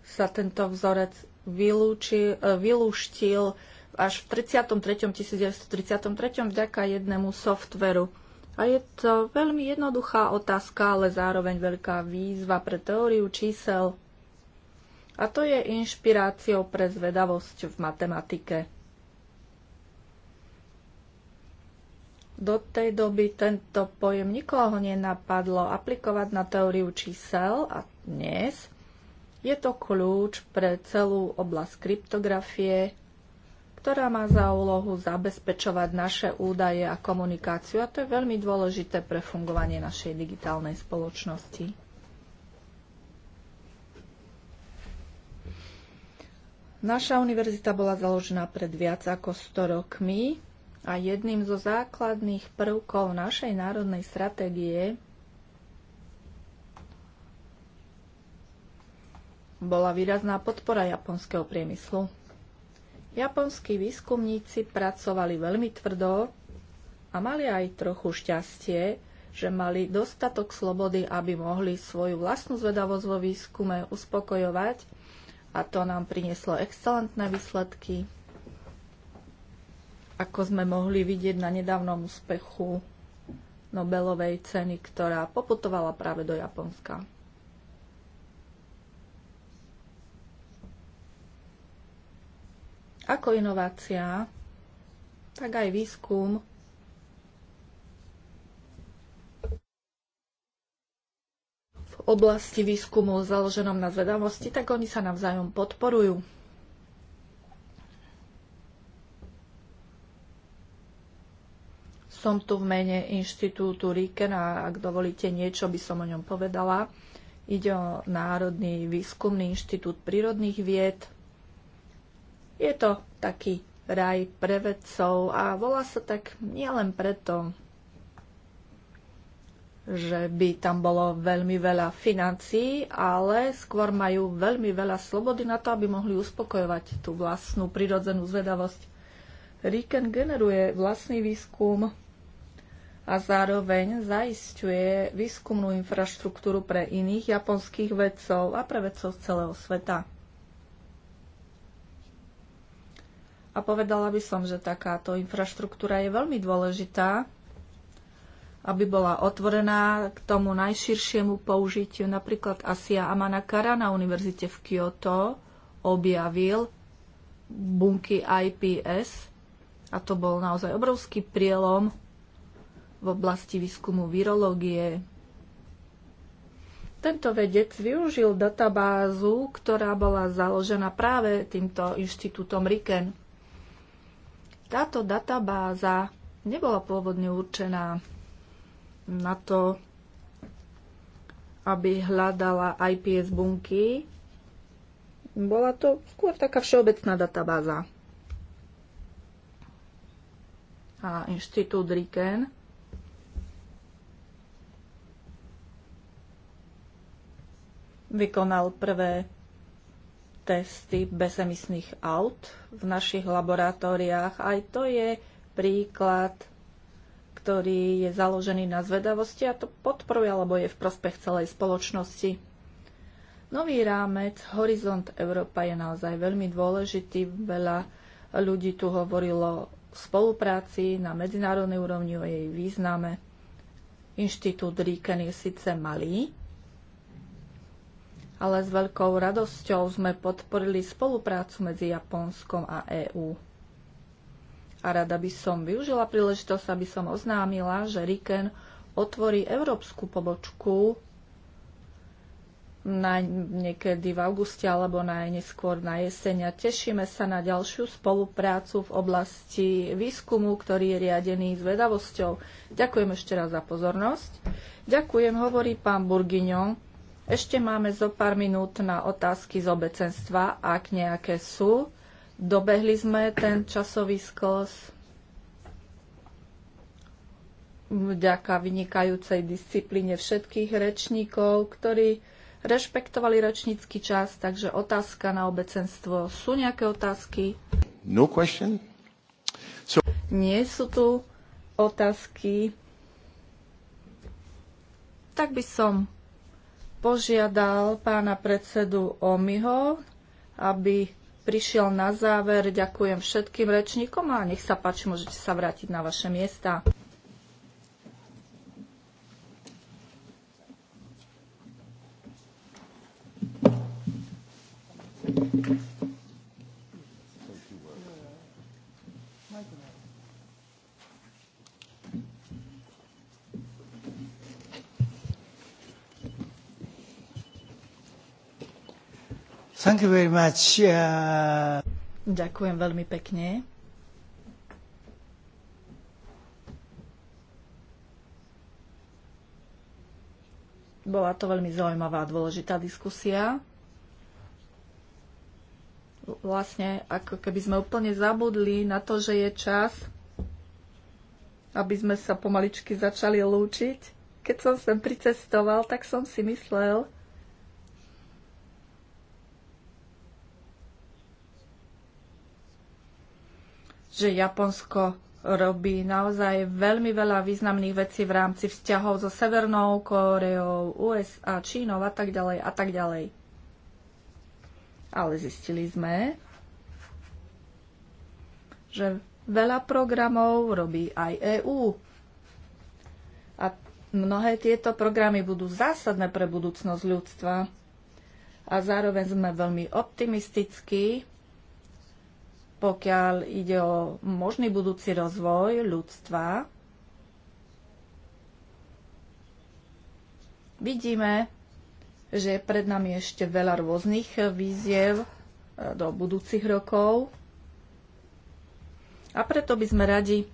sa tento vzorec e, vylúštil až v 33. 1933. vďaka jednému softveru. A je to veľmi jednoduchá otázka, ale zároveň veľká výzva pre teóriu čísel. A to je inšpiráciou pre zvedavosť v matematike. Do tej doby tento pojem nikoho nenapadlo aplikovať na teóriu čísel a dnes je to kľúč pre celú oblasť kryptografie, ktorá má za úlohu zabezpečovať naše údaje a komunikáciu a to je veľmi dôležité pre fungovanie našej digitálnej spoločnosti. Naša univerzita bola založená pred viac ako 100 rokmi a jedným zo základných prvkov našej národnej stratégie bola výrazná podpora japonského priemyslu. Japonskí výskumníci pracovali veľmi tvrdo a mali aj trochu šťastie, že mali dostatok slobody, aby mohli svoju vlastnú zvedavosť vo výskume uspokojovať a to nám prinieslo excelentné výsledky, ako sme mohli vidieť na nedávnom úspechu Nobelovej ceny, ktorá poputovala práve do Japonska. Ako inovácia, tak aj výskum v oblasti výskumu založenom na zvedavosti, tak oni sa navzájom podporujú. Som tu v mene Inštitútu Riken a ak dovolíte niečo, by som o ňom povedala. Ide o Národný výskumný inštitút prírodných vied – je to taký raj pre vedcov a volá sa tak nielen preto, že by tam bolo veľmi veľa financií, ale skôr majú veľmi veľa slobody na to, aby mohli uspokojovať tú vlastnú prirodzenú zvedavosť. Riken generuje vlastný výskum a zároveň zaisťuje výskumnú infraštruktúru pre iných japonských vedcov a pre vedcov z celého sveta. A povedala by som, že takáto infraštruktúra je veľmi dôležitá, aby bola otvorená k tomu najširšiemu použitiu. Napríklad Asia Amanakara na univerzite v Kyoto objavil bunky IPS a to bol naozaj obrovský prielom v oblasti výskumu virológie. Tento vedec využil databázu, ktorá bola založená práve týmto inštitútom RIKEN. Táto databáza nebola pôvodne určená na to, aby hľadala IPS bunky. Bola to skôr taká všeobecná databáza. A inštitút RIKEN vykonal prvé testy bezemisných aut v našich laboratóriách. Aj to je príklad, ktorý je založený na zvedavosti a to podporuje alebo je v prospech celej spoločnosti. Nový rámec Horizont Európa je naozaj veľmi dôležitý. Veľa ľudí tu hovorilo o spolupráci na medzinárodnej úrovni, o jej význame. Inštitút Ríken je síce malý, ale s veľkou radosťou sme podporili spoluprácu medzi Japonskom a EÚ. A rada by som využila príležitosť, aby som oznámila, že Riken otvorí európsku pobočku na niekedy v auguste alebo najneskôr na jeseň a tešíme sa na ďalšiu spoluprácu v oblasti výskumu, ktorý je riadený s vedavosťou. Ďakujem ešte raz za pozornosť. Ďakujem, hovorí pán Burgiňon. Ešte máme zo pár minút na otázky z obecenstva, ak nejaké sú. Dobehli sme ten časový skos vďaka vynikajúcej disciplíne všetkých rečníkov, ktorí rešpektovali rečnícky čas, takže otázka na obecenstvo. Sú nejaké otázky? No question. So... Nie sú tu otázky. Tak by som požiadal pána predsedu Omiho, aby prišiel na záver. Ďakujem všetkým rečníkom a nech sa páči, môžete sa vrátiť na vaše miesta. you very much. Uh, Ďakujem veľmi pekne. Bola to veľmi zaujímavá a dôležitá diskusia. Vlastne, ako keby sme úplne zabudli na to, že je čas, aby sme sa pomaličky začali lúčiť. Keď som sem pricestoval, tak som si myslel, že Japonsko robí naozaj veľmi veľa významných vecí v rámci vzťahov so Severnou Kóreou, USA, Čínou a tak ďalej a tak ďalej. Ale zistili sme, že veľa programov robí aj EÚ. A mnohé tieto programy budú zásadné pre budúcnosť ľudstva. A zároveň sme veľmi optimistickí, pokiaľ ide o možný budúci rozvoj ľudstva, vidíme, že pred nami ešte veľa rôznych víziev e, do budúcich rokov. A preto by sme radi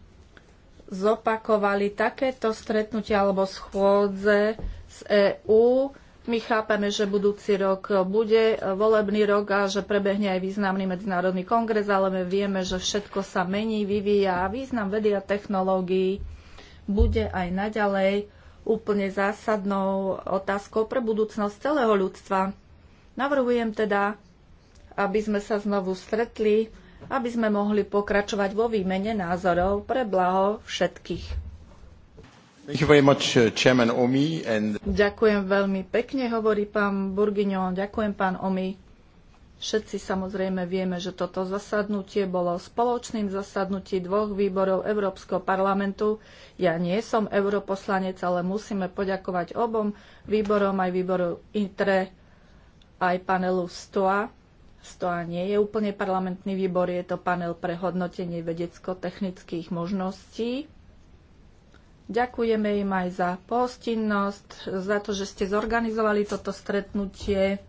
zopakovali takéto stretnutia alebo schôdze z EÚ my chápeme, že budúci rok bude volebný rok a že prebehne aj významný medzinárodný kongres, ale my vieme, že všetko sa mení, vyvíja a význam vedy a technológií bude aj naďalej úplne zásadnou otázkou pre budúcnosť celého ľudstva. Navrhujem teda, aby sme sa znovu stretli, aby sme mohli pokračovať vo výmene názorov pre blaho všetkých. Uh, Ďakujem veľmi pekne, hovorí pán Burgiňo. Ďakujem, pán Omi. Všetci samozrejme vieme, že toto zasadnutie bolo spoločným zasadnutí dvoch výborov Európskeho parlamentu. Ja nie som europoslanec, ale musíme poďakovať obom výborom, aj výboru ITRE, aj panelu STOA. STOA nie je úplne parlamentný výbor, je to panel pre hodnotenie vedecko-technických možností Ďakujeme im aj za postinnosť, za to, že ste zorganizovali toto stretnutie.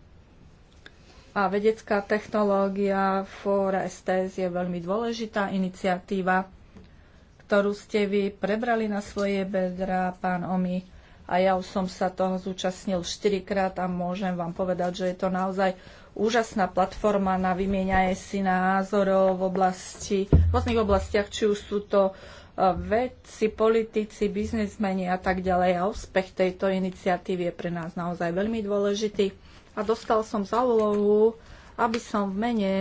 A vedecká technológia Fóra STS je veľmi dôležitá iniciatíva, ktorú ste vy prebrali na svoje bedra, pán Omi. A ja už som sa toho zúčastnil 4 krát a môžem vám povedať, že je to naozaj úžasná platforma na vymieňanie si názorov v oblasti, v rôznych oblastiach, či už sú to vedci, politici, biznismeni a tak ďalej. A úspech tejto iniciatívy je pre nás naozaj veľmi dôležitý. A dostal som za úlohu, aby som v mene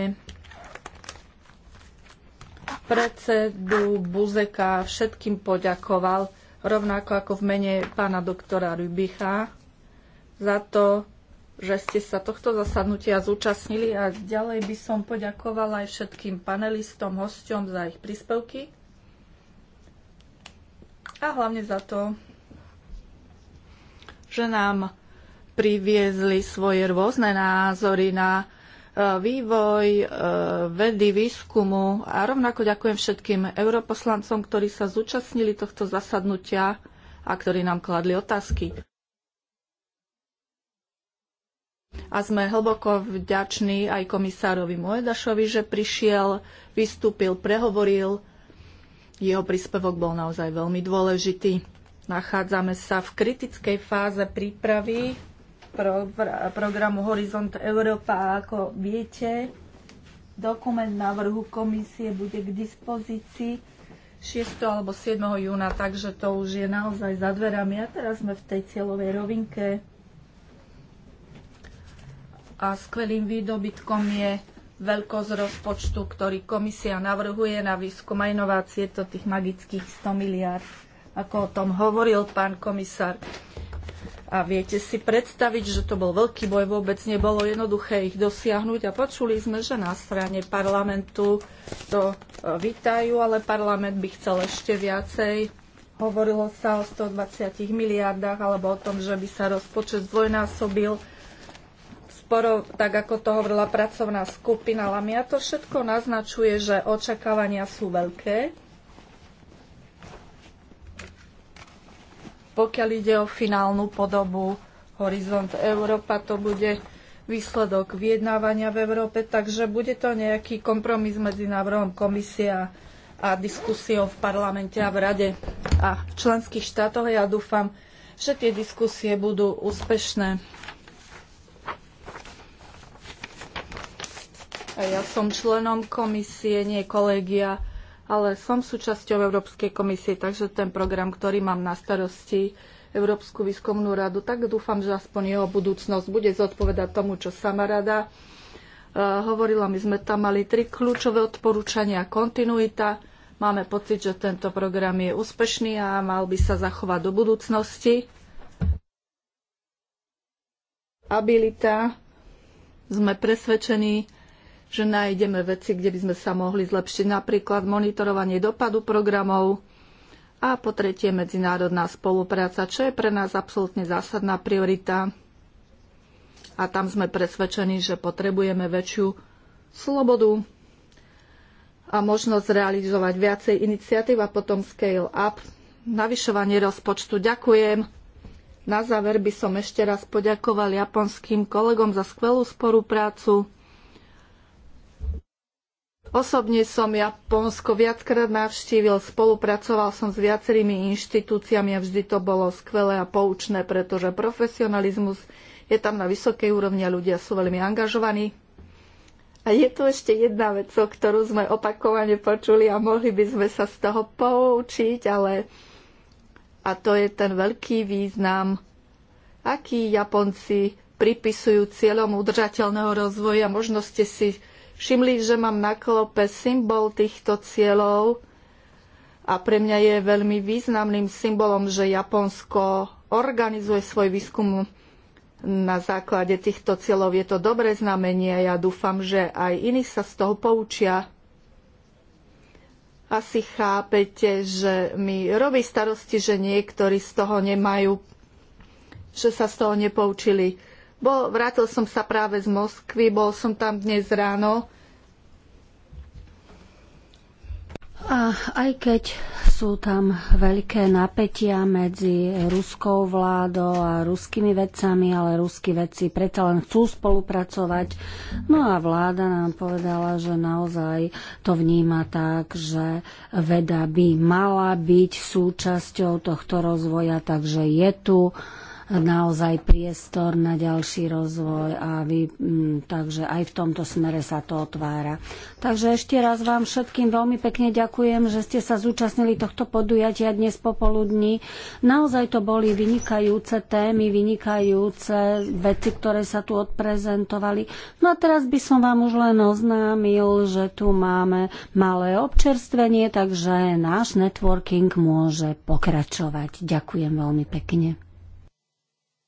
predsedu Buzeka všetkým poďakoval, rovnako ako v mene pána doktora Rybicha, za to, že ste sa tohto zasadnutia zúčastnili a ďalej by som poďakovala aj všetkým panelistom, hosťom za ich príspevky a hlavne za to, že nám priviezli svoje rôzne názory na e, vývoj e, vedy, výskumu a rovnako ďakujem všetkým europoslancom, ktorí sa zúčastnili tohto zasadnutia a ktorí nám kladli otázky. A sme hlboko vďační aj komisárovi Moedašovi, že prišiel, vystúpil, prehovoril jeho príspevok bol naozaj veľmi dôležitý. Nachádzame sa v kritickej fáze prípravy pro, programu Horizont Európa. A ako viete, dokument návrhu komisie bude k dispozícii 6. alebo 7. júna, takže to už je naozaj za dverami. A teraz sme v tej cieľovej rovinke. A skvelým výdobytkom je veľkosť rozpočtu, ktorý komisia navrhuje na výskum a inovácie, to tých magických 100 miliard, ako o tom hovoril pán komisár. A viete si predstaviť, že to bol veľký boj, vôbec nebolo jednoduché ich dosiahnuť a počuli sme, že na strane parlamentu to e, vítajú, ale parlament by chcel ešte viacej. Hovorilo sa o 120 miliardách alebo o tom, že by sa rozpočet zdvojnásobil sporov, tak ako to hovorila pracovná skupina Lamia, to všetko naznačuje, že očakávania sú veľké. Pokiaľ ide o finálnu podobu Horizont Európa, to bude výsledok vyjednávania v Európe, takže bude to nejaký kompromis medzi návrhom komisia a diskusiou v parlamente a v rade a v členských štátoch. Ja dúfam, že tie diskusie budú úspešné. Ja som členom komisie, nie kolegia, ale som súčasťou Európskej komisie, takže ten program, ktorý mám na starosti, Európsku výskumnú radu, tak dúfam, že aspoň jeho budúcnosť bude zodpovedať tomu, čo sama rada e, hovorila. My sme tam mali tri kľúčové odporúčania. Kontinuita. Máme pocit, že tento program je úspešný a mal by sa zachovať do budúcnosti. Abilita. Sme presvedčení, že nájdeme veci, kde by sme sa mohli zlepšiť, napríklad monitorovanie dopadu programov a po tretie medzinárodná spolupráca, čo je pre nás absolútne zásadná priorita. A tam sme presvedčení, že potrebujeme väčšiu slobodu a možnosť realizovať viacej iniciatív a potom scale up, navyšovanie rozpočtu. Ďakujem. Na záver by som ešte raz poďakoval japonským kolegom za skvelú spoluprácu. Osobne som Japonsko viackrát navštívil, spolupracoval som s viacerými inštitúciami a vždy to bolo skvelé a poučné, pretože profesionalizmus je tam na vysokej úrovni a ľudia sú veľmi angažovaní. A je tu ešte jedna vec, o ktorú sme opakovane počuli a mohli by sme sa z toho poučiť, ale a to je ten veľký význam, aký Japonci pripisujú cieľom udržateľného rozvoja. Možno ste si všimli, že mám na klope symbol týchto cieľov a pre mňa je veľmi významným symbolom, že Japonsko organizuje svoj výskum na základe týchto cieľov. Je to dobré znamenie a ja dúfam, že aj iní sa z toho poučia. Asi chápete, že mi robí starosti, že niektorí z toho nemajú, že sa z toho nepoučili. Bo, vrátil som sa práve z Moskvy, bol som tam dnes ráno. A aj keď sú tam veľké napätia medzi ruskou vládou a ruskými vedcami, ale ruskí vedci predsa len chcú spolupracovať. No a vláda nám povedala, že naozaj to vníma tak, že veda by mala byť súčasťou tohto rozvoja, takže je tu naozaj priestor na ďalší rozvoj a vy, mm, takže aj v tomto smere sa to otvára. Takže ešte raz vám všetkým veľmi pekne ďakujem, že ste sa zúčastnili tohto podujatia dnes popoludní. Naozaj to boli vynikajúce témy, vynikajúce veci, ktoré sa tu odprezentovali. No a teraz by som vám už len oznámil, že tu máme malé občerstvenie, takže náš networking môže pokračovať. Ďakujem veľmi pekne.